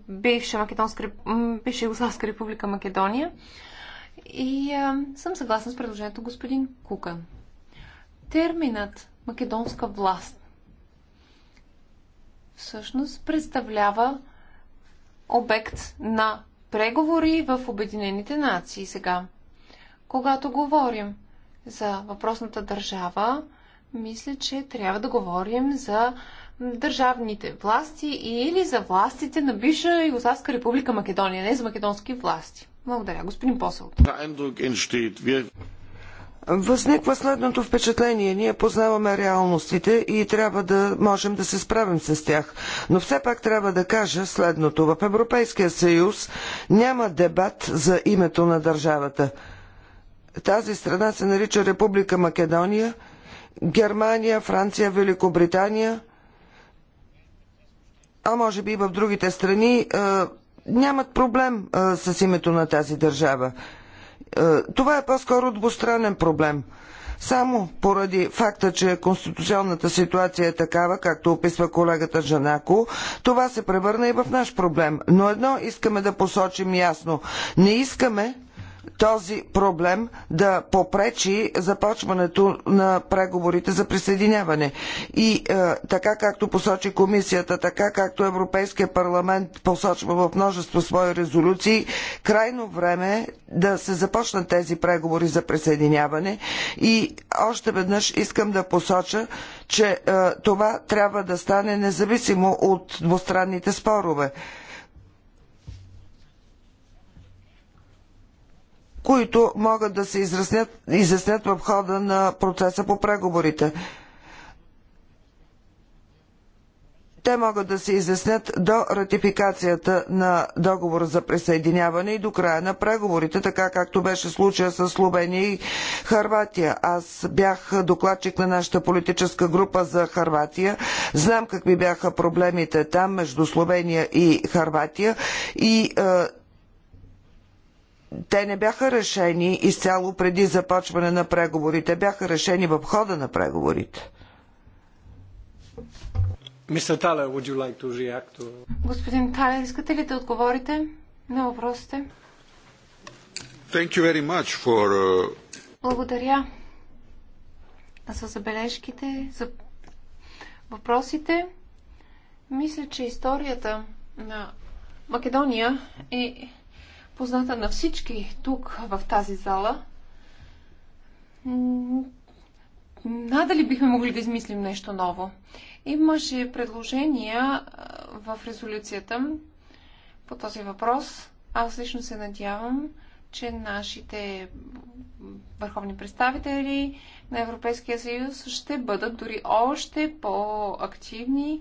бивша, Македонска, бивша Югославска република Македония. И а, съм съгласна с предложението господин Кука. Терминът македонска власт всъщност представлява обект на преговори в Обединените нации сега. Когато говорим за въпросната държава, мисля, че трябва да говорим за държавните власти или за властите на бивша Югославска република Македония, не за македонски власти. Благодаря. Господин посол.
Възниква следното впечатление. Ние познаваме реалностите и трябва да можем да се справим с тях. Но все пак трябва да кажа следното. В Европейския съюз няма дебат за името на държавата. Тази страна се нарича Република Македония, Германия, Франция, Великобритания, а може би и в другите страни нямат проблем с името на тази държава. Е, това е по-скоро двустранен проблем. Само поради факта, че конституционната ситуация е такава, както описва колегата Жанако, това се превърна и в наш проблем. Но едно искаме да посочим ясно. Не искаме този проблем да попречи започването на преговорите за присъединяване. И е, така както посочи комисията, така както Европейския парламент посочва в множество свои резолюции, крайно време е да се започнат тези преговори за присъединяване. И още веднъж искам да посоча, че е, това трябва да стане независимо от двустранните спорове. които могат да се изяснят, изяснят в хода на процеса по преговорите. Те могат да се изяснят до ратификацията на договора за присъединяване и до края на преговорите, така както беше случая с Словения и Харватия. Аз бях докладчик на нашата политическа група за Харватия. Знам какви бяха проблемите там между Словения и Харватия и е, те не бяха решени изцяло преди започване на преговорите, бяха решени в хода на преговорите.
Талер, like to to...
Господин Талер, искате ли да отговорите на въпросите?
For... Uh,
Благодаря за забележките, за въпросите. Мисля, че историята на Македония е позната на всички тук в тази зала. Надали бихме могли да измислим нещо ново. Имаше предложения в резолюцията по този въпрос. Аз лично се надявам, че нашите върховни представители на Европейския съюз ще бъдат дори още по-активни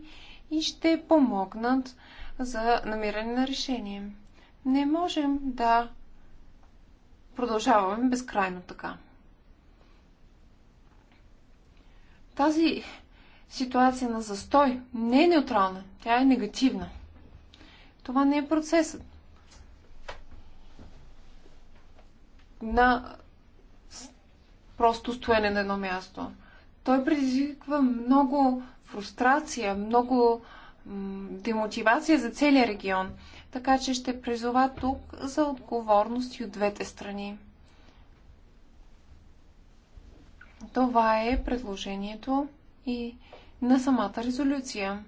и ще помогнат за намиране на решение. Не можем да продължаваме безкрайно така. Тази ситуация на застой не е неутрална, тя е негативна. Това не е процесът на просто стоене на едно място. Той предизвиква много фрустрация, много демотивация за целия регион. Така че ще призова тук за отговорност и от двете страни. Това е предложението и на самата резолюция.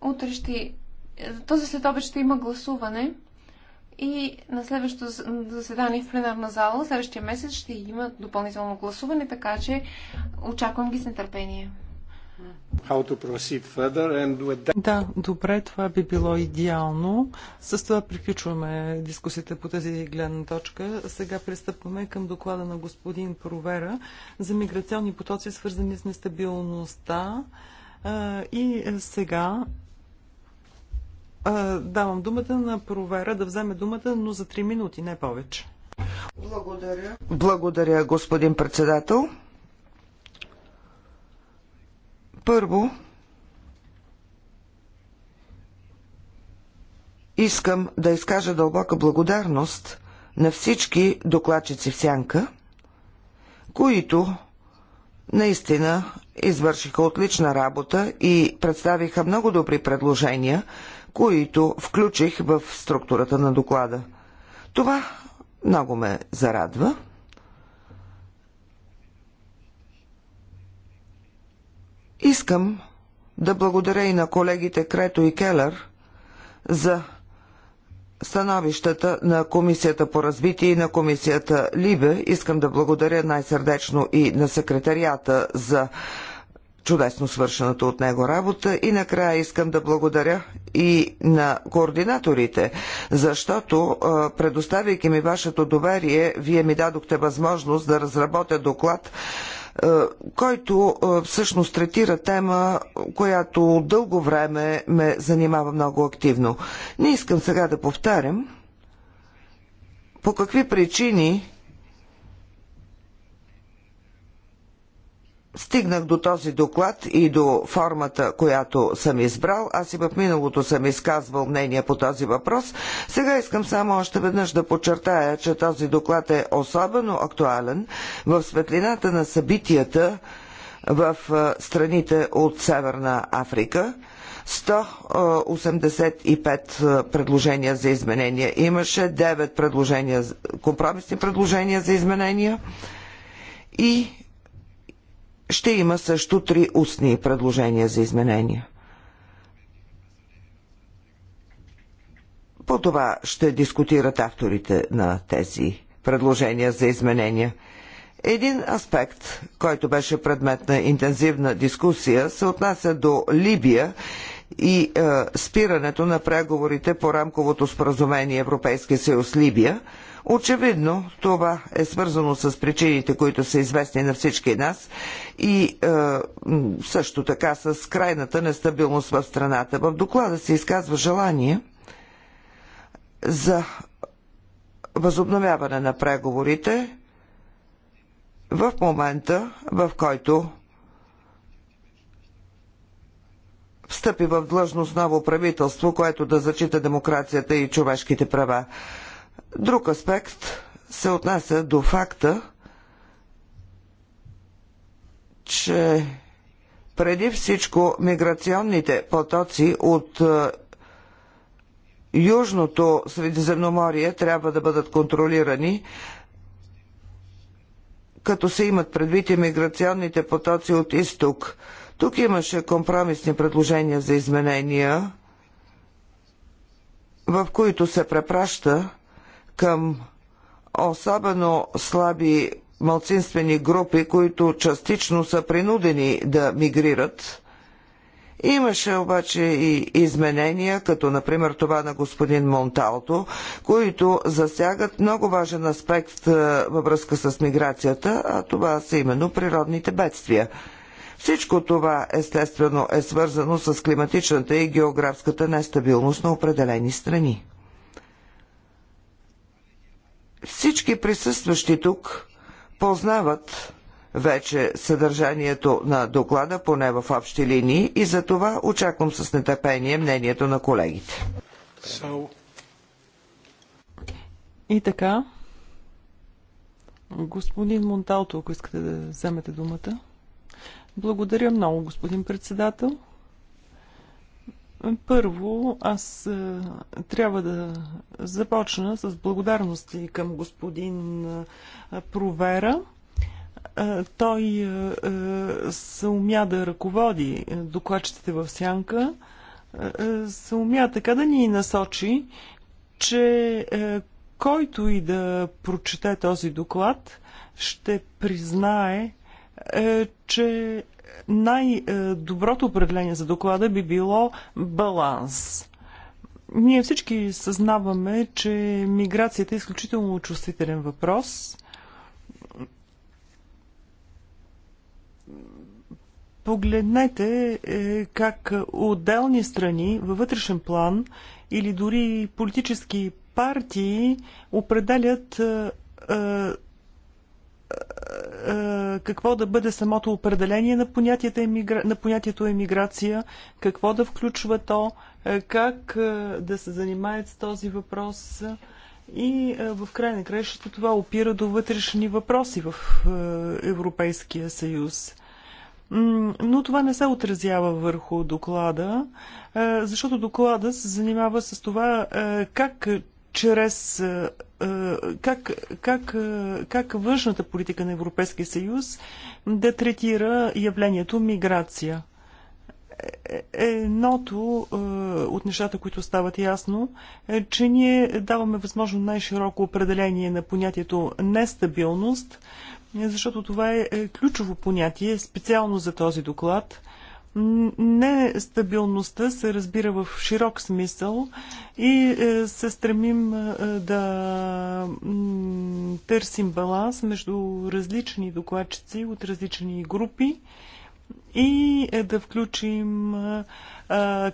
Утре ще... Този след обед ще има гласуване и на следващото заседание в пленарна зала, следващия месец ще има допълнително гласуване, така че очаквам ги с нетърпение.
Да, добре, това би било идеално. С това приключваме дискусията по тази гледна точка. Сега пристъпваме към доклада на господин Провера за миграционни потоци, свързани с нестабилността. И сега давам думата на Провера да вземе думата, но за 3 минути, не повече.
Благодаря. Благодаря, господин председател. Първо, искам да изкажа дълбока благодарност на всички докладчици в Сянка, които наистина извършиха отлична работа и представиха много добри предложения, които включих в структурата на доклада. Това много ме зарадва. Искам да благодаря и на колегите Крето и Келер за становищата на Комисията по развитие и на Комисията Либе. Искам да благодаря най-сърдечно и на секретарията за чудесно свършената от него работа. И накрая искам да благодаря и на координаторите, защото предоставяйки ми вашето доверие, вие ми дадохте възможност да разработя доклад, е, който е, всъщност третира тема, която дълго време ме занимава много активно. Не искам сега да повтарям по какви причини Стигнах до този доклад и до формата, която съм избрал. Аз и в миналото съм изказвал мнение по този въпрос. Сега искам само още веднъж да подчертая, че този доклад е особено актуален в светлината на събитията в е, страните от Северна Африка. 185 е, е, предложения за изменения имаше, 9 предложения, компромисни предложения за изменения и ще има също три устни предложения за изменения. По това ще дискутират авторите на тези предложения за изменения. Един аспект, който беше предмет на интензивна дискусия, се отнася до Либия и е, спирането на преговорите по рамковото споразумение Европейския съюз Либия – Очевидно, това е свързано с причините, които са известни на всички нас и е, също така с крайната нестабилност в страната. В доклада се изказва желание за възобновяване на преговорите в момента, в който встъпи в длъжност ново правителство, което да зачита демокрацията и човешките права. Друг аспект се отнася до факта, че преди всичко миграционните потоци от е, Южното Средиземноморие трябва да бъдат контролирани, като се имат предвид и миграционните потоци от изток. Тук имаше компромисни предложения за изменения, в които се препраща към особено слаби малцинствени групи, които частично са принудени да мигрират. Имаше обаче и изменения, като например това на господин Монталто, които засягат много важен аспект е, във връзка с миграцията, а това са именно природните бедствия. Всичко това естествено е свързано с климатичната и географската нестабилност на определени страни. Всички присъстващи тук познават вече съдържанието на доклада, поне в общи линии, и за това очаквам с нетърпение мнението на колегите.
So...
И така, господин Монталто, ако искате да вземете думата. Благодаря много, господин председател. Първо, аз е, трябва да започна с благодарности към господин е, Провера. Е, той се умя да ръководи докладчите в сянка, се умя така да ни насочи, че който и да прочете този доклад, ще признае, че най-доброто определение за доклада би било баланс. Ние всички съзнаваме, че миграцията е изключително чувствителен въпрос. Погледнете е, как отделни страни във вътрешен план или дори политически партии определят е, е, е, какво да бъде самото определение на, понятието емигра... на понятието емиграция, какво да включва то, е, как е, да се занимаят с този въпрос. И в край на краищата това опира до вътрешни въпроси в Европейския съюз. Но това не се отразява върху доклада, защото доклада се занимава с това как чрез е, как, как, е, как външната политика на Европейския съюз да третира явлението миграция. Е, едното от нещата, които стават ясно, е, че ние даваме възможно най-широко определение на понятието нестабилност, защото това е ключово понятие специално за този доклад – Нестабилността се разбира в широк смисъл и е, се стремим е, да търсим баланс между различни докладчици от различни групи и е да включим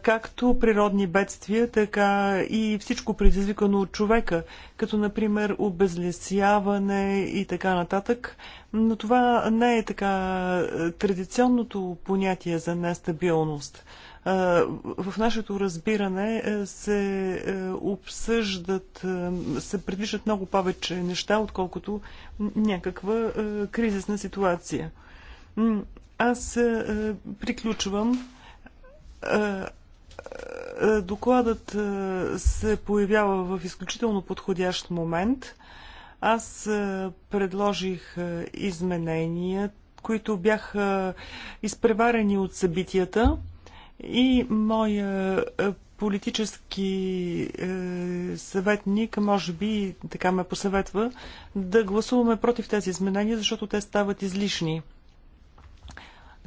както природни бедствия, така и всичко предизвикано от човека, като например обезлесяване и така нататък. Но това не е така традиционното понятие за нестабилност. В нашето разбиране е, се е, обсъждат, се предвиждат много повече неща, отколкото някаква кризисна ситуация. Аз е, е, приключвам. Е, докладът се появява в изключително подходящ момент. Аз предложих изменения, които бяха изпреварени от събитията и моя политически е, съветник, може би така ме посъветва, да гласуваме против тези изменения, защото те стават излишни.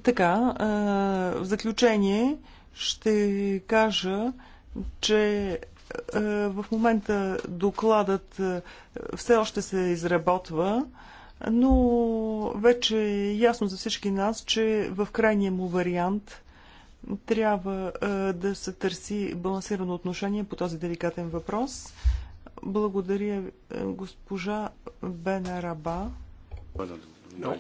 Така, в заключение ще кажа, че в момента докладът все още се изработва, но вече е ясно за всички нас, че в крайния му вариант трябва да се търси балансирано отношение по този деликатен въпрос. Благодаря госпожа Бена Раба. No.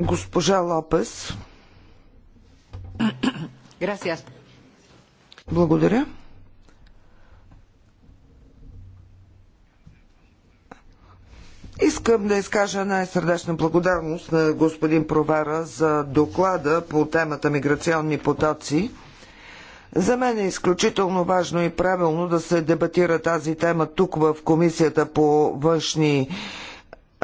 Госпожа Лопес.
Благодаря. Искам да изкажа най-сърдечна благодарност на господин Провара за доклада по темата миграционни потоци. За мен е изключително важно и правилно да се дебатира тази тема тук в Комисията по външни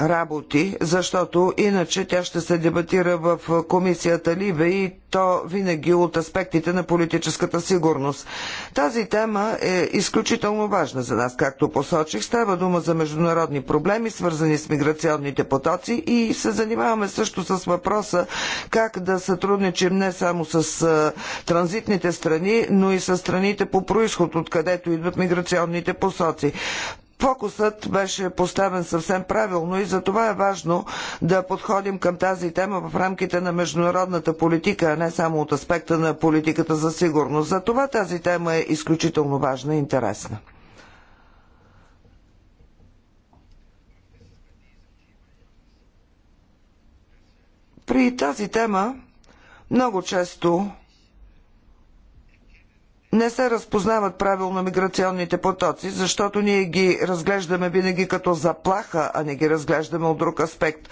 работи, защото иначе тя ще се дебатира в комисията Либе и то винаги от аспектите на политическата сигурност. Тази тема е изключително важна за нас, както посочих. Става дума за международни проблеми, свързани с миграционните потоци и се занимаваме също с въпроса как да сътрудничим не само с транзитните страни, но и с страните по происход, откъдето идват миграционните посоци. Фокусът беше поставен съвсем правилно и затова е важно да подходим към тази тема в рамките на международната политика, а не само от аспекта на политиката за сигурност. За това тази тема е изключително важна и интересна. При тази тема много често не се разпознават правилно миграционните потоци, защото ние ги разглеждаме винаги като заплаха, а не ги разглеждаме от друг аспект.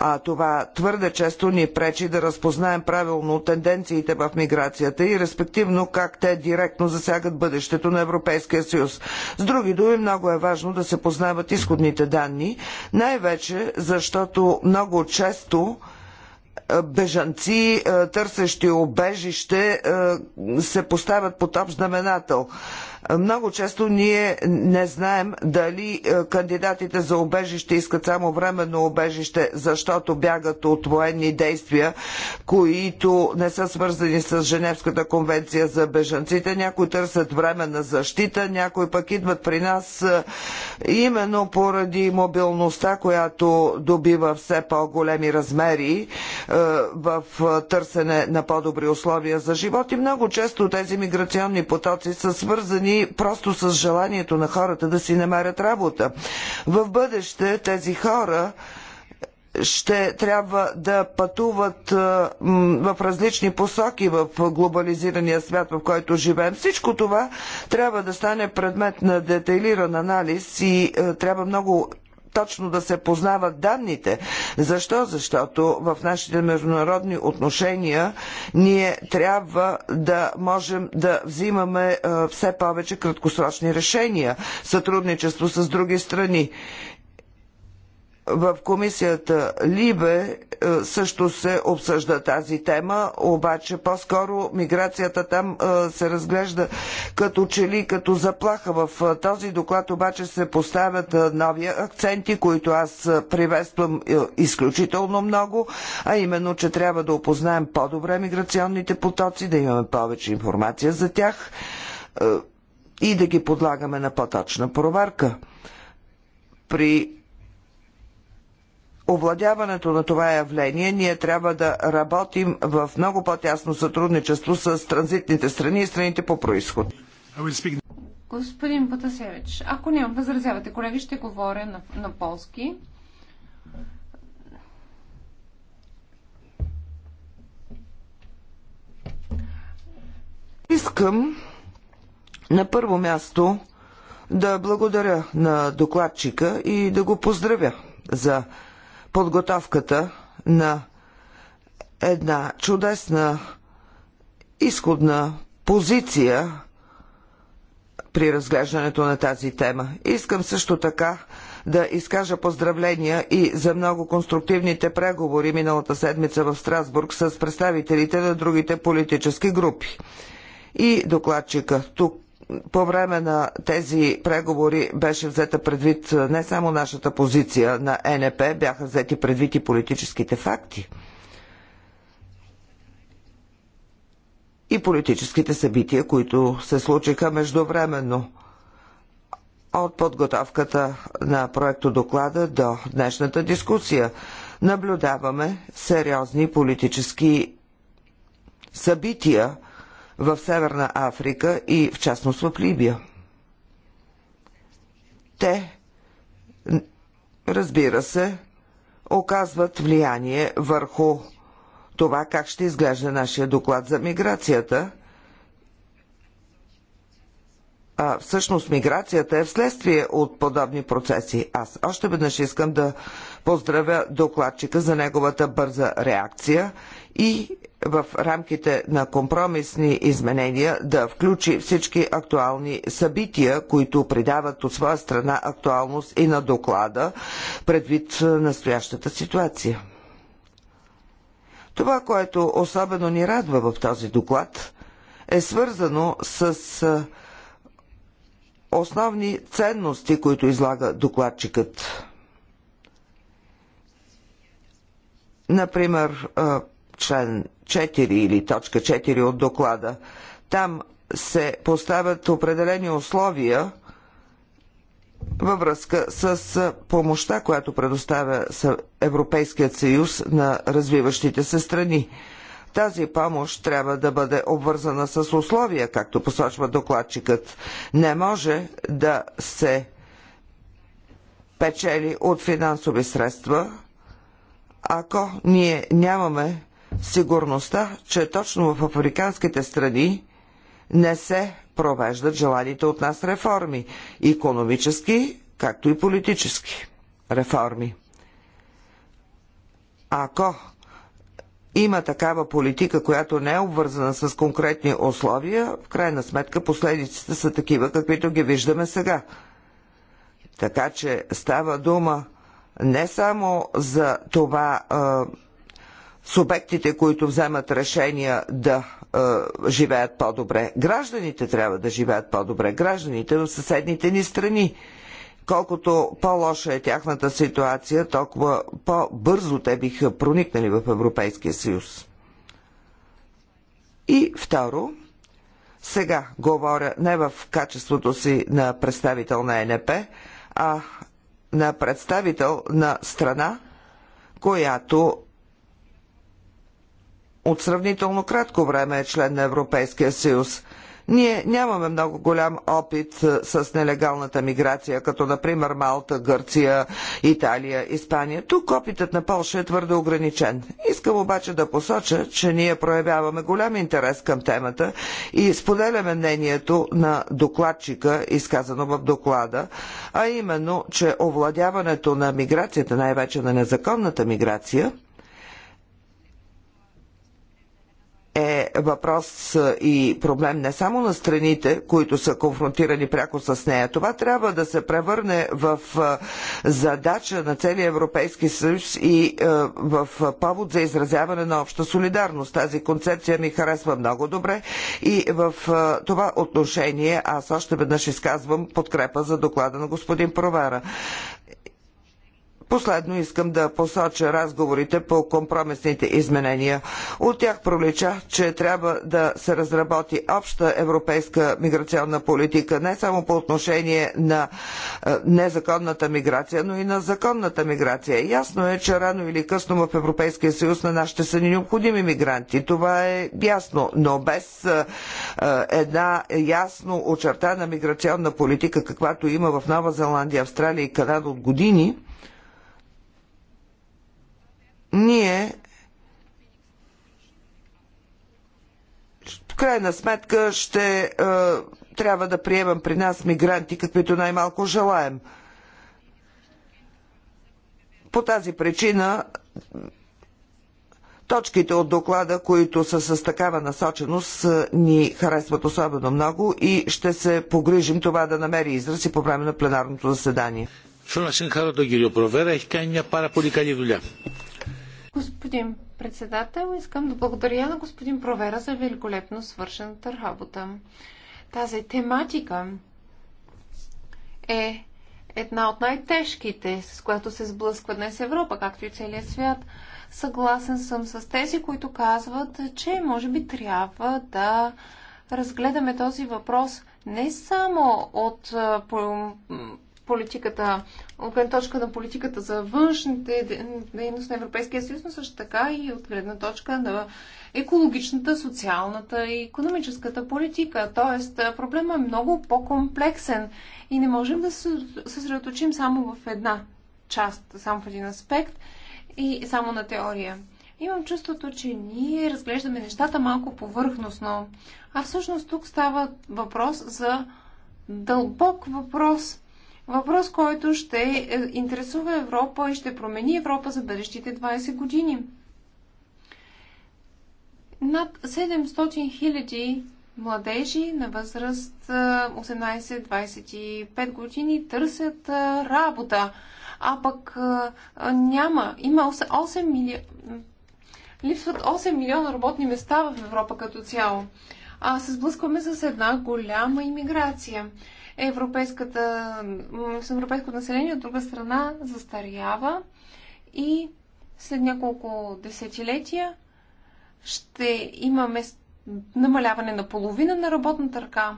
А това твърде често ни пречи да разпознаем правилно тенденциите в миграцията и респективно как те директно засягат бъдещето на Европейския съюз. С други думи, много е важно да се познават изходните данни, най-вече защото много често бежанци, е, търсещи обежище, е, се поставят под общ знаменател. Много често ние не знаем дали е, кандидатите за обежище искат само временно обежище, защото бягат от военни действия, които не са свързани с Женевската конвенция за бежанците. Някои търсят временна защита, някои пък идват при нас е, именно поради мобилността, която добива все по-големи размери е, в търсене на по-добри условия за живот и много често тези миграционни потоци са свързани свързани просто с желанието на хората да си намерят работа. В бъдеще тези хора ще трябва да пътуват в различни посоки в глобализирания свят, в който живеем. Всичко това трябва да стане предмет на детайлиран анализ и трябва много точно да се познават данните. Защо? Защото в нашите международни отношения ние трябва да можем да взимаме все повече краткосрочни решения, сътрудничество с други страни в комисията Либе е, също се обсъжда тази тема, обаче по-скоро миграцията там е, се разглежда като че ли като заплаха. В е, този доклад обаче се поставят нови акценти, които аз приветствам изключително много, а именно, че трябва да опознаем по-добре миграционните потоци, да имаме повече информация за тях и да ги подлагаме на по-точна проверка. При овладяването на това явление ние трябва да работим в много по-тясно сътрудничество с транзитните страни и страните по происход.
Господин Патасевич, ако няма възразявате, колеги, ще говоря на, на полски.
Искам на първо място да благодаря на докладчика и да го поздравя за подготовката на една чудесна изходна позиция при разглеждането на тази тема. Искам също така да изкажа поздравления и за много конструктивните преговори миналата седмица в Страсбург с представителите на другите политически групи. И докладчика тук по време на тези преговори беше взета предвид не само нашата позиция на НП, бяха взети предвид и политическите факти и политическите събития, които се случиха междувременно. От подготовката на проекто доклада до днешната дискусия наблюдаваме сериозни политически събития – в Северна Африка и в частност в Либия. Те, разбира се, оказват влияние върху това как ще изглежда нашия доклад за миграцията. А, всъщност миграцията е вследствие от подобни процеси. Аз още веднъж искам да поздравя докладчика за неговата бърза реакция и в рамките на компромисни изменения да включи всички актуални събития, които придават от своя страна актуалност и на доклада предвид настоящата ситуация. Това, което особено ни радва в този доклад, е свързано с основни ценности, които излага докладчикът. Например, член 4 или точка 4 от доклада. Там се поставят определени условия във връзка с помощта, която предоставя Европейският съюз на развиващите се страни. Тази помощ трябва да бъде обвързана с условия, както посочва докладчикът. Не може да се печели от финансови средства, ако ние нямаме сигурността, че точно в африканските страни не се провеждат желаните от нас реформи – економически, както и политически реформи. Ако има такава политика, която не е обвързана с конкретни условия, в крайна сметка последиците са такива, каквито ги виждаме сега. Така че става дума не само за това субектите, които вземат решения да е, живеят по-добре. Гражданите трябва да живеят по-добре. Гражданите в съседните ни страни. Колкото по-лоша е тяхната ситуация, толкова по-бързо те биха проникнали в Европейския съюз. И второ, сега говоря не в качеството си на представител на ЕНП, а на представител на страна, която от сравнително кратко време е член на Европейския съюз. Ние нямаме много голям опит е, с нелегалната миграция, като например Малта, Гърция, Италия, Испания. Тук опитът на Польша е твърде ограничен. Искам обаче да посоча, че ние проявяваме голям интерес към темата и споделяме мнението на докладчика, изказано в доклада, а именно, че овладяването на миграцията, най-вече на незаконната миграция, е въпрос и проблем не само на страните, които са конфронтирани пряко с нея. Това трябва да се превърне в задача на целия Европейски съюз и в повод за изразяване на обща солидарност. Тази концепция ми харесва много добре и в това отношение аз още веднъж изказвам подкрепа за доклада на господин Провара. Последно искам да посоча разговорите по компромисните изменения. От тях пролича, че трябва да се разработи обща европейска миграционна политика не само по отношение на е, незаконната миграция, но и на законната миграция. Ясно е, че рано или късно в Европейския съюз на нас ще са ни необходими мигранти. Това е ясно, но без е, е, една ясно очертана миграционна политика, каквато има в Нова Зеландия, Австралия и Канада от години, ние в крайна сметка ще е, трябва да приемам при нас мигранти, каквито най-малко желаем. По тази причина Точките от доклада, които са с такава насоченост, е, ни харесват особено много и ще се погрижим това да намери израз и по време на пленарното заседание.
Θέλω να συγχαρώ Гирио Провера, Προβέρα, έχει κάνει μια πάρα
Господин председател, искам да благодаря на господин Провера за великолепно свършената работа. Тази тематика е една от най-тежките, с която се сблъсква днес Европа, както и целият свят. Съгласен съм с тези, които казват, че може би трябва да разгледаме този въпрос не само от политиката, от гледна точка на политиката за външните дейност на Европейския съюз, но също така и от гледна точка на екологичната, социалната и економическата политика. Тоест, проблема е много по-комплексен и не можем да се съсредоточим само в една част, само в един аспект и само на теория. Имам чувството, че ние разглеждаме нещата малко повърхностно, а всъщност тук става въпрос за дълбок въпрос – Въпрос, който ще е, интересува Европа и ще промени Европа за бъдещите 20 години. Над 700 хиляди младежи на възраст 18-25 е, години търсят е, работа, а пък няма. Има 8 милиона. Липсват 8 милиона работни места в Европа като цяло. А се сблъскваме с една голяма иммиграция европейската, с европейското население, от друга страна застарява и след няколко десетилетия ще имаме намаляване на половина на работната ръка.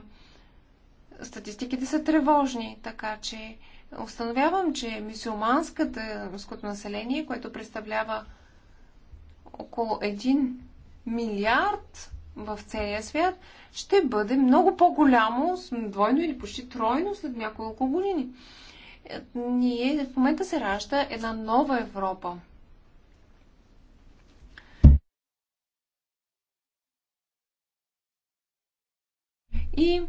Статистиките са тревожни, така че установявам, че мусулманското население, което представлява около 1 милиард в целия свят ще бъде много по-голямо, двойно или почти тройно след няколко години. Е, ние в момента се ражда една нова Европа. И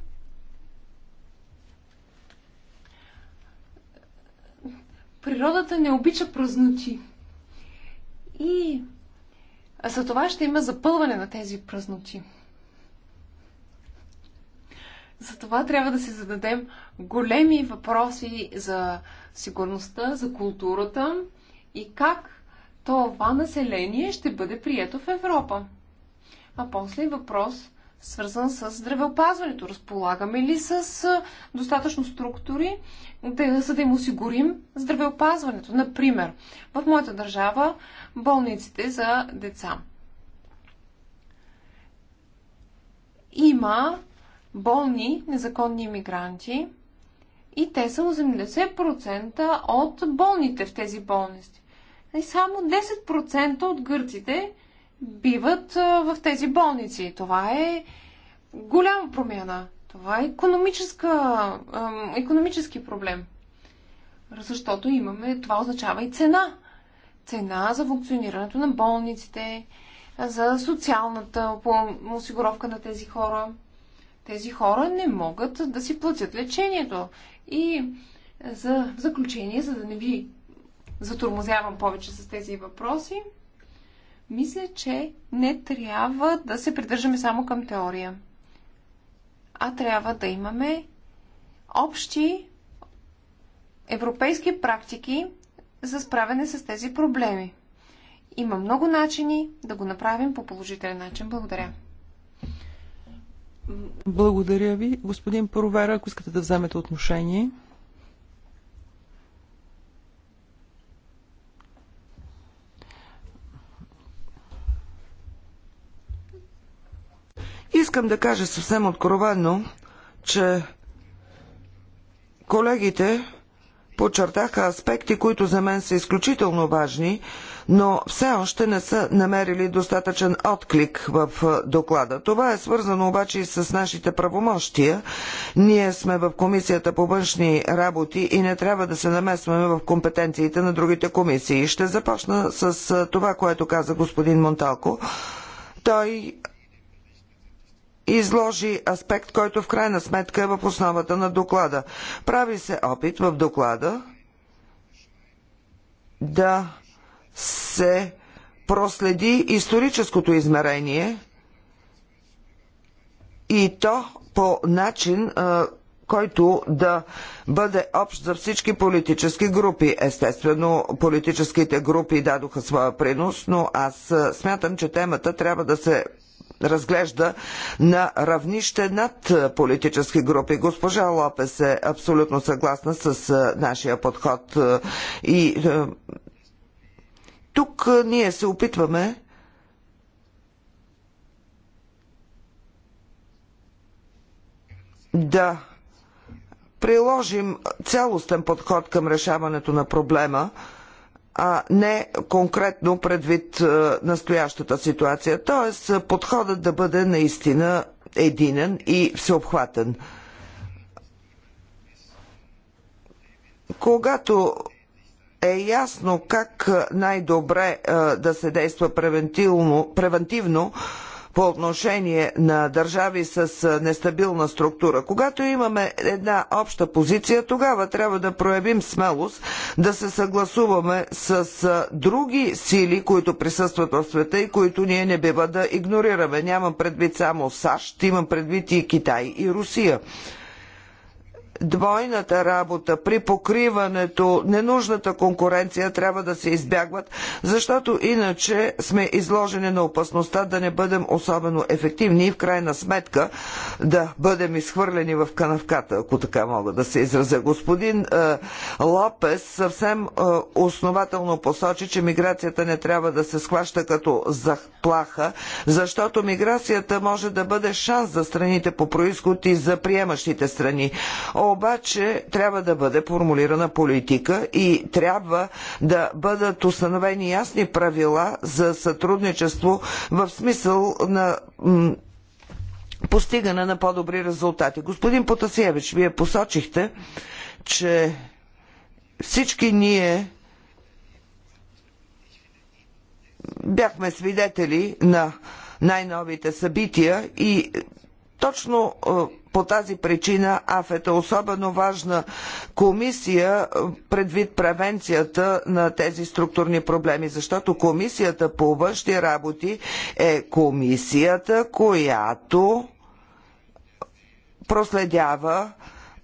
природата не обича празноти. И а за това ще има запълване на тези празноти. За това трябва да си зададем големи въпроси за сигурността, за културата и как това население ще бъде прието в Европа. А после въпрос свързан с здравеопазването. Разполагаме ли с достатъчно структури, за да им осигурим здравеопазването? Например, в моята държава болниците за деца. Има болни незаконни иммигранти и те са 80% от болните в тези болности. И само 10% от гърците биват в тези болници. Това е голяма промяна. Това е економическа, економически проблем. Защото имаме, това означава и цена. Цена за функционирането на болниците, за социалната осигуровка на тези хора. Тези хора не могат да си платят лечението. И за в заключение, за да не ви затормозявам повече с тези въпроси, мисля, че не трябва да се придържаме само към теория, а трябва да имаме общи европейски практики за справяне с тези проблеми. Има много начини да го направим по положителен начин. Благодаря.
Благодаря ви. Господин Провера, ако искате да вземете отношение.
Искам да кажа съвсем откровенно, че колегите подчертаха аспекти, които за мен са изключително важни, но все още не са намерили достатъчен отклик в доклада. Това е свързано обаче и с нашите правомощия. Ние сме в Комисията по външни работи и не трябва да се намесваме в компетенциите на другите комисии. Ще започна с това, което каза господин Монталко. Той изложи аспект, който в крайна сметка е в основата на доклада. Прави се опит в доклада да се проследи историческото измерение и то по начин, който да бъде общ за всички политически групи. Естествено, политическите групи дадоха своя принос, но аз смятам, че темата трябва да се разглежда на равнище над политически групи. Госпожа Лопес е абсолютно съгласна с нашия подход и тук ние се опитваме да приложим цялостен подход към решаването на проблема – а не конкретно предвид е, настоящата ситуация. Тоест, е, подходът да бъде наистина единен и всеобхватен. Когато е ясно как е, най-добре да се действа превентивно, превентивно по отношение на държави с нестабилна структура. Когато имаме една обща позиция, тогава трябва да проявим смелост да се съгласуваме с други сили, които присъстват в света и които ние не бива да игнорираме. Нямам предвид само САЩ, имам предвид и Китай и Русия двойната работа при покриването, ненужната конкуренция трябва да се избягват, защото иначе сме изложени на опасността да не бъдем особено ефективни и в крайна сметка да бъдем изхвърлени в канавката, ако така мога да се изразя. Господин е, Лопес съвсем е, основателно посочи, че миграцията не трябва да се схваща като заплаха, защото миграцията може да бъде шанс за страните по происход и за приемащите страни. О, обаче трябва да бъде формулирана политика и трябва да бъдат установени ясни правила за сътрудничество в смисъл на постигане на по-добри резултати. Господин Потасиевич, вие посочихте, че всички ние бяхме свидетели на най-новите събития и точно е, по тази причина АФЕТ е особено важна комисия е, предвид превенцията на тези структурни проблеми, защото комисията по външни работи е комисията, която проследява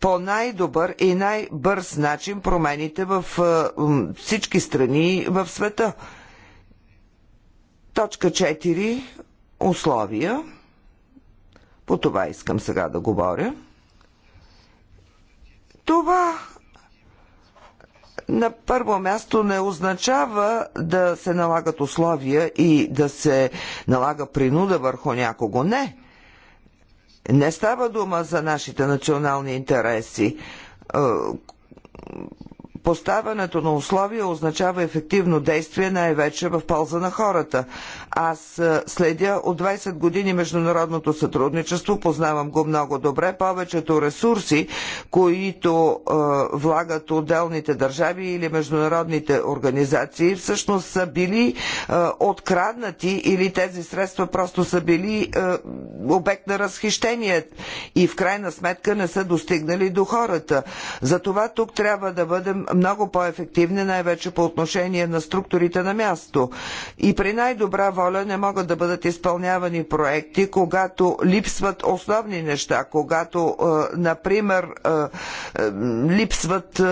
по най-добър и най-бърз начин промените в е, всички страни в света. Точка 4. Условия. По това искам сега да говоря. Това на първо място не означава да се налагат условия и да се налага принуда върху някого. Не. Не става дума за нашите национални интереси е, поставянето на условия означава ефективно действие най-вече в полза на хората. Аз е, следя от 20 години международното сътрудничество, познавам го много добре. Повечето ресурси, които е, влагат отделните държави или международните организации, всъщност са били е, откраднати или тези средства просто са били е, обект на разхищение и в крайна сметка не са достигнали до хората. Затова тук трябва да бъдем много по-ефективни, най-вече по отношение на структурите на място. И при най-добра воля не могат да бъдат изпълнявани проекти, когато липсват основни неща, когато, е, например, е, е, липсват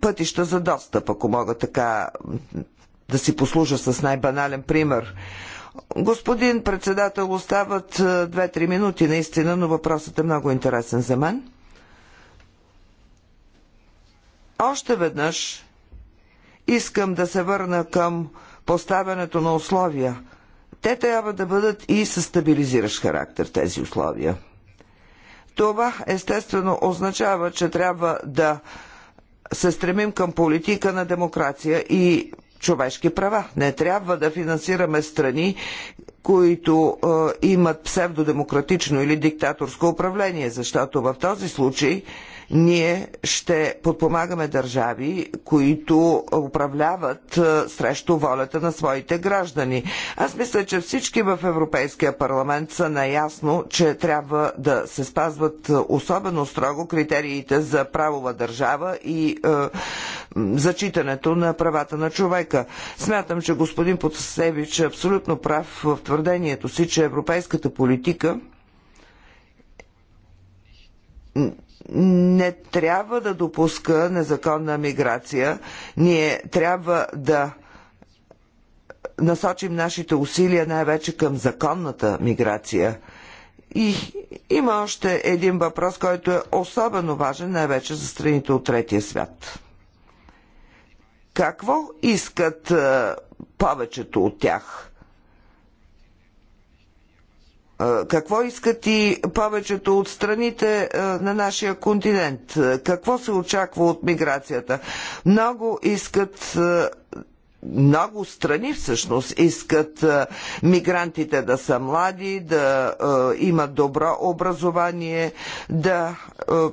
пътища за достъп, ако мога така да си послужа с най-банален пример. Господин председател, остават 2-3 минути наистина, но въпросът е много интересен за мен. Още веднъж искам да се върна към поставянето на условия. Те трябва да бъдат и със стабилизиращ характер тези условия. Това естествено означава, че трябва да се стремим към политика на демокрация и човешки права. Не трябва да финансираме страни, които е, имат псевдодемократично или диктаторско управление, защото в този случай ние ще подпомагаме държави, които управляват срещу волята на своите граждани. Аз мисля, че всички в Европейския парламент са наясно, че трябва да се спазват особено строго критериите за правова държава и е, зачитането на правата на човека. Смятам, че господин Потасевич е абсолютно прав в твърдението си, че европейската политика не трябва да допуска незаконна миграция. Ние трябва да насочим нашите усилия най-вече към законната миграция. И има още един въпрос, който е особено важен най-вече за страните от третия свят. Какво искат е, повечето от тях? Какво искат и повечето от страните на нашия континент? Какво се очаква от миграцията? Много искат много страни всъщност искат мигрантите да са млади, да имат добро образование, да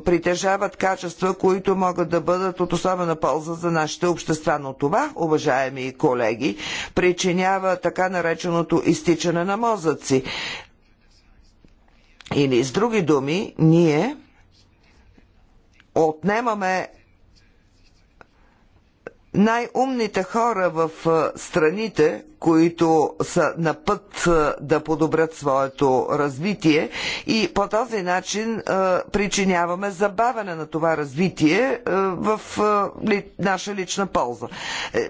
притежават качества, които могат да бъдат от особена полза за нашите общества. Но това, уважаеми колеги, причинява така нареченото изтичане на мозъци. Или с други думи, ние отнемаме най-умните хора в страните, които са на път да подобрят своето развитие и по този начин причиняваме забавяне на това развитие в наша лична полза. Е,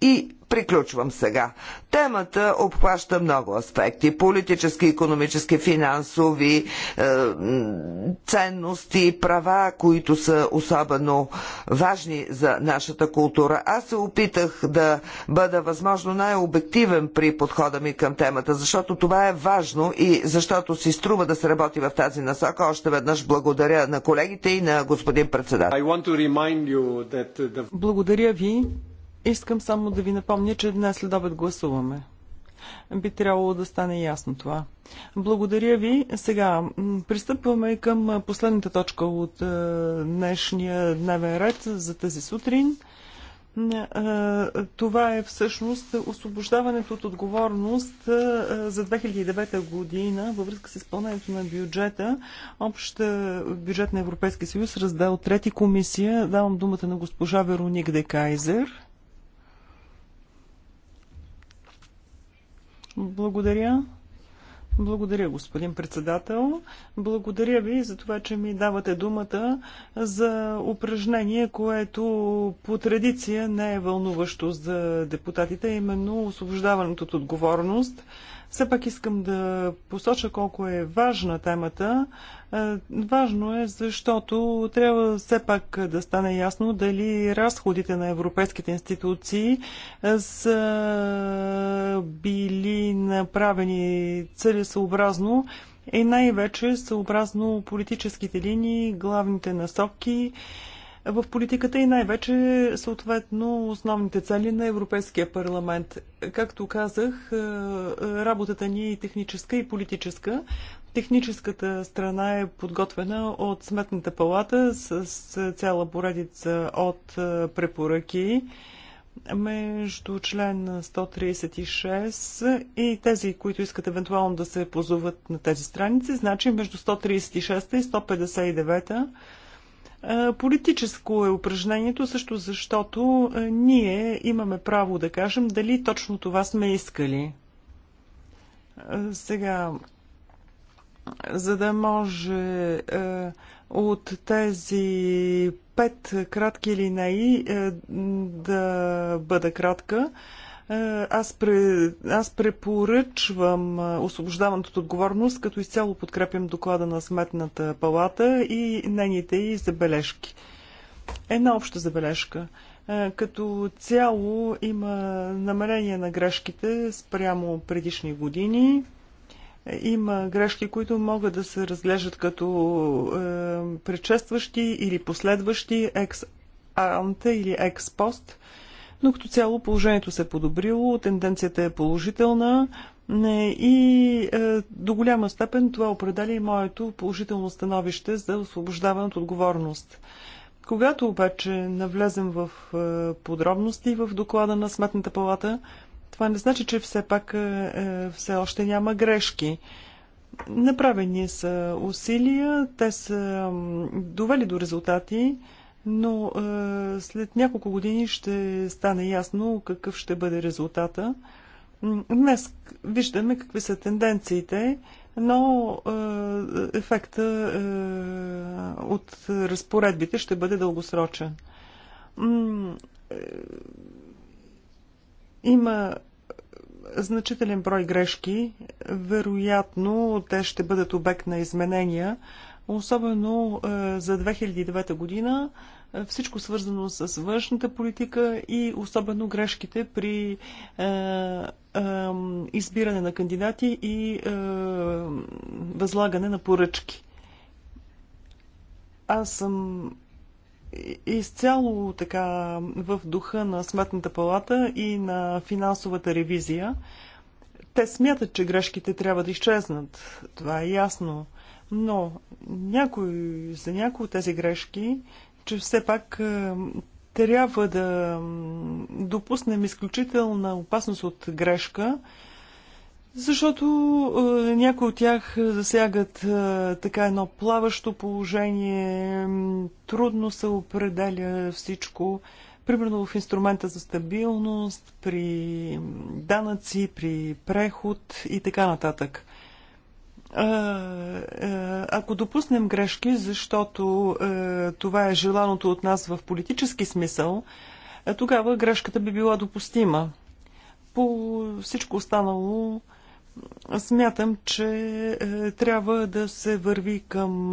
и приключвам сега. Темата обхваща много аспекти. Политически, економически, финансови, е, ценности, права, които са особено важни за нашата култура. Аз се опитах да бъда възможно най-обективен при подхода ми към темата, защото това е важно и защото си струва да се работи в тази насока. Още веднъж благодаря на колегите и на господин председател.
The... Благодаря ви. Искам само да ви напомня, че днес след обед гласуваме. Би трябвало да стане ясно това. Благодаря ви. Сега пристъпваме към последната точка от днешния дневен ред за тази сутрин. Това е всъщност освобождаването от отговорност за 2009 година във връзка с изпълнението на бюджета, общ бюджет на Европейския съюз, раздел 3 комисия. Давам думата на госпожа Вероник Декайзер. Благодаря. Благодаря, господин председател. Благодаря ви за това, че ми давате думата за упражнение, което по традиция не е вълнуващо за депутатите, именно освобождаването от отговорност. Все пак искам да посоча колко е важна темата. Е, важно е, защото трябва все пак да стане ясно дали разходите на европейските институции е, са били направени целесообразно и най-вече съобразно политическите линии, главните насоки, в политиката и най-вече съответно основните цели на Европейския парламент. Както казах, е, е, работата ни е техническа и политическа. Техническата страна е подготвена от Сметната палата с цяла поредица от е, препоръки между член 136 и тези, които искат евентуално да се позоват на тези страници, значи между 136 и 159 Политическо е упражнението също, защото ние имаме право да кажем дали точно това сме искали. Сега, за да може от тези пет кратки линии да бъда кратка, е, аз, пре, аз препоръчвам е, освобождаването от отговорност, като изцяло подкрепям доклада на Сметната палата и нейните и забележки. Една обща забележка. Е, като цяло има намерение на грешките спрямо предишни години. Има грешки, които могат да се разглеждат като предшестващи или последващи екс анте или екс пост но като цяло положението се е подобрило, тенденцията е положителна и е, до голяма степен това определя и моето положително становище за освобождаване от отговорност. Когато обаче навлезем в е, подробности в доклада на Сметната палата, това не значи, че все пак е, е все още няма грешки. Направени са усилия, те са довели до резултати, но е, след няколко години ще стане ясно какъв ще бъде резултата. Днес виждаме какви са тенденциите, но е, ефекта е, от разпоредбите ще бъде дългосрочен. Е, има значителен брой грешки. Вероятно, те ще бъдат обект на изменения, особено е, за 2009 година всичко свързано с външната политика и особено грешките при е, е, избиране на кандидати и е, възлагане на поръчки. Аз съм изцяло така в духа на Сметната палата и на финансовата ревизия. Те смятат, че грешките трябва да изчезнат. Това е ясно. Но някой, за някои от тези грешки че все пак е, трябва да допуснем изключителна опасност от грешка, защото е, някои от тях засягат е, така едно плаващо положение, трудно се определя всичко. Примерно в инструмента за стабилност, при данъци, при преход и така нататък. Е, ако допуснем грешки, защото е, това е желаното от нас в политически смисъл, е, тогава грешката би била допустима. По всичко останало, смятам, че трябва да се върви към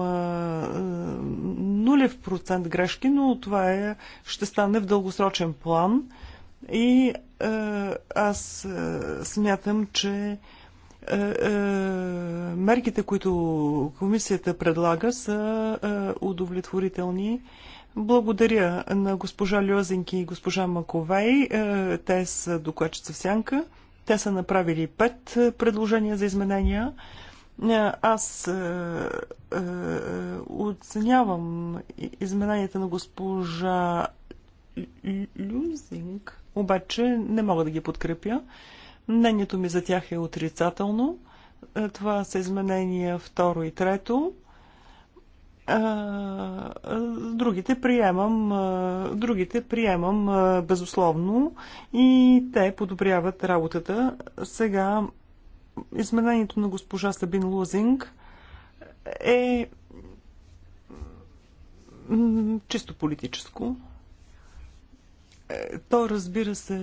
нулев процент грешки, но това е, ще стане в дългосрочен план. И аз смятам, че е, е, мерките, които комисията предлага, са е, удовлетворителни. Благодаря на госпожа Льозинки и госпожа Маковей. Те са докладчица в сянка. Те са направили пет предложения за изменения. Аз оценявам измененията на госпожа Люзинг, обаче не мога да ги подкрепя. Мнението ми за тях е отрицателно. Е, това са изменения второ и трето. Е, е, другите приемам, другите приемам безусловно и те подобряват работата. Сега изменението на госпожа Сабин Лузинг е чисто политическо. Е, то, разбира се,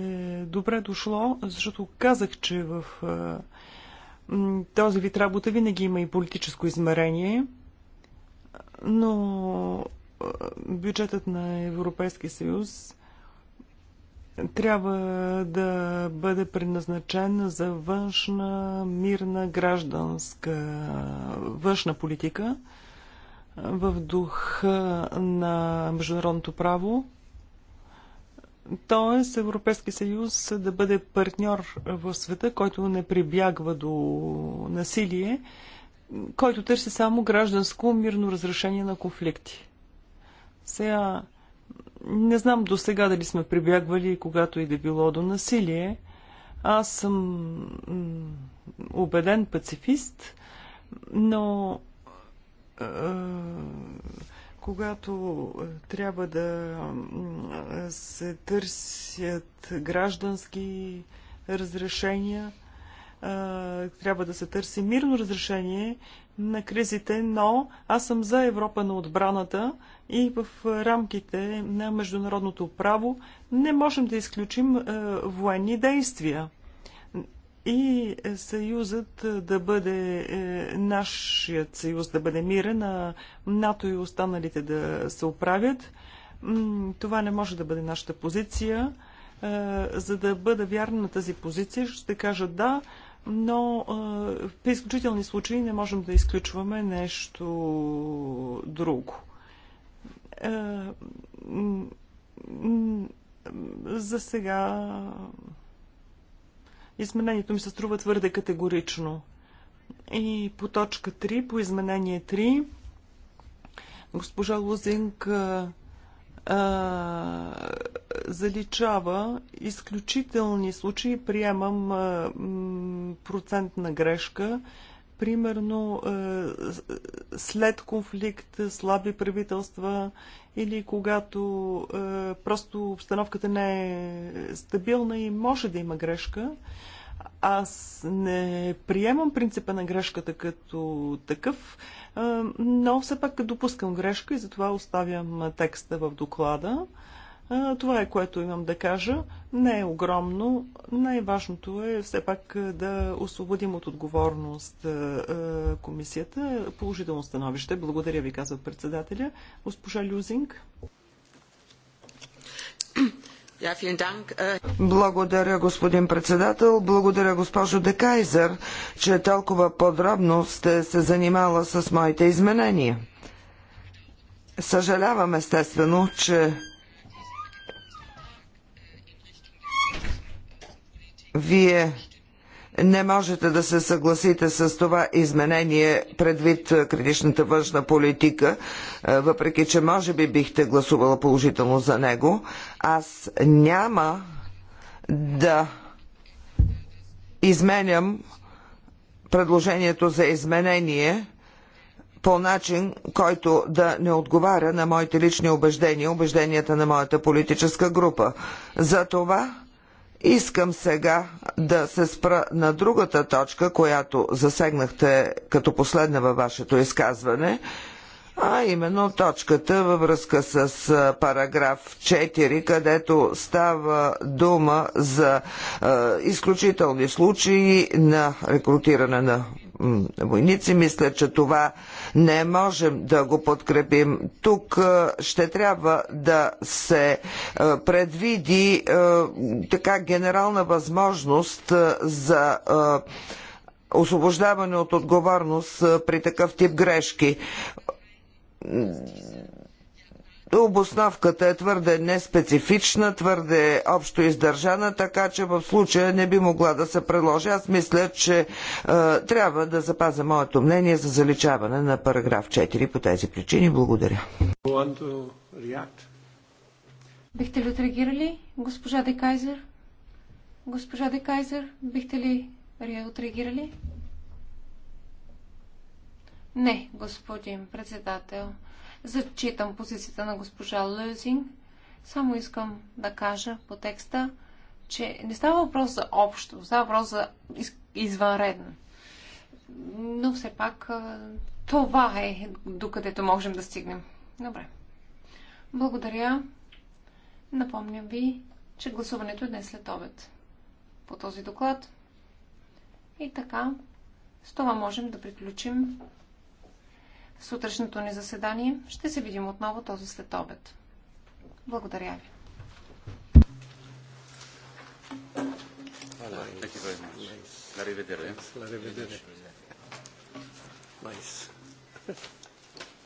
добре дошло, защото казах, че в е, този вид работа винаги има и политическо измерение, но е, бюджетът на Европейския съюз трябва да бъде предназначен за външна, мирна, гражданска, външна политика в духа на международното право. Тоест Европейски съюз да бъде партньор в света, който не прибягва до насилие, който търси само гражданско мирно разрешение на конфликти. Сега, не знам до сега дали сме прибягвали, когато и да било до насилие. Аз съм убеден пацифист, но когато е, трябва да се търсят граждански разрешения, е, трябва да се търси мирно разрешение на кризите, но аз съм за Европа на отбраната и в рамките на международното право не можем да изключим е, военни действия и съюзът е, да бъде е, нашият съюз, да бъде мирен, а НАТО и останалите да се оправят. Това не може да бъде нашата позиция. Е, за да бъда вярна на тази позиция, ще кажа да, но при изключителни случаи не можем да изключваме нещо друго за сега Изменението ми се струва твърде категорично. И по точка 3, по изменение 3, госпожа Лузинг а, заличава изключителни случаи, приемам а, процентна грешка, примерно е, след конфликт, слаби правителства или когато е, просто обстановката не е стабилна и може да има грешка. Аз не приемам принципа на грешката като такъв, е, но все пак допускам грешка и затова оставям текста в доклада. Това е което имам да кажа. Не е огромно. Най-важното е все пак е, да освободим от отговорност е, е, комисията. Положително становище. Благодаря ви, казва председателя. Госпожа Люзинг.
(clears throat)
Благодаря,
господин председател. Благодаря, госпожо Декайзер, че толкова подробно сте се занимала с моите изменения. Съжалявам естествено, че Вие не можете да се съгласите с това изменение предвид критичната външна политика, въпреки че може би бихте гласувала положително за него. Аз няма да изменям предложението за изменение по начин, който да не отговаря на моите лични убеждения, убежденията на моята политическа група. За това Искам сега да се спра на другата точка, която засегнахте като последна във вашето изказване, а именно точката във връзка с параграф 4, където става дума за е, изключителни случаи на рекрутиране на войници. Мисля, че това не можем да го подкрепим. Тук е, ще трябва да се е, предвиди е, така генерална възможност за освобождаване от отговорност при такъв тип грешки Обосновката е твърде неспецифична, твърде общо издържана, така че в случая не би могла да се предложи. Аз мисля, че е, трябва да запазя моето мнение за заличаване на параграф 4 по тези причини. Благодаря.
Бихте ли отреагирали, госпожа Декайзер? Госпожа Декайзер, бихте ли отреагирали? Не, господин председател. Зачитам позицията на госпожа Лъзин. Само искам да кажа по текста, че не става въпрос за общо, става въпрос за извънредно. Но все пак това е докъдето можем да стигнем. Добре. Благодаря. Напомням ви, че гласуването е днес след обед по този доклад. И така, с това можем да приключим сутрешното ни заседание. Ще се видим отново този след обед. Благодаря ви.
Thank you very much.
Nice. Nice. (laughs)